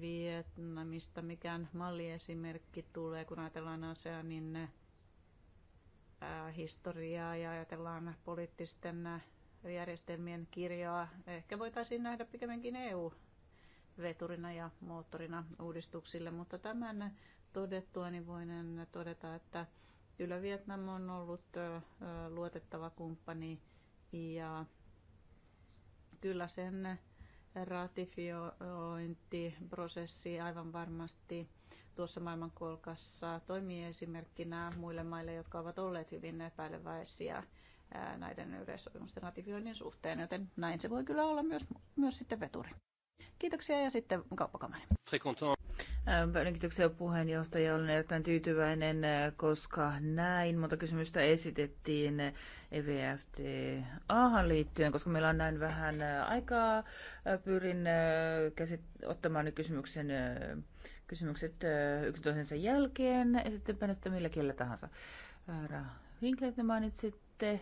Vietnamista mikään malliesimerkki tulee, kun ajatellaan asiaa, niin äh, historiaa ja ajatellaan poliittisten äh, järjestelmien kirjoa. Ehkä voitaisiin nähdä pikemminkin EU-veturina ja moottorina uudistuksille, mutta tämän todettua niin voin todeta, että kyllä Vietnam on ollut äh, luotettava kumppani ja kyllä sen ratifiointiprosessi aivan varmasti tuossa maailmankolkassa toimii esimerkkinä muille maille, jotka ovat olleet hyvin epäileväisiä näiden yleissopimusten ratifioinnin suhteen, joten näin se voi kyllä olla myös, myös sitten veturi. Kiitoksia ja sitten kauppakamari. Paljon niin, kiitoksia puheenjohtaja. Olen erittäin tyytyväinen, koska näin monta kysymystä esitettiin EVFTAhan liittyen, koska meillä on näin vähän aikaa. Pyrin käsit- ottamaan nyt kysymyksen, kysymykset yksi toisensa jälkeen ja sitten päästä millä kielellä tahansa. Winkler, te mainitsitte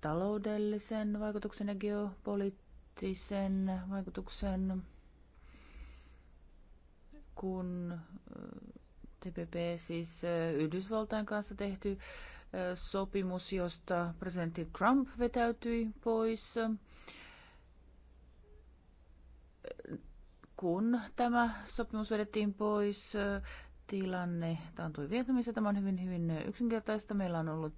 taloudellisen vaikutuksen ja geopoliittisen vaikutuksen kun äh, TPP, siis äh, Yhdysvaltain kanssa tehty äh, sopimus, josta presidentti Trump vetäytyi pois, kun tämä sopimus vedettiin pois, tilanne taantui Vietnamissa. Tämä on hyvin, hyvin yksinkertaista. Meillä on ollut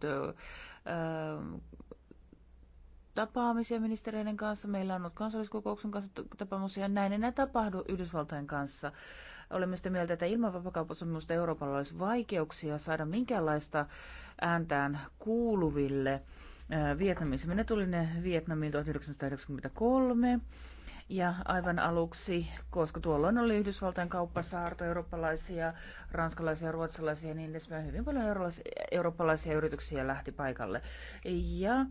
tapaamisia ministereiden kanssa, meillä on ollut kansalliskokouksen kanssa tapaamisia. Näin enää tapahdu Yhdysvaltain kanssa. Olemme sitä mieltä, että ilman vapakauppasopimusta Euroopalla olisi vaikeuksia saada minkäänlaista ääntään kuuluville Vietnamissa. Minä tulin Vietnamiin 1993. Ja aivan aluksi, koska tuolloin oli Yhdysvaltain kauppasaarto, eurooppalaisia, ranskalaisia, ruotsalaisia ja niin edespäin, hyvin paljon eurooppalaisia yrityksiä lähti paikalle. Ja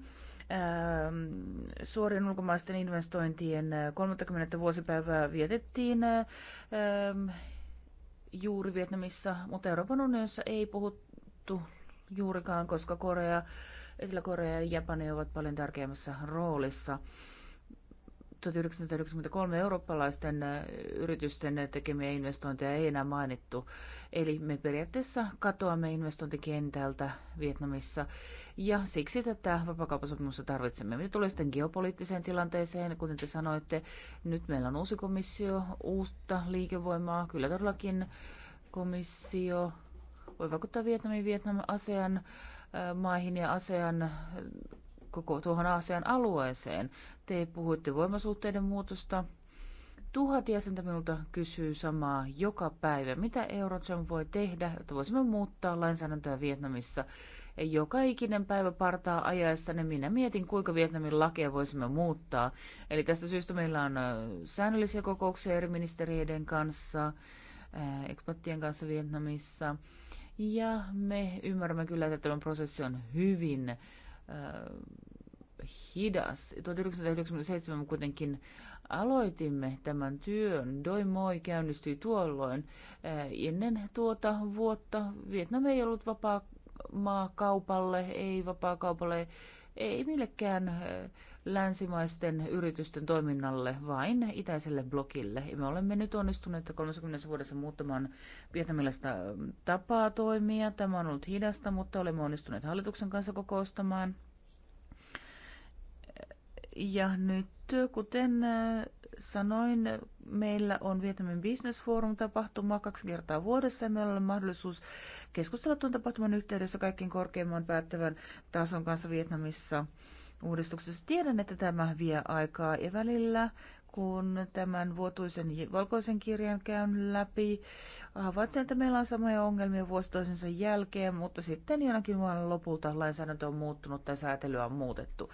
Ähm, suorien ulkomaisten investointien 30. Äh, vuosipäivää vietettiin ähm, juuri Vietnamissa, mutta Euroopan unionissa ei puhuttu juurikaan, koska Korea, Etelä-Korea ja Japani ovat paljon tärkeimmässä roolissa. 1993 eurooppalaisten äh, yritysten tekemiä investointeja ei enää mainittu. Eli me periaatteessa katoamme investointikentältä Vietnamissa ja siksi tätä vapakauppasopimusta tarvitsemme. Mitä tulee sitten geopoliittiseen tilanteeseen, kuten te sanoitte, nyt meillä on uusi komissio, uutta liikevoimaa, kyllä todellakin komissio voi vaikuttaa Vietnamin, Vietnam, ASEAN äh, maihin ja ASEAN koko tuohon Aasian alueeseen. Te puhuitte voimasuhteiden muutosta. Tuhat jäsentä minulta kysyy samaa joka päivä. Mitä Eurojam voi tehdä, että voisimme muuttaa lainsäädäntöä Vietnamissa? Joka ikinen päivä partaa ajaessa, niin minä mietin, kuinka Vietnamin lakia voisimme muuttaa. Eli tästä syystä meillä on säännöllisiä kokouksia eri ministeriöiden kanssa, ekspattien kanssa Vietnamissa. Ja me ymmärrämme kyllä, että tämä prosessi on hyvin hidas. 1997 kuitenkin aloitimme tämän työn. Doi Moi käynnistyi tuolloin. Eh, ennen tuota vuotta Vietnam ei ollut vapaa maa kaupalle, ei vapaa kaupalle, ei millekään eh, länsimaisten yritysten toiminnalle, vain itäiselle blokille. me olemme nyt onnistuneet 30 vuodessa muuttamaan vietnamilaista eh, tapaa toimia. Tämä on ollut hidasta, mutta olemme onnistuneet hallituksen kanssa kokoustamaan – ja nyt, kuten äh, sanoin, meillä on Vietnamin Business Forum-tapahtuma kaksi kertaa vuodessa ja meillä on mahdollisuus keskustella tuon tapahtuman yhteydessä kaikkien korkeimman päättävän tason kanssa Vietnamissa uudistuksessa. Tiedän, että tämä vie aikaa ja välillä kun tämän vuotuisen valkoisen kirjan käyn läpi. Havaitsen, että meillä on samoja ongelmia vuosi toisensa jälkeen, mutta sitten jonakin vuonna lopulta lainsäädäntö on muuttunut tai säätelyä on muutettu.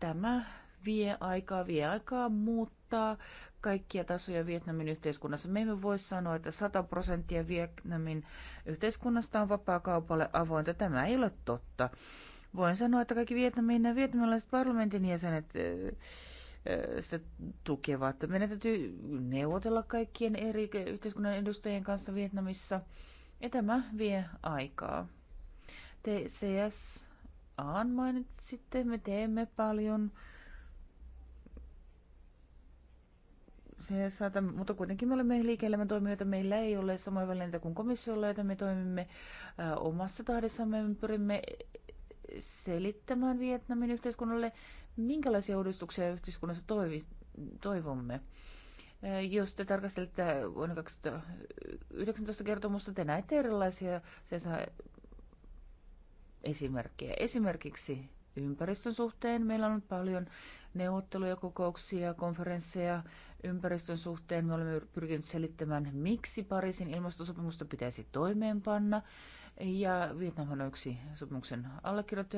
Tämä vie aikaa, vie aikaa muuttaa kaikkia tasoja Vietnamin yhteiskunnassa. Me emme voi sanoa, että 100 prosenttia Vietnamin yhteiskunnasta on vapaa kaupalle avointa. Tämä ei ole totta. Voin sanoa, että kaikki Vietnamin ja vietnamilaiset parlamentin jäsenet sitä tukevat. Meidän täytyy neuvotella kaikkien eri yhteiskunnan edustajien kanssa Vietnamissa. Ja tämä vie aikaa. Te CSA mainitsitte, me teemme paljon se saata, mutta kuitenkin me olemme liike-elämän toimijoita. Meillä ei ole samoja välineitä kuin komissiolla, joita me toimimme äh, omassa tahdissamme. Me pyrimme selittämään Vietnamin yhteiskunnalle, minkälaisia uudistuksia yhteiskunnassa toivi, toivomme. Äh, jos te tarkastelette vuonna 2019 kertomusta, te näette erilaisia saa esimerkkejä. Esimerkiksi ympäristön suhteen meillä on paljon neuvotteluja, kokouksia, konferensseja ympäristön suhteen. Me olemme pyrkineet selittämään, miksi Pariisin ilmastosopimusta pitäisi toimeenpanna. Ja Vietnam on yksi sopimuksen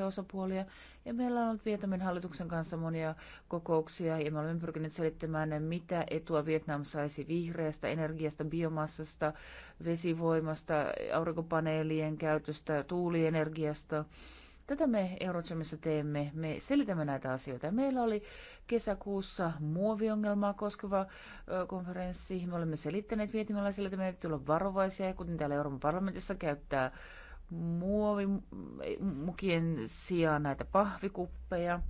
osapuolia. Ja meillä on ollut Vietnamin hallituksen kanssa monia kokouksia ja me olemme pyrkineet selittämään, mitä etua Vietnam saisi vihreästä energiasta, biomassasta, vesivoimasta, aurinkopaneelien käytöstä, tuulienergiasta Tätä me Euronsamissa teemme. Me selitämme näitä asioita. Meillä oli kesäkuussa muoviongelmaa koskeva konferenssi. Me olemme selittäneet vietimiläisille, että meidän tulla varovaisia, kuten täällä Euroopan parlamentissa käyttää muovimukien sijaan näitä pahvikuppeja.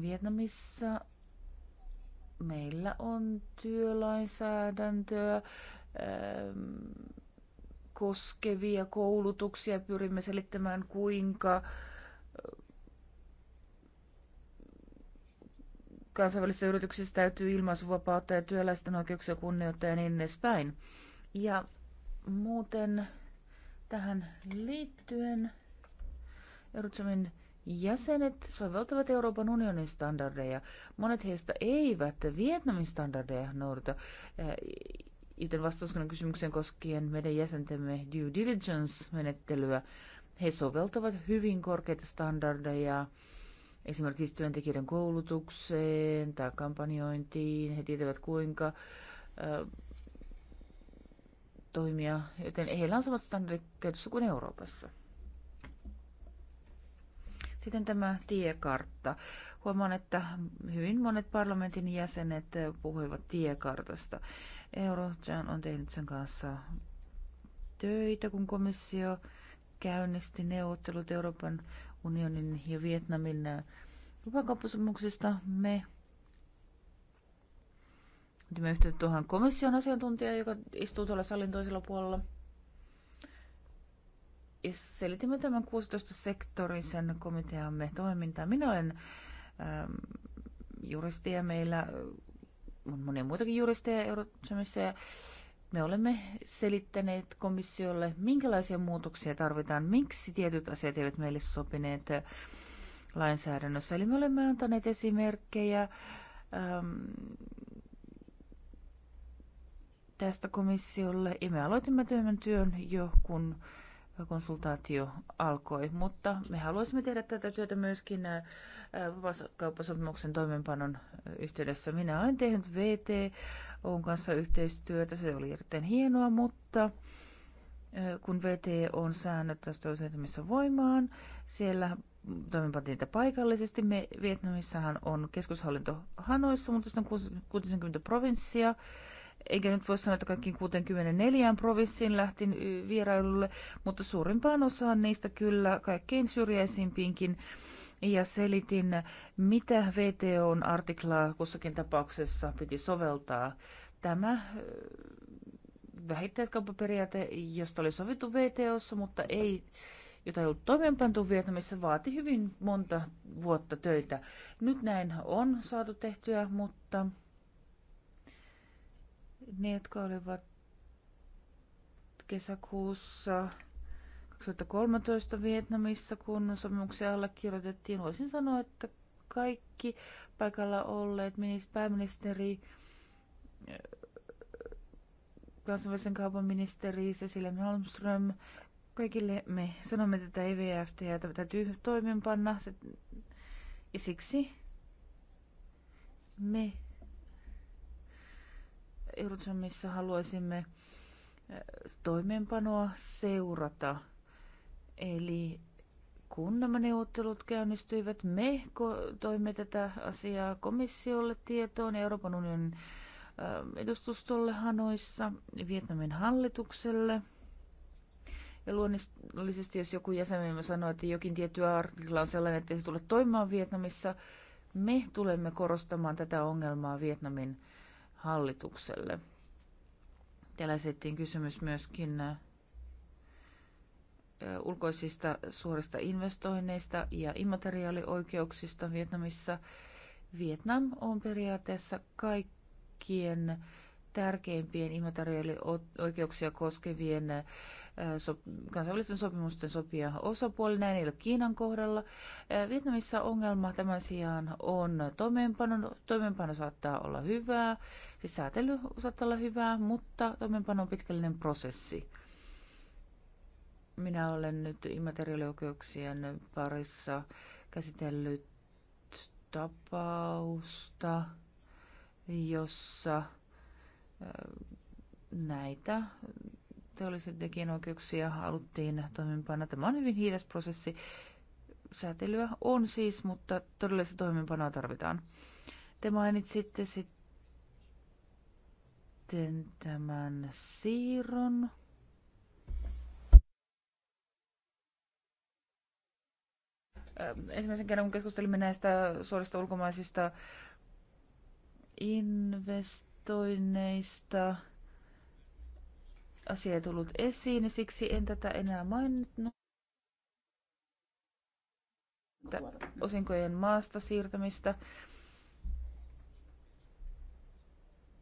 Vietnamissa meillä on työlainsäädäntöä. Ähm, koskevia koulutuksia. Pyrimme selittämään, kuinka äh, kansainvälisissä yrityksissä täytyy ilmaisuvapautta ja työläisten oikeuksia kunnioittaa ja niin edespäin. Ja muuten tähän liittyen Eurotsomin jäsenet soveltavat Euroopan unionin standardeja. Monet heistä eivät Vietnamin standardeja noudata. Äh, Joten vastauskunnan kysymykseen koskien meidän jäsentemme due diligence-menettelyä, he soveltavat hyvin korkeita standardeja esimerkiksi työntekijöiden koulutukseen tai kampanjointiin. He tietävät kuinka toimia, joten heillä on samat standardit käytössä kuin Euroopassa. Sitten tämä tiekartta. Huomaan, että hyvin monet parlamentin jäsenet puhuivat tiekartasta. Eurojan on tehnyt sen kanssa töitä, kun komissio käynnisti neuvottelut Euroopan unionin ja Vietnamin äh, lupakauppasopimuksista. Me otimme yhteyttä tuohon komission asiantuntijaan, joka istuu tuolla salin toisella puolella. Ja selitimme tämän 16-sektorisen komiteamme toimintaa. Minä olen ähm, juristi ja meillä on monia muitakin juristeja Euroopassa ja me olemme selittäneet komissiolle, minkälaisia muutoksia tarvitaan, miksi tietyt asiat eivät meille sopineet äh, lainsäädännössä. Eli me olemme antaneet esimerkkejä äm, tästä komissiolle ja me aloitimme tämän työn jo, kun konsultaatio alkoi, mutta me haluaisimme tehdä tätä työtä myöskin äh, vapaakauppasopimuksen toimeenpanon yhteydessä. Minä olen tehnyt VT on kanssa yhteistyötä, se oli erittäin hienoa, mutta kun VT on säännöt tästä toisentamisessa voimaan, siellä toimenpantiin niitä paikallisesti. Me Vietnamissahan on keskushallinto Hanoissa, mutta sitten on 60 provinssia. Eikä nyt voi sanoa, että kaikkiin 64 provinssiin lähtin vierailulle, mutta suurimpaan osaan niistä kyllä kaikkein syrjäisimpiinkin ja selitin, mitä VTOn artiklaa kussakin tapauksessa piti soveltaa. Tämä äh, vähittäiskauppaperiaate, josta oli sovittu VTOssa, mutta ei jota ei ollut toimeenpantu Vietnamissa, vaati hyvin monta vuotta töitä. Nyt näin on saatu tehtyä, mutta ne, jotka olivat kesäkuussa 2013 Vietnamissa, kun sopimuksia allekirjoitettiin, voisin sanoa, että kaikki paikalla olleet pääministeri, äh, kansainvälisen kaupan ministeri Cecilia Malmström, kaikille me sanomme tätä EVFT ja täytyy toimeenpanna. Se, ja siksi me Eurotsamissa haluaisimme äh, toimeenpanoa seurata – Eli kun nämä neuvottelut käynnistyivät, me toimme tätä asiaa komissiolle tietoon Euroopan unionin ähm, edustustolle Hanoissa, Vietnamin hallitukselle. Ja luonnollisesti, jos joku jäsenemme sanoo, että jokin tietty artikla on sellainen, että se tule toimimaan Vietnamissa, me tulemme korostamaan tätä ongelmaa Vietnamin hallitukselle. Täällä kysymys myöskin äh, ulkoisista suorista investoinneista ja immateriaalioikeuksista Vietnamissa. Vietnam on periaatteessa kaikkien tärkeimpien immateriaalioikeuksia koskevien äh, kansainvälisten sopimusten sopia osapuoli. Näin ei ole Kiinan kohdalla. Äh, Vietnamissa ongelma tämän sijaan on toimeenpano. Toimeenpano saattaa olla hyvää, siis säätely saattaa olla hyvää, mutta toimeenpano on pitkällinen prosessi. Minä olen nyt immateriaalioikeuksien parissa käsitellyt tapausta, jossa äh, näitä teollisen tekijänoikeuksia haluttiin toimimpana. Tämä on hyvin hiidas prosessi. Säätelyä on siis, mutta todellista toimenpanoa tarvitaan. Te mainitsitte sitten tämän siirron. ensimmäisen kerran, kun keskustelimme näistä suorista ulkomaisista investoinneista, asia ei tullut esiin, ja siksi en tätä enää maininnut. Osinkojen maasta siirtämistä.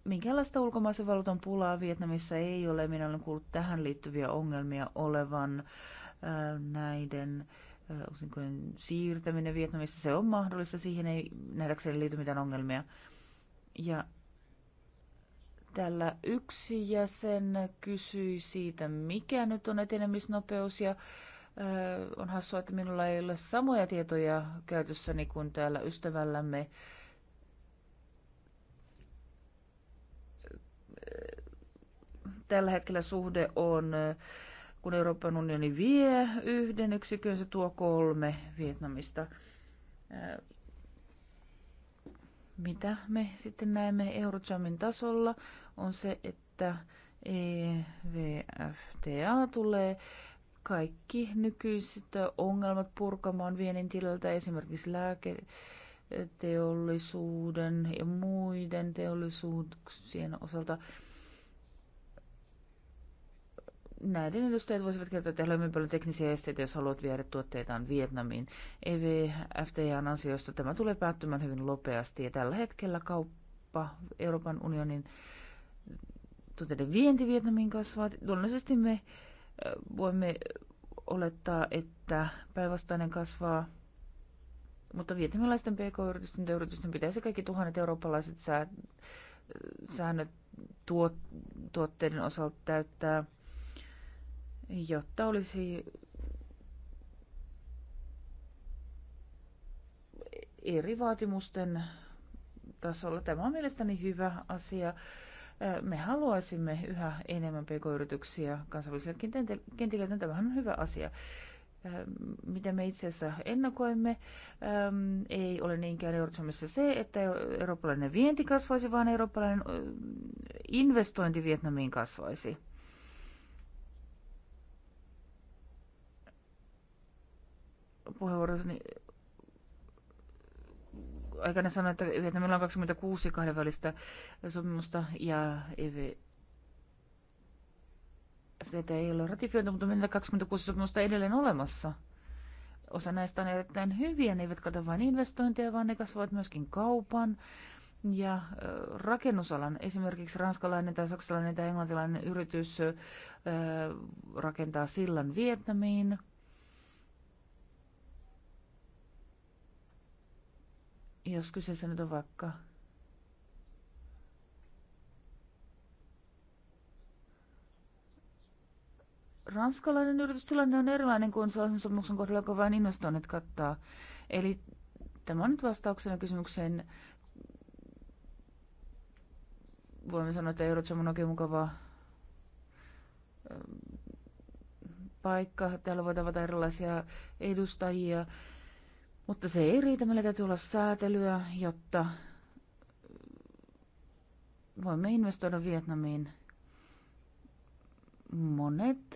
Minkälaista ulkomaisen valuutan pulaa Vietnamissa ei ole. Minä olen kuullut tähän liittyviä ongelmia olevan näiden osinkojen siirtäminen Vietnamista, se on mahdollista. Siihen ei nähdäkseni liity mitään ongelmia. Ja Tällä yksi jäsen kysyi siitä, mikä nyt on etenemisnopeus ja ö, on hassua, että minulla ei ole samoja tietoja käytössäni kuin täällä ystävällämme. Tällä hetkellä suhde on kun Euroopan unioni vie yhden yksikön, se tuo kolme Vietnamista. Mitä me sitten näemme Eurojamin tasolla on se, että EVFTA tulee kaikki nykyiset ongelmat purkamaan viennin tilalta, esimerkiksi lääketeollisuuden ja muiden teollisuuksien osalta näiden edustajat voisivat kertoa, että olemme paljon teknisiä esteitä, jos haluat viedä tuotteitaan Vietnamiin. EVFTAn ansiosta tämä tulee päättymään hyvin nopeasti ja tällä hetkellä kauppa Euroopan unionin tuotteiden vienti Vietnamiin kasvaa. Luonnollisesti me voimme olettaa, että päinvastainen kasvaa, mutta vietnamilaisten pk-yritysten ja yritysten pitäisi kaikki tuhannet eurooppalaiset säännöt tuotteiden osalta täyttää – jotta olisi eri vaatimusten tasolla. Tämä on mielestäni hyvä asia. Me haluaisimme yhä enemmän pk-yrityksiä kansainvälisille kentille, joten no, tämä on hyvä asia. Ähm, mitä me itse asiassa ennakoimme, ähm, ei ole niinkään Euroopassa se, että eurooppalainen vienti kasvaisi, vaan eurooppalainen äh, investointi Vietnamiin kasvaisi. puheenvuorossani aikana sanoin, että Vietnamilla on 26 kahdenvälistä sopimusta ja EV, FTT ei ole ratifioitu, mutta meillä 26 sopimusta edelleen olemassa. Osa näistä on erittäin hyviä, ne eivät kata vain investointeja, vaan ne kasvavat myöskin kaupan ja rakennusalan. Esimerkiksi ranskalainen tai saksalainen tai englantilainen yritys rakentaa sillan Vietnamiin – jos kyseessä nyt on vaikka ranskalainen yritystilanne on erilainen kuin sellaisen sopimuksen kohdalla, joka vain investoinnit kattaa. Eli tämä on nyt vastauksena kysymykseen. Voimme sanoa, että Eurotsom on oikein mukava paikka. Täällä voi tavata erilaisia edustajia mutta se ei riitä, meillä täytyy olla säätelyä, jotta voimme investoida Vietnamiin. Monet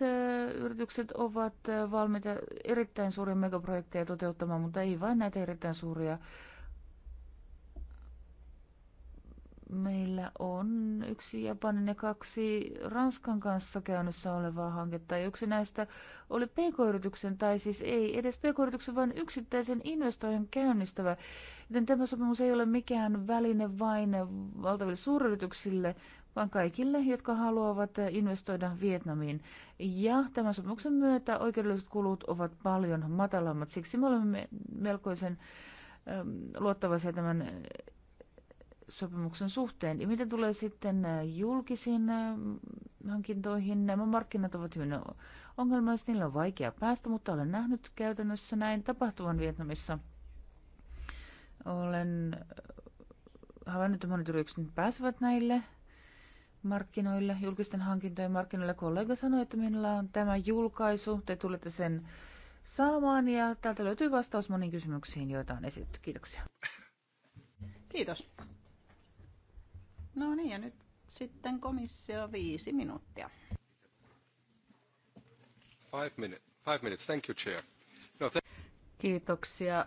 yritykset ovat valmiita erittäin suuria megaprojekteja toteuttamaan, mutta ei vain näitä erittäin suuria Meillä on yksi Japanin ja kaksi Ranskan kanssa käynnissä olevaa hanketta. Yksi näistä oli pk-yrityksen, tai siis ei edes pk-yrityksen, vaan yksittäisen investoijan käynnistävä. Joten tämä sopimus ei ole mikään väline vain valtaville suuryrityksille, vaan kaikille, jotka haluavat investoida Vietnamiin. Ja tämän sopimuksen myötä oikeudelliset kulut ovat paljon matalammat. Siksi me olemme melkoisen luottavaisia tämän sopimuksen suhteen. Ja mitä tulee sitten äh, julkisiin äh, hankintoihin, nämä markkinat ovat hyvin ongelmalliset, niillä on vaikea päästä, mutta olen nähnyt käytännössä näin tapahtuvan Vietnamissa. Olen äh, havainnut, että monet yritykset pääsevät näille markkinoille, julkisten hankintojen markkinoille. Kollega sanoi, että minulla on tämä julkaisu, te tulette sen saamaan ja täältä löytyy vastaus moniin kysymyksiin, joita on esitetty. Kiitoksia. Kiitos. No niin, ja nyt sitten komissio viisi minuuttia. Five, minute, five minutes, thank you chair. No, th- Kiitoksia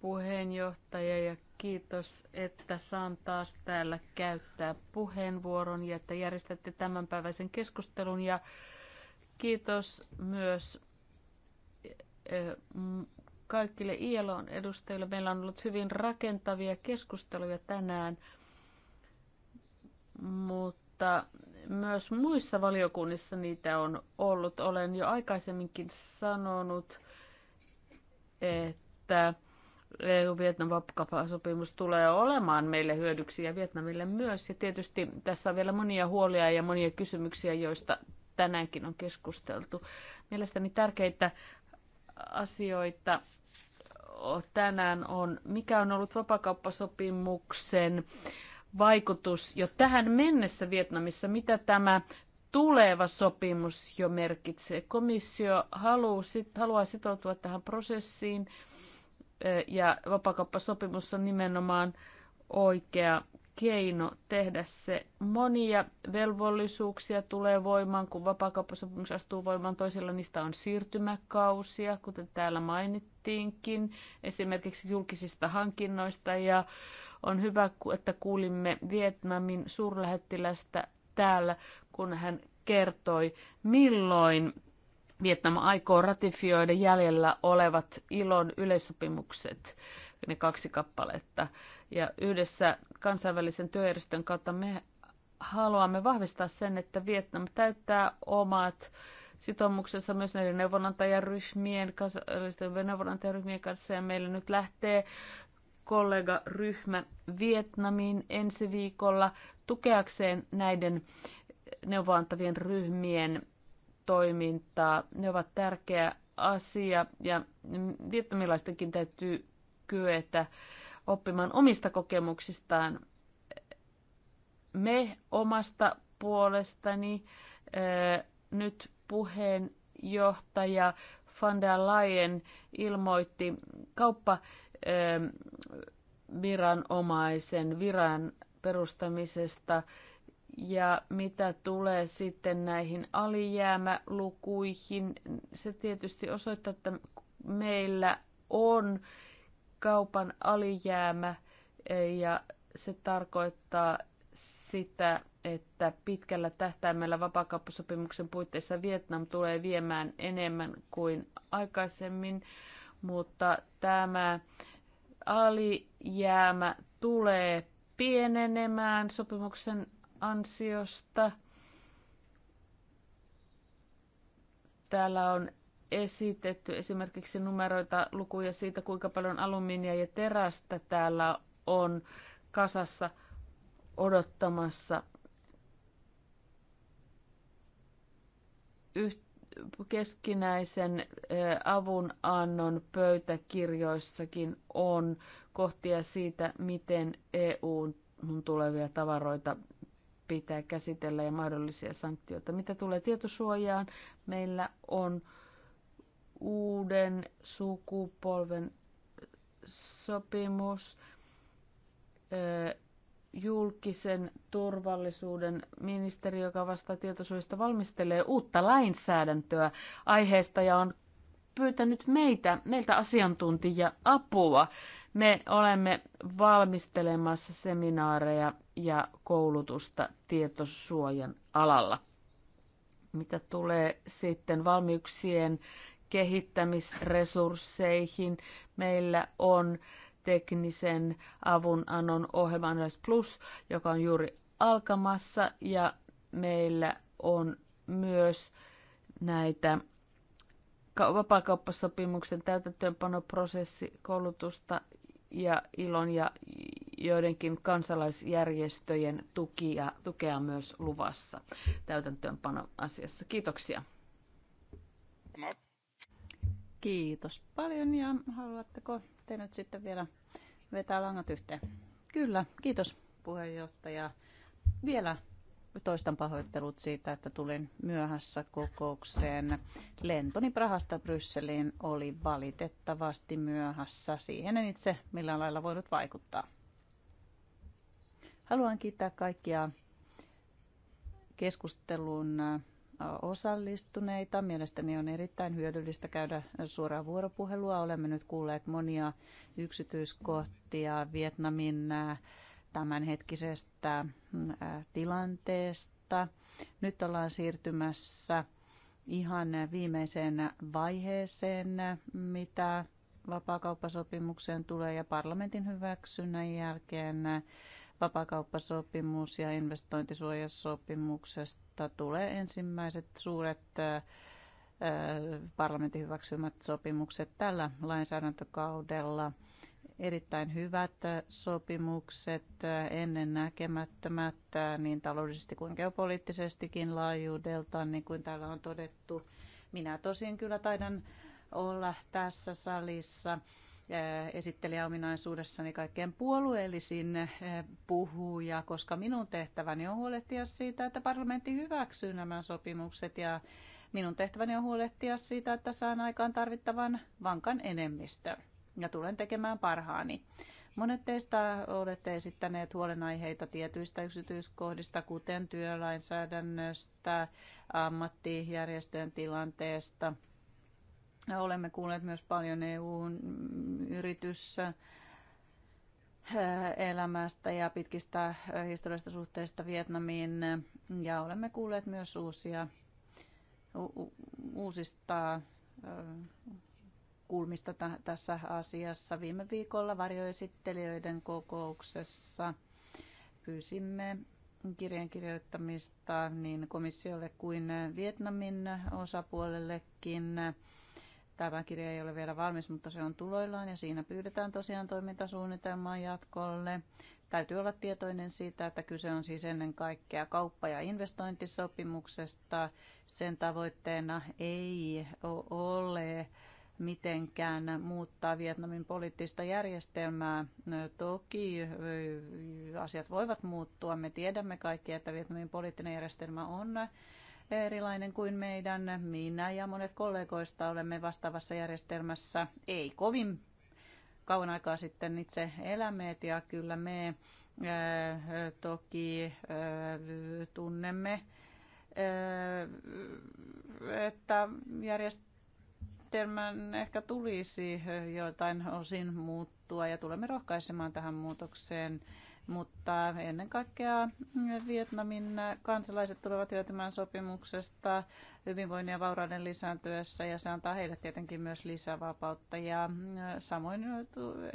puheenjohtaja ja kiitos, että saan taas täällä käyttää puheenvuoron ja että järjestätte tämänpäiväisen keskustelun ja kiitos myös e, kaikille ILOn edustajille. Meillä on ollut hyvin rakentavia keskusteluja tänään mutta myös muissa valiokunnissa niitä on ollut. Olen jo aikaisemminkin sanonut, että EU-Vietnam sopimus tulee olemaan meille hyödyksi ja Vietnamille myös. Ja tietysti tässä on vielä monia huolia ja monia kysymyksiä, joista tänäänkin on keskusteltu. Mielestäni tärkeitä asioita tänään on, mikä on ollut vapakauppasopimuksen äh, vaikutus jo tähän mennessä Vietnamissa, mitä tämä tuleva sopimus jo merkitsee. Komissio haluaa, sitoutua tähän prosessiin ja vapakauppasopimus on nimenomaan oikea keino tehdä se. Monia velvollisuuksia tulee voimaan, kun vapaakauppasopimus astuu voimaan. Toisilla niistä on siirtymäkausia, kuten täällä mainittiinkin, esimerkiksi julkisista hankinnoista ja on hyvä, että kuulimme Vietnamin suurlähettilästä täällä, kun hän kertoi, milloin Vietnam aikoo ratifioida jäljellä olevat ilon yleissopimukset, ne kaksi kappaletta. Ja yhdessä kansainvälisen työjärjestön kautta me haluamme vahvistaa sen, että Vietnam täyttää omat sitoumuksensa myös näiden neuvonantajaryhmien, kansallisten neuvonantajaryhmien kanssa ja meillä nyt lähtee kollegaryhmä Vietnamiin ensi viikolla tukeakseen näiden neuvoantavien ryhmien toimintaa. Ne ovat tärkeä asia ja vietnamilaistenkin täytyy kyetä oppimaan omista kokemuksistaan. Me omasta puolestani eh, nyt puheenjohtaja van der Leyen ilmoitti kauppa- Ähm, viranomaisen viran perustamisesta. Ja mitä tulee sitten näihin alijäämälukuihin, se tietysti osoittaa, että meillä on kaupan alijäämä e, ja se tarkoittaa sitä, että pitkällä tähtäimellä vapaakauppasopimuksen puitteissa Vietnam tulee viemään enemmän kuin aikaisemmin mutta tämä alijäämä tulee pienenemään sopimuksen ansiosta. Täällä on esitetty esimerkiksi numeroita, lukuja siitä, kuinka paljon alumiinia ja terästä täällä on kasassa odottamassa. Yhteen keskinäisen avunannon pöytäkirjoissakin on kohtia siitä, miten EUn tulevia tavaroita pitää käsitellä ja mahdollisia sanktioita. Mitä tulee tietosuojaan, meillä on uuden sukupolven sopimus julkisen turvallisuuden ministeri, joka vastaa tietosuojasta, valmistelee uutta lainsäädäntöä aiheesta ja on pyytänyt meitä, meiltä asiantuntija apua. Me olemme valmistelemassa seminaareja ja koulutusta tietosuojan alalla. Mitä tulee sitten valmiuksien kehittämisresursseihin, meillä on teknisen avunannon ohjelma Analyst Plus, joka on juuri alkamassa ja meillä on myös näitä vapaakauppasopimuksen täytäntöönpanoprosessikoulutusta ja ilon ja joidenkin kansalaisjärjestöjen tukia, tukea myös luvassa täytäntöönpanoasiassa. Kiitoksia. Kiitos paljon ja haluatteko voitte nyt sitten vielä vetää langat yhteen. Kyllä, kiitos puheenjohtaja. Vielä toistan pahoittelut siitä, että tulin myöhässä kokoukseen. Lentoni Prahasta Brysseliin oli valitettavasti myöhässä. Siihen en itse millään lailla voinut vaikuttaa. Haluan kiittää kaikkia keskustelun osallistuneita. Mielestäni on erittäin hyödyllistä käydä suoraa vuoropuhelua. Olemme nyt kuulleet monia yksityiskohtia Vietnamin äh, tämänhetkisestä mm, äh, tilanteesta. Nyt ollaan siirtymässä ihan viimeiseen vaiheeseen, mitä vapaakauppasopimukseen tulee ja parlamentin hyväksynnän jälkeen vapakauppasopimus ja investointisuojasopimuksesta tulee ensimmäiset suuret parlamentin hyväksymät sopimukset tällä lainsäädäntökaudella. Erittäin hyvät sopimukset, ennen niin taloudellisesti kuin geopoliittisestikin laajuudeltaan, niin kuin täällä on todettu. Minä tosin kyllä taidan olla tässä salissa Äh, esittelijäominaisuudessani kaikkein puolueellisin äh, puhuja, koska minun tehtäväni on huolehtia siitä, että parlamentti hyväksyy nämä sopimukset ja minun tehtäväni on huolehtia siitä, että saan aikaan tarvittavan vankan enemmistön ja tulen tekemään parhaani. Monet teistä olette esittäneet huolenaiheita tietyistä yksityiskohdista, kuten työlainsäädännöstä, ammattijärjestöjen tilanteesta – Olemme kuulleet myös paljon EU-yrityssä äh, elämästä ja pitkistä äh, historiallisista suhteista Vietnamiin. Ja olemme kuulleet myös uusia, uusista äh, kulmista tässä asiassa. Viime viikolla varjoesittelijöiden kokouksessa pyysimme kirjan kirjoittamista niin komissiolle kuin Vietnamin osapuolellekin Tämä kirja ei ole vielä valmis, mutta se on tuloillaan ja siinä pyydetään tosiaan toimintasuunnitelmaa jatkolle. Täytyy olla tietoinen siitä, että kyse on siis ennen kaikkea kauppa- ja investointisopimuksesta. Sen tavoitteena ei ole mitenkään muuttaa Vietnamin poliittista järjestelmää. No, toki asiat voivat muuttua. Me tiedämme kaikki, että Vietnamin poliittinen järjestelmä on erilainen kuin meidän. Minä ja monet kollegoista olemme vastaavassa järjestelmässä. Ei kovin kauan aikaa sitten itse elämeet ja kyllä me toki tunnemme, että järjestelmän ehkä tulisi joiltain osin muuttua ja tulemme rohkaisemaan tähän muutokseen mutta ennen kaikkea Vietnamin kansalaiset tulevat hyötymään sopimuksesta hyvinvoinnin ja vaurauden lisääntyessä ja se antaa heille tietenkin myös lisävapautta ja samoin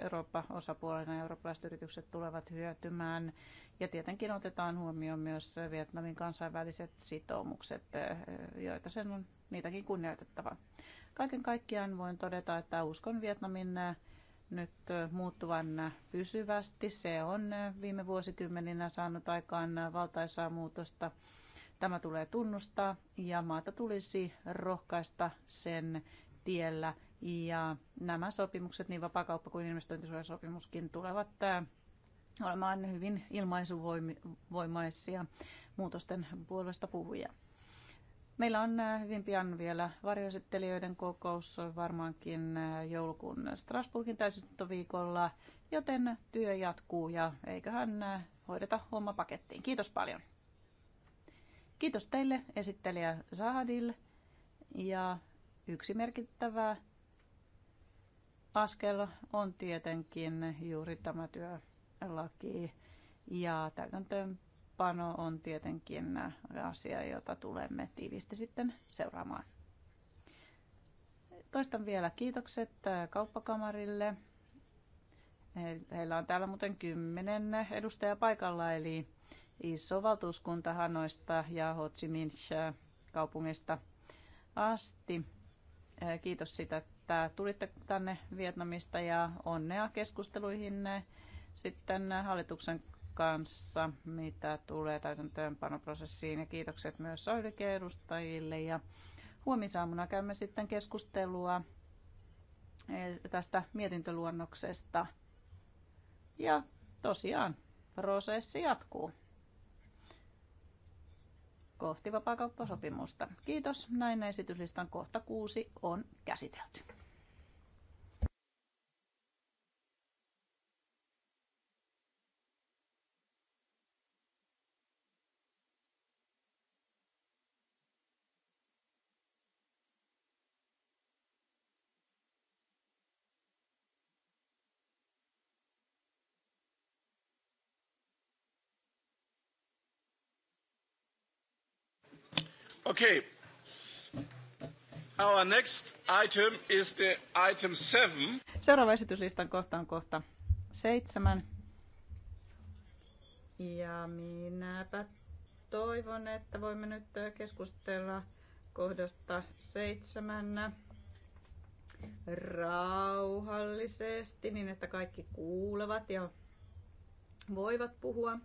Eurooppa osapuolena eurooppalaiset yritykset tulevat hyötymään ja tietenkin otetaan huomioon myös Vietnamin kansainväliset sitoumukset, joita sen on niitäkin kunnioitettava. Kaiken kaikkiaan voin todeta, että uskon Vietnamin nyt muuttuvan pysyvästi. Se on viime vuosikymmeninä saanut aikaan valtaisaa muutosta. Tämä tulee tunnustaa ja maata tulisi rohkaista sen tiellä. Ja nämä sopimukset, niin vapakauppa kuin investointisuojasopimuskin, tulevat olemaan hyvin ilmaisuvoimaisia muutosten puolesta puhujia. Meillä on äh, hyvin pian vielä varjoesittelijöiden kokous varmaankin äh, joulukuun Strasbourgin täysistuntoviikolla, joten työ jatkuu ja eiköhän äh, hoideta homma pakettiin. Kiitos paljon. Kiitos teille esittelijä Zahadil ja yksi merkittävä askel on tietenkin juuri tämä työlaki ja täytäntöön kokoonpano on tietenkin asia, jota tulemme tiiviisti sitten seuraamaan. Toistan vielä kiitokset äh, kauppakamarille. Heillä on täällä muuten kymmenen edustajaa paikalla, eli iso valtuuskunta Hanoista ja Ho Chi Minh äh, kaupungista asti. Äh, kiitos siitä, että tulitte tänne Vietnamista ja onnea keskusteluihin sitten hallituksen kanssa, mitä tulee täytäntöönpanoprosessiin. Ja kiitokset myös Soylike-edustajille. Ja huomisaamuna käymme sitten keskustelua e, tästä mietintöluonnoksesta. Ja tosiaan prosessi jatkuu kohti vapaakauppasopimusta. Kiitos. Näin esityslistan kohta kuusi on käsitelty. Okay. Our next item is the item seven. Seuraava esityslistan kohta on kohta seitsemän. Ja minäpä toivon, että voimme nyt keskustella kohdasta seitsemän rauhallisesti niin, että kaikki kuulevat ja voivat puhua.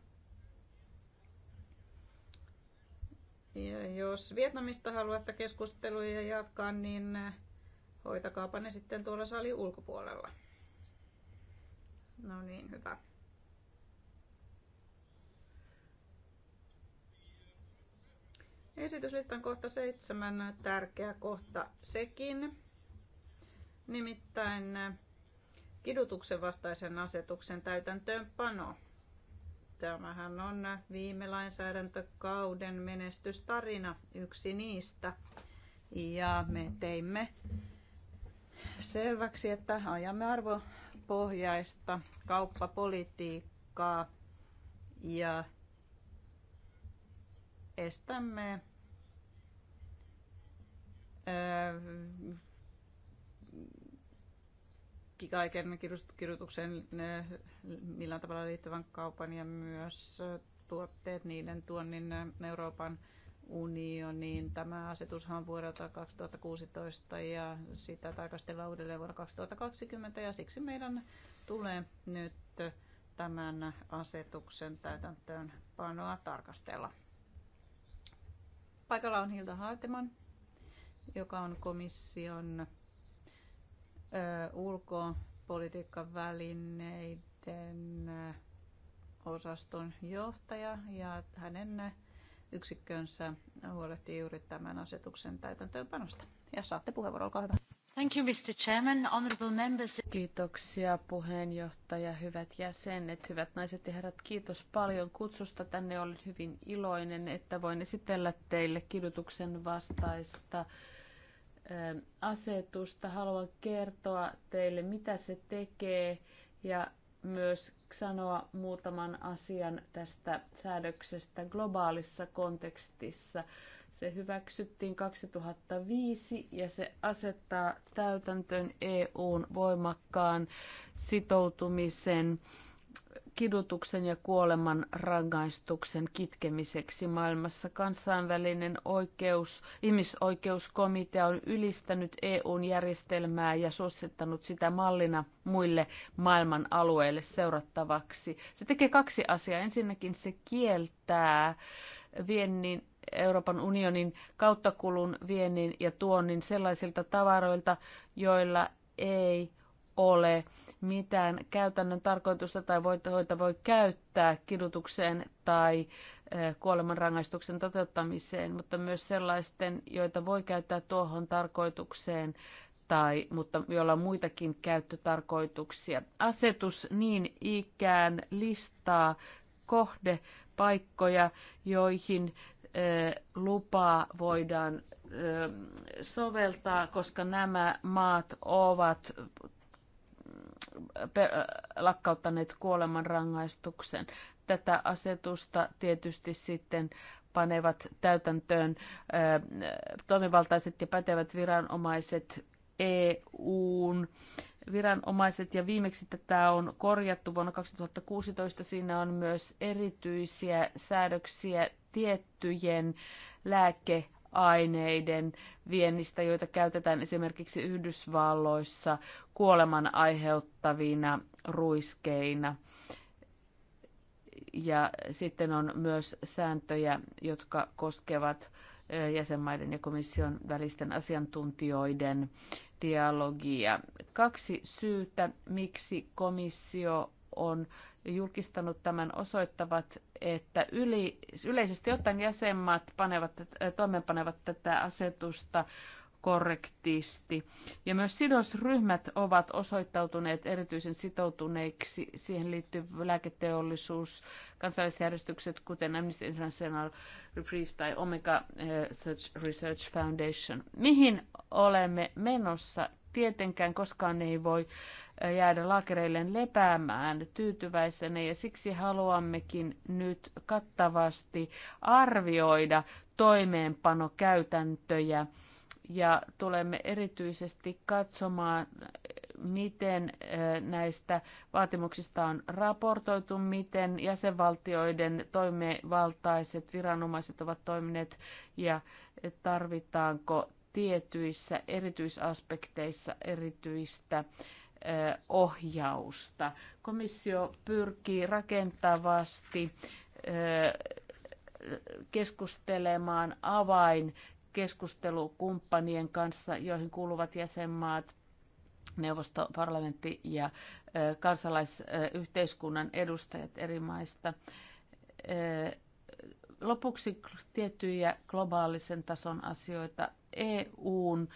Ja jos Vietnamista haluatte keskusteluja jatkaa, niin hoitakaapa ne sitten tuolla salin ulkopuolella. No niin, hyvä. Esityslistan kohta seitsemän tärkeä kohta sekin. Nimittäin kidutuksen vastaisen asetuksen täytäntöönpano. pano. Tämähän on viime lainsäädäntökauden menestystarina, yksi niistä. Ja me teimme selväksi, että ajamme arvopohjaista kauppapolitiikkaa ja estämme kaiken kirjoituksen millään tavalla liittyvän kaupan ja myös tuotteet, niiden tuonnin Euroopan unioniin. Tämä asetushan on vuodelta 2016 ja sitä tarkastellaan uudelleen vuonna 2020 ja siksi meidän tulee nyt tämän asetuksen täytäntöönpanoa tarkastella. Paikalla on Hilda Haateman, joka on komission ulkopolitiikan välineiden osaston johtaja ja hänen yksikkönsä huolehtii juuri tämän asetuksen täytäntöönpanosta. Ja saatte puheenvuoron, olkaa hyvä. Thank you, Mr. Chairman, honorable members. Kiitoksia puheenjohtaja, hyvät jäsenet, hyvät naiset ja herrat. Kiitos paljon kutsusta tänne. Olen hyvin iloinen, että voin esitellä teille kidutuksen vastaista asetusta. Haluan kertoa teille, mitä se tekee ja myös sanoa muutaman asian tästä säädöksestä globaalissa kontekstissa. Se hyväksyttiin 2005 ja se asettaa täytäntöön EUn voimakkaan sitoutumisen kidutuksen ja kuoleman rangaistuksen kitkemiseksi maailmassa. Kansainvälinen oikeus, ihmisoikeuskomitea on ylistänyt EUn järjestelmää ja suosittanut sitä mallina muille maailman alueille seurattavaksi. Se tekee kaksi asiaa. Ensinnäkin se kieltää viennin Euroopan unionin kauttakulun viennin ja tuonnin sellaisilta tavaroilta, joilla ei ole mitään käytännön tarkoitusta tai voita voi käyttää kidutukseen tai kuolemanrangaistuksen toteuttamiseen, mutta myös sellaisten, joita voi käyttää tuohon tarkoitukseen, tai, mutta joilla on muitakin käyttötarkoituksia. Asetus niin ikään listaa kohdepaikkoja, joihin lupaa voidaan soveltaa, koska nämä maat ovat lakkauttaneet kuolemanrangaistuksen. Tätä asetusta tietysti sitten panevat täytäntöön toimivaltaiset ja pätevät viranomaiset EUn viranomaiset ja viimeksi tätä on korjattu vuonna 2016. Siinä on myös erityisiä säädöksiä tiettyjen lääke aineiden viennistä, joita käytetään esimerkiksi Yhdysvalloissa kuoleman aiheuttavina ruiskeina. Ja sitten on myös sääntöjä, jotka koskevat jäsenmaiden ja komission välisten asiantuntijoiden dialogia. Kaksi syytä, miksi komissio on julkistanut tämän osoittavat, että yli, yleisesti ottaen jäsenmaat panevat, äh, toimeenpanevat tätä asetusta korrektisti. Ja myös sidosryhmät ovat osoittautuneet erityisen sitoutuneiksi. Siihen liittyy lääketeollisuus, järjestykset, kuten Amnesty International Reprieve tai Omega äh, Research Foundation. Mihin olemme menossa? Tietenkään koskaan ei voi jäädä laakereilleen lepäämään tyytyväisenä ja siksi haluammekin nyt kattavasti arvioida toimeenpanokäytäntöjä ja tulemme erityisesti katsomaan, miten eh, näistä vaatimuksista on raportoitu, miten jäsenvaltioiden toimivaltaiset viranomaiset ovat toimineet ja tarvitaanko tietyissä erityisaspekteissa erityistä ohjausta. Komissio pyrkii rakentavasti keskustelemaan avain keskustelukumppanien kanssa, joihin kuuluvat jäsenmaat, neuvosto, parlamentti ja kansalaisyhteiskunnan edustajat eri maista. Lopuksi tiettyjä globaalisen tason asioita. EUn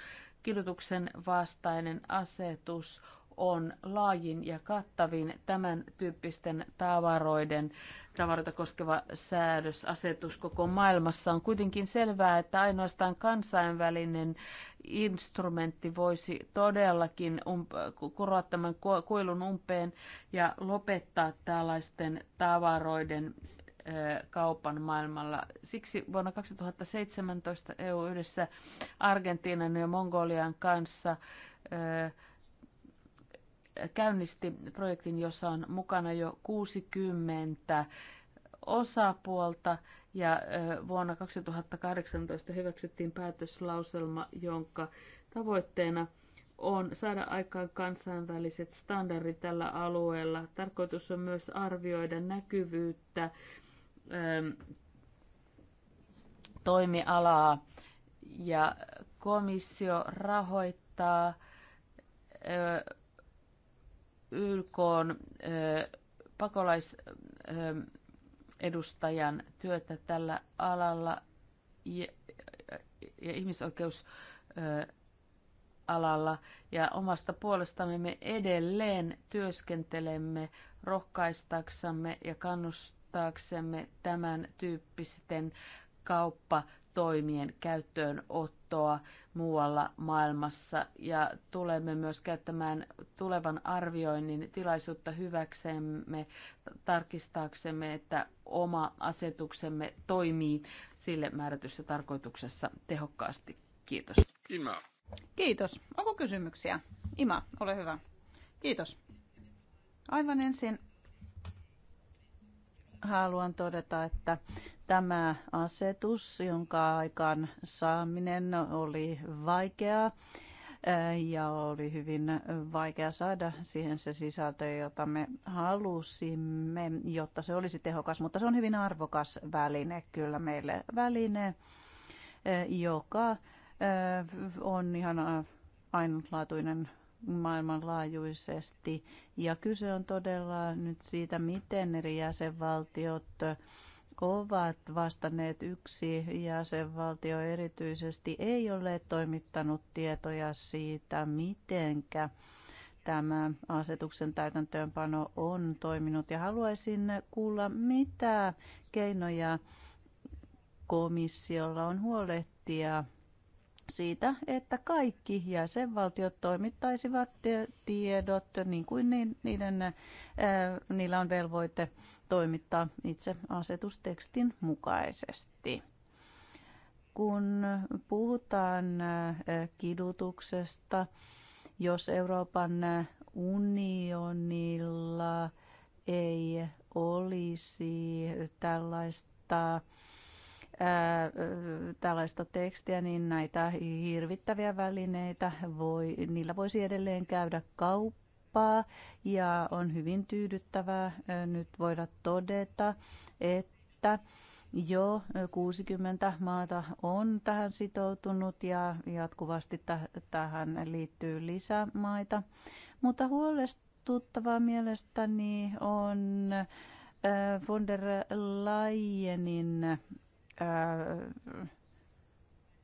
kidutuksen vastainen asetus on laajin ja kattavin tämän tyyppisten tavaroiden, tavaroita koskeva säädösasetus koko maailmassa. On kuitenkin selvää, että ainoastaan kansainvälinen instrumentti voisi todellakin ump- kuroa tämän kuilun umpeen ja lopettaa tällaisten tavaroiden kaupan maailmalla. Siksi vuonna 2017 EU yhdessä Argentiinan ja Mongolian kanssa käynnisti projektin, jossa on mukana jo 60 osapuolta ja vuonna 2018 hyväksyttiin päätöslauselma, jonka tavoitteena on saada aikaan kansainväliset standardit tällä alueella. Tarkoitus on myös arvioida näkyvyyttä, toimialaa ja komissio rahoittaa YK on pakolaisedustajan työtä tällä alalla ja, ja ihmisoikeus alalla ja omasta puolestamme me edelleen työskentelemme rohkaistaksamme ja kannustaaksemme tämän tyyppisten kauppatoimien käyttöönottoa katoa muualla maailmassa ja tulemme myös käyttämään tulevan arvioinnin tilaisuutta hyväksemme tarkistaaksemme, että oma asetuksemme toimii sille määrätyssä tarkoituksessa tehokkaasti. Kiitos. Ima. Kiitos. Onko kysymyksiä? Ima, ole hyvä. Kiitos. Aivan ensin haluan todeta, että tämä asetus, jonka aikaan saaminen oli vaikeaa, eh, ja oli hyvin vaikea saada siihen se sisältö, jota me halusimme, jotta se olisi tehokas, mutta se on hyvin arvokas väline kyllä meille väline, eh, joka eh, on ihan ainutlaatuinen maailmanlaajuisesti. Ja kyse on todella nyt siitä, miten eri jäsenvaltiot ovat vastanneet yksi jäsenvaltio erityisesti ei ole toimittanut tietoja siitä, mitenkä tämä asetuksen täytäntöönpano on toiminut. Ja haluaisin kuulla, mitä keinoja komissiolla on huolehtia siitä, että kaikki jäsenvaltiot toimittaisivat tiedot niin kuin niin, niiden, äh, niillä on velvoite toimittaa itse asetustekstin mukaisesti. Kun puhutaan äh, kidutuksesta, jos Euroopan unionilla ei olisi tällaista tällaista tekstiä, niin näitä hirvittäviä välineitä, voi, niillä voisi edelleen käydä kauppaa ja on hyvin tyydyttävää nyt voida todeta, että jo 60 maata on tähän sitoutunut ja jatkuvasti t- tähän liittyy lisämaita. Mutta huolestuttavaa mielestäni on von der Leyenin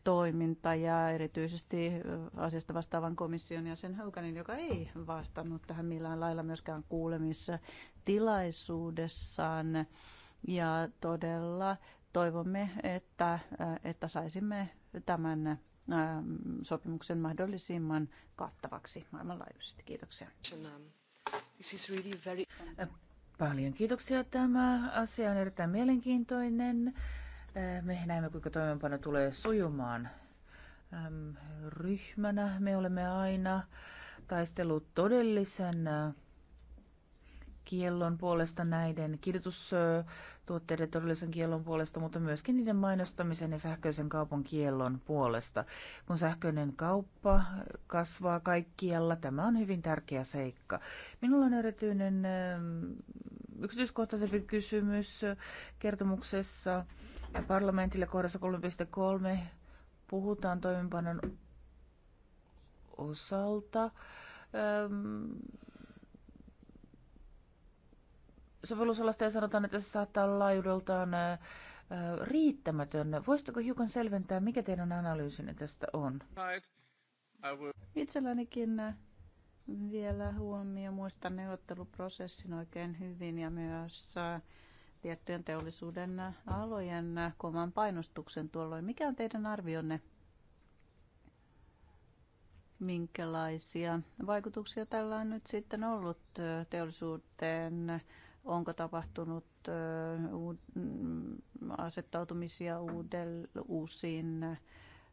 toiminta ja erityisesti asiasta vastaavan komission ja sen Hoganin, joka ei vastannut tähän millään lailla myöskään kuulemissa tilaisuudessaan. Ja todella toivomme, että, että saisimme tämän sopimuksen mahdollisimman kattavaksi maailmanlaajuisesti. Kiitoksia. Paljon kiitoksia. Tämä asia on erittäin mielenkiintoinen. Äh, me näemme, kuinka toimeenpano tulee sujumaan. Ähm, ryhmänä me olemme aina taistellut todellisen äh, kiellon puolesta näiden kirjoitustuotteiden todellisen kiellon puolesta, mutta myöskin niiden mainostamisen ja sähköisen kaupan kiellon puolesta. Kun sähköinen kauppa kasvaa kaikkialla, tämä on hyvin tärkeä seikka. Minulla on erityinen ähm, yksityiskohtaisempi kysymys kertomuksessa parlamentille kohdassa 3.3 puhutaan toimenpanon osalta. Öm, sovellusalasta ja sanotaan, että se saattaa olla laajuudeltaan riittämätön. Voisitteko hiukan selventää, mikä teidän analyysinne tästä on? Itsellänikin vielä huomio. Muistan neuvotteluprosessin oikein hyvin ja myös tiettyjen teollisuuden alojen kovan painostuksen tuolloin. Mikä on teidän arvionne? Minkälaisia vaikutuksia tällä on nyt sitten ollut teollisuuteen? Onko tapahtunut mm, asettautumisia uudelle uusiin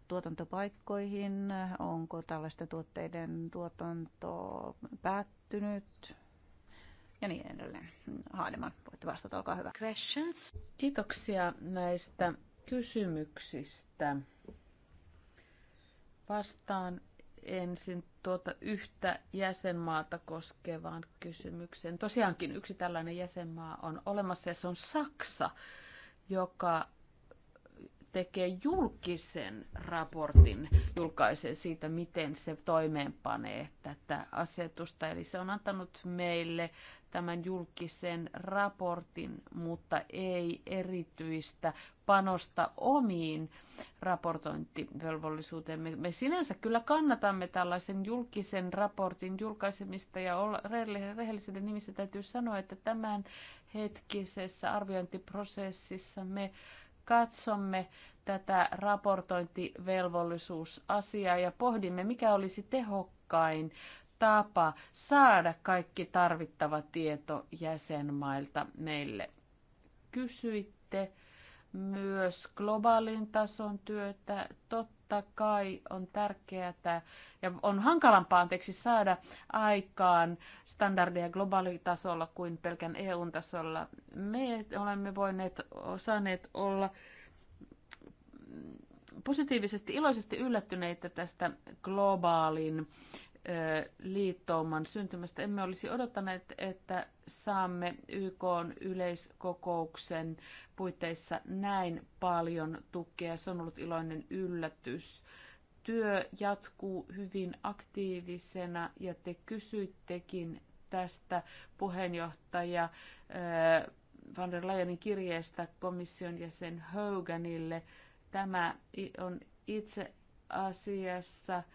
tuotantopaikkoihin? Onko tällaisten tuotteiden tuotanto päättynyt? ja niin edelleen. Haademan, voitte vastata, olkaa hyvä. Questions? Kiitoksia näistä kysymyksistä. Vastaan ensin tuota yhtä jäsenmaata koskevaan kysymykseen. Tosiaankin yksi tällainen jäsenmaa on olemassa ja se on Saksa, joka tekee julkisen raportin, julkaisee siitä, miten se toimeenpanee tätä asetusta. Eli se on antanut meille tämän julkisen raportin, mutta ei erityistä panosta omiin raportointivelvollisuuteen. Me sinänsä kyllä kannatamme tällaisen julkisen raportin julkaisemista ja olla, rehellisyyden nimissä täytyy sanoa, että tämän hetkisessä arviointiprosessissa me katsomme tätä raportointivelvollisuusasiaa ja pohdimme, mikä olisi tehokkain tapa saada kaikki tarvittava tieto jäsenmailta meille. Kysyitte myös globaalin tason työtä. Totta kai on tärkeää ja on hankalampaa anteeksi saada aikaan standardeja globaalitasolla kuin pelkän EU-tasolla. Me olemme voineet osanneet olla positiivisesti, iloisesti yllättyneitä tästä globaalin liittouman syntymästä. Emme olisi odottaneet, että saamme YK yleiskokouksen puitteissa näin paljon tukea. Se on ollut iloinen yllätys. Työ jatkuu hyvin aktiivisena ja te kysyittekin tästä puheenjohtaja van der Leyenin kirjeestä komission jäsen Hoganille. Tämä on itse asiassa äh,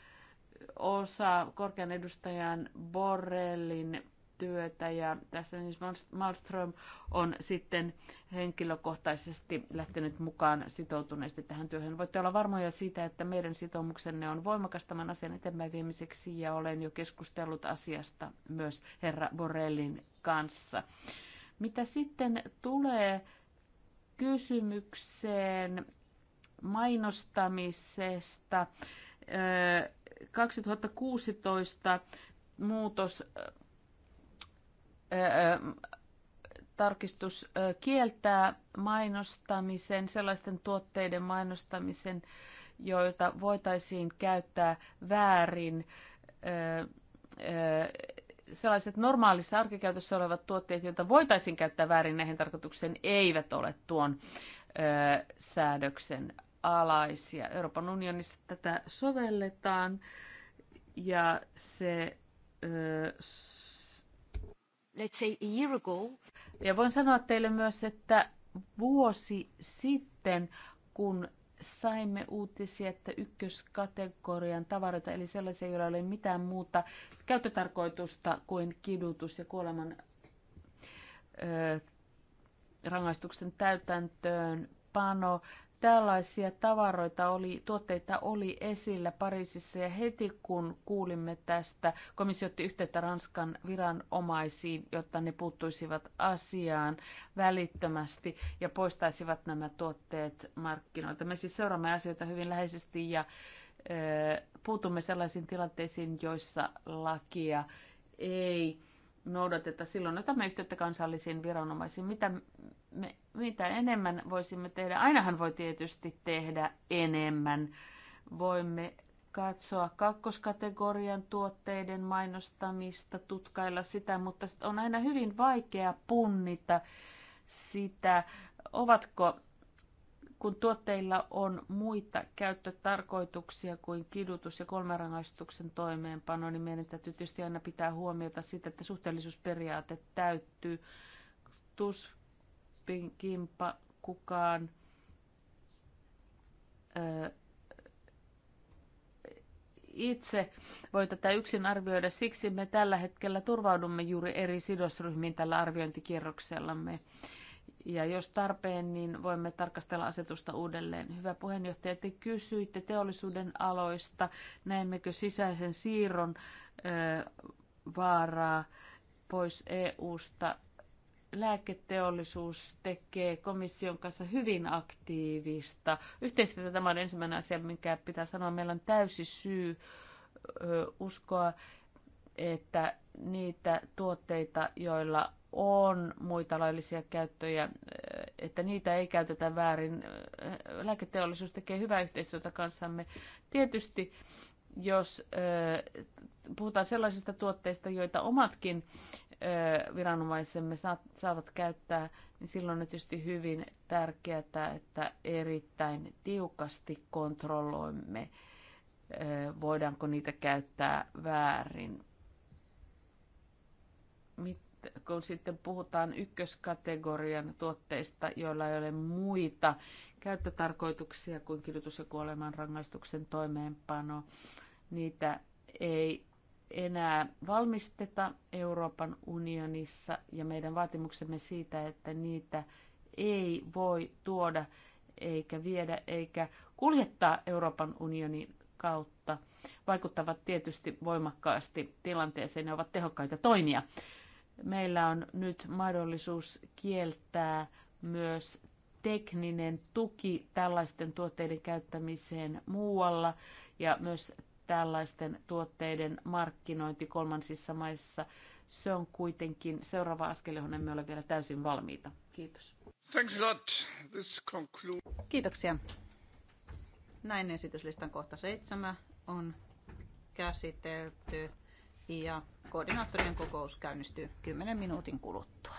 osa korkean edustajan Borrellin työtä ja tässä siis Malmström on sitten henkilökohtaisesti lähtenyt mukaan sitoutuneesti tähän työhön. Voitte olla varmoja siitä, että meidän sitoumuksenne on voimakas tämän asian eteenpäin viemiseksi ja olen jo keskustellut asiasta myös herra Borrellin kanssa. Mitä sitten tulee kysymykseen mainostamisesta, 2016 muutos tarkistus kieltää mainostamisen, sellaisten tuotteiden mainostamisen, joita voitaisiin käyttää väärin. Sellaiset normaalissa arkikäytössä olevat tuotteet, joita voitaisiin käyttää väärin näihin tarkoituksiin, eivät ole tuon säädöksen alaisia. Euroopan unionissa tätä sovelletaan ja se... Ö, Let's say a year ago. Ja voin sanoa teille myös, että vuosi sitten, kun saimme uutisia, että ykköskategorian tavaroita, eli sellaisia, joilla ei ole mitään muuta käyttötarkoitusta kuin kidutus ja kuoleman ö, rangaistuksen täytäntöön pano tällaisia tavaroita oli, tuotteita oli esillä Pariisissa ja heti kun kuulimme tästä, komissio otti yhteyttä Ranskan viranomaisiin, jotta ne puuttuisivat asiaan välittömästi ja poistaisivat nämä tuotteet markkinoilta. Me siis seuraamme asioita hyvin läheisesti ja ö, puutumme sellaisiin tilanteisiin, joissa lakia ei noudateta. Silloin otamme yhteyttä kansallisiin viranomaisiin. Mitä me mitä enemmän voisimme tehdä? Ainahan voi tietysti tehdä enemmän. Voimme katsoa kakkoskategorian tuotteiden mainostamista, tutkailla sitä, mutta on aina hyvin vaikea punnita sitä, ovatko kun tuotteilla on muita käyttötarkoituksia kuin kidutus ja kolmerangaistuksen toimeenpano, niin meidän täytyy tietysti aina pitää huomiota sitä, että suhteellisuusperiaate täyttyy. Tus kimppa kukaan ö, itse voi tätä yksin arvioida. Siksi me tällä hetkellä turvaudumme juuri eri sidosryhmiin tällä arviointikierroksellamme. Ja jos tarpeen, niin voimme tarkastella asetusta uudelleen. Hyvä puheenjohtaja, te kysyitte teollisuuden aloista. Näemmekö sisäisen siirron ö, vaaraa pois EU-sta? lääketeollisuus tekee komission kanssa hyvin aktiivista yhteistyötä. Tämä on ensimmäinen asia, minkä pitää sanoa. Meillä on täysi syy uskoa, että niitä tuotteita, joilla on muita laillisia käyttöjä, että niitä ei käytetä väärin. Lääketeollisuus tekee hyvää yhteistyötä kanssamme. Tietysti jos puhutaan sellaisista tuotteista, joita omatkin viranomaisemme saavat käyttää, niin silloin on tietysti hyvin tärkeää, että erittäin tiukasti kontrolloimme, voidaanko niitä käyttää väärin. Mit, kun sitten puhutaan ykköskategorian tuotteista, joilla ei ole muita käyttötarkoituksia kuin kidutus- ja rangaistuksen toimeenpano, niitä ei enää valmisteta Euroopan unionissa ja meidän vaatimuksemme siitä, että niitä ei voi tuoda eikä viedä eikä kuljettaa Euroopan unionin kautta vaikuttavat tietysti voimakkaasti tilanteeseen ja ovat tehokkaita toimia meillä on nyt mahdollisuus kieltää myös tekninen tuki tällaisten tuotteiden käyttämiseen muualla ja myös tällaisten tuotteiden markkinointi kolmansissa maissa. Se on kuitenkin seuraava askel, johon emme ole vielä täysin valmiita. Kiitos. Thanks a lot. This conclude... Kiitoksia. Näin esityslistan kohta seitsemän on käsitelty ja koordinaattorien kokous käynnistyy 10 minuutin kuluttua.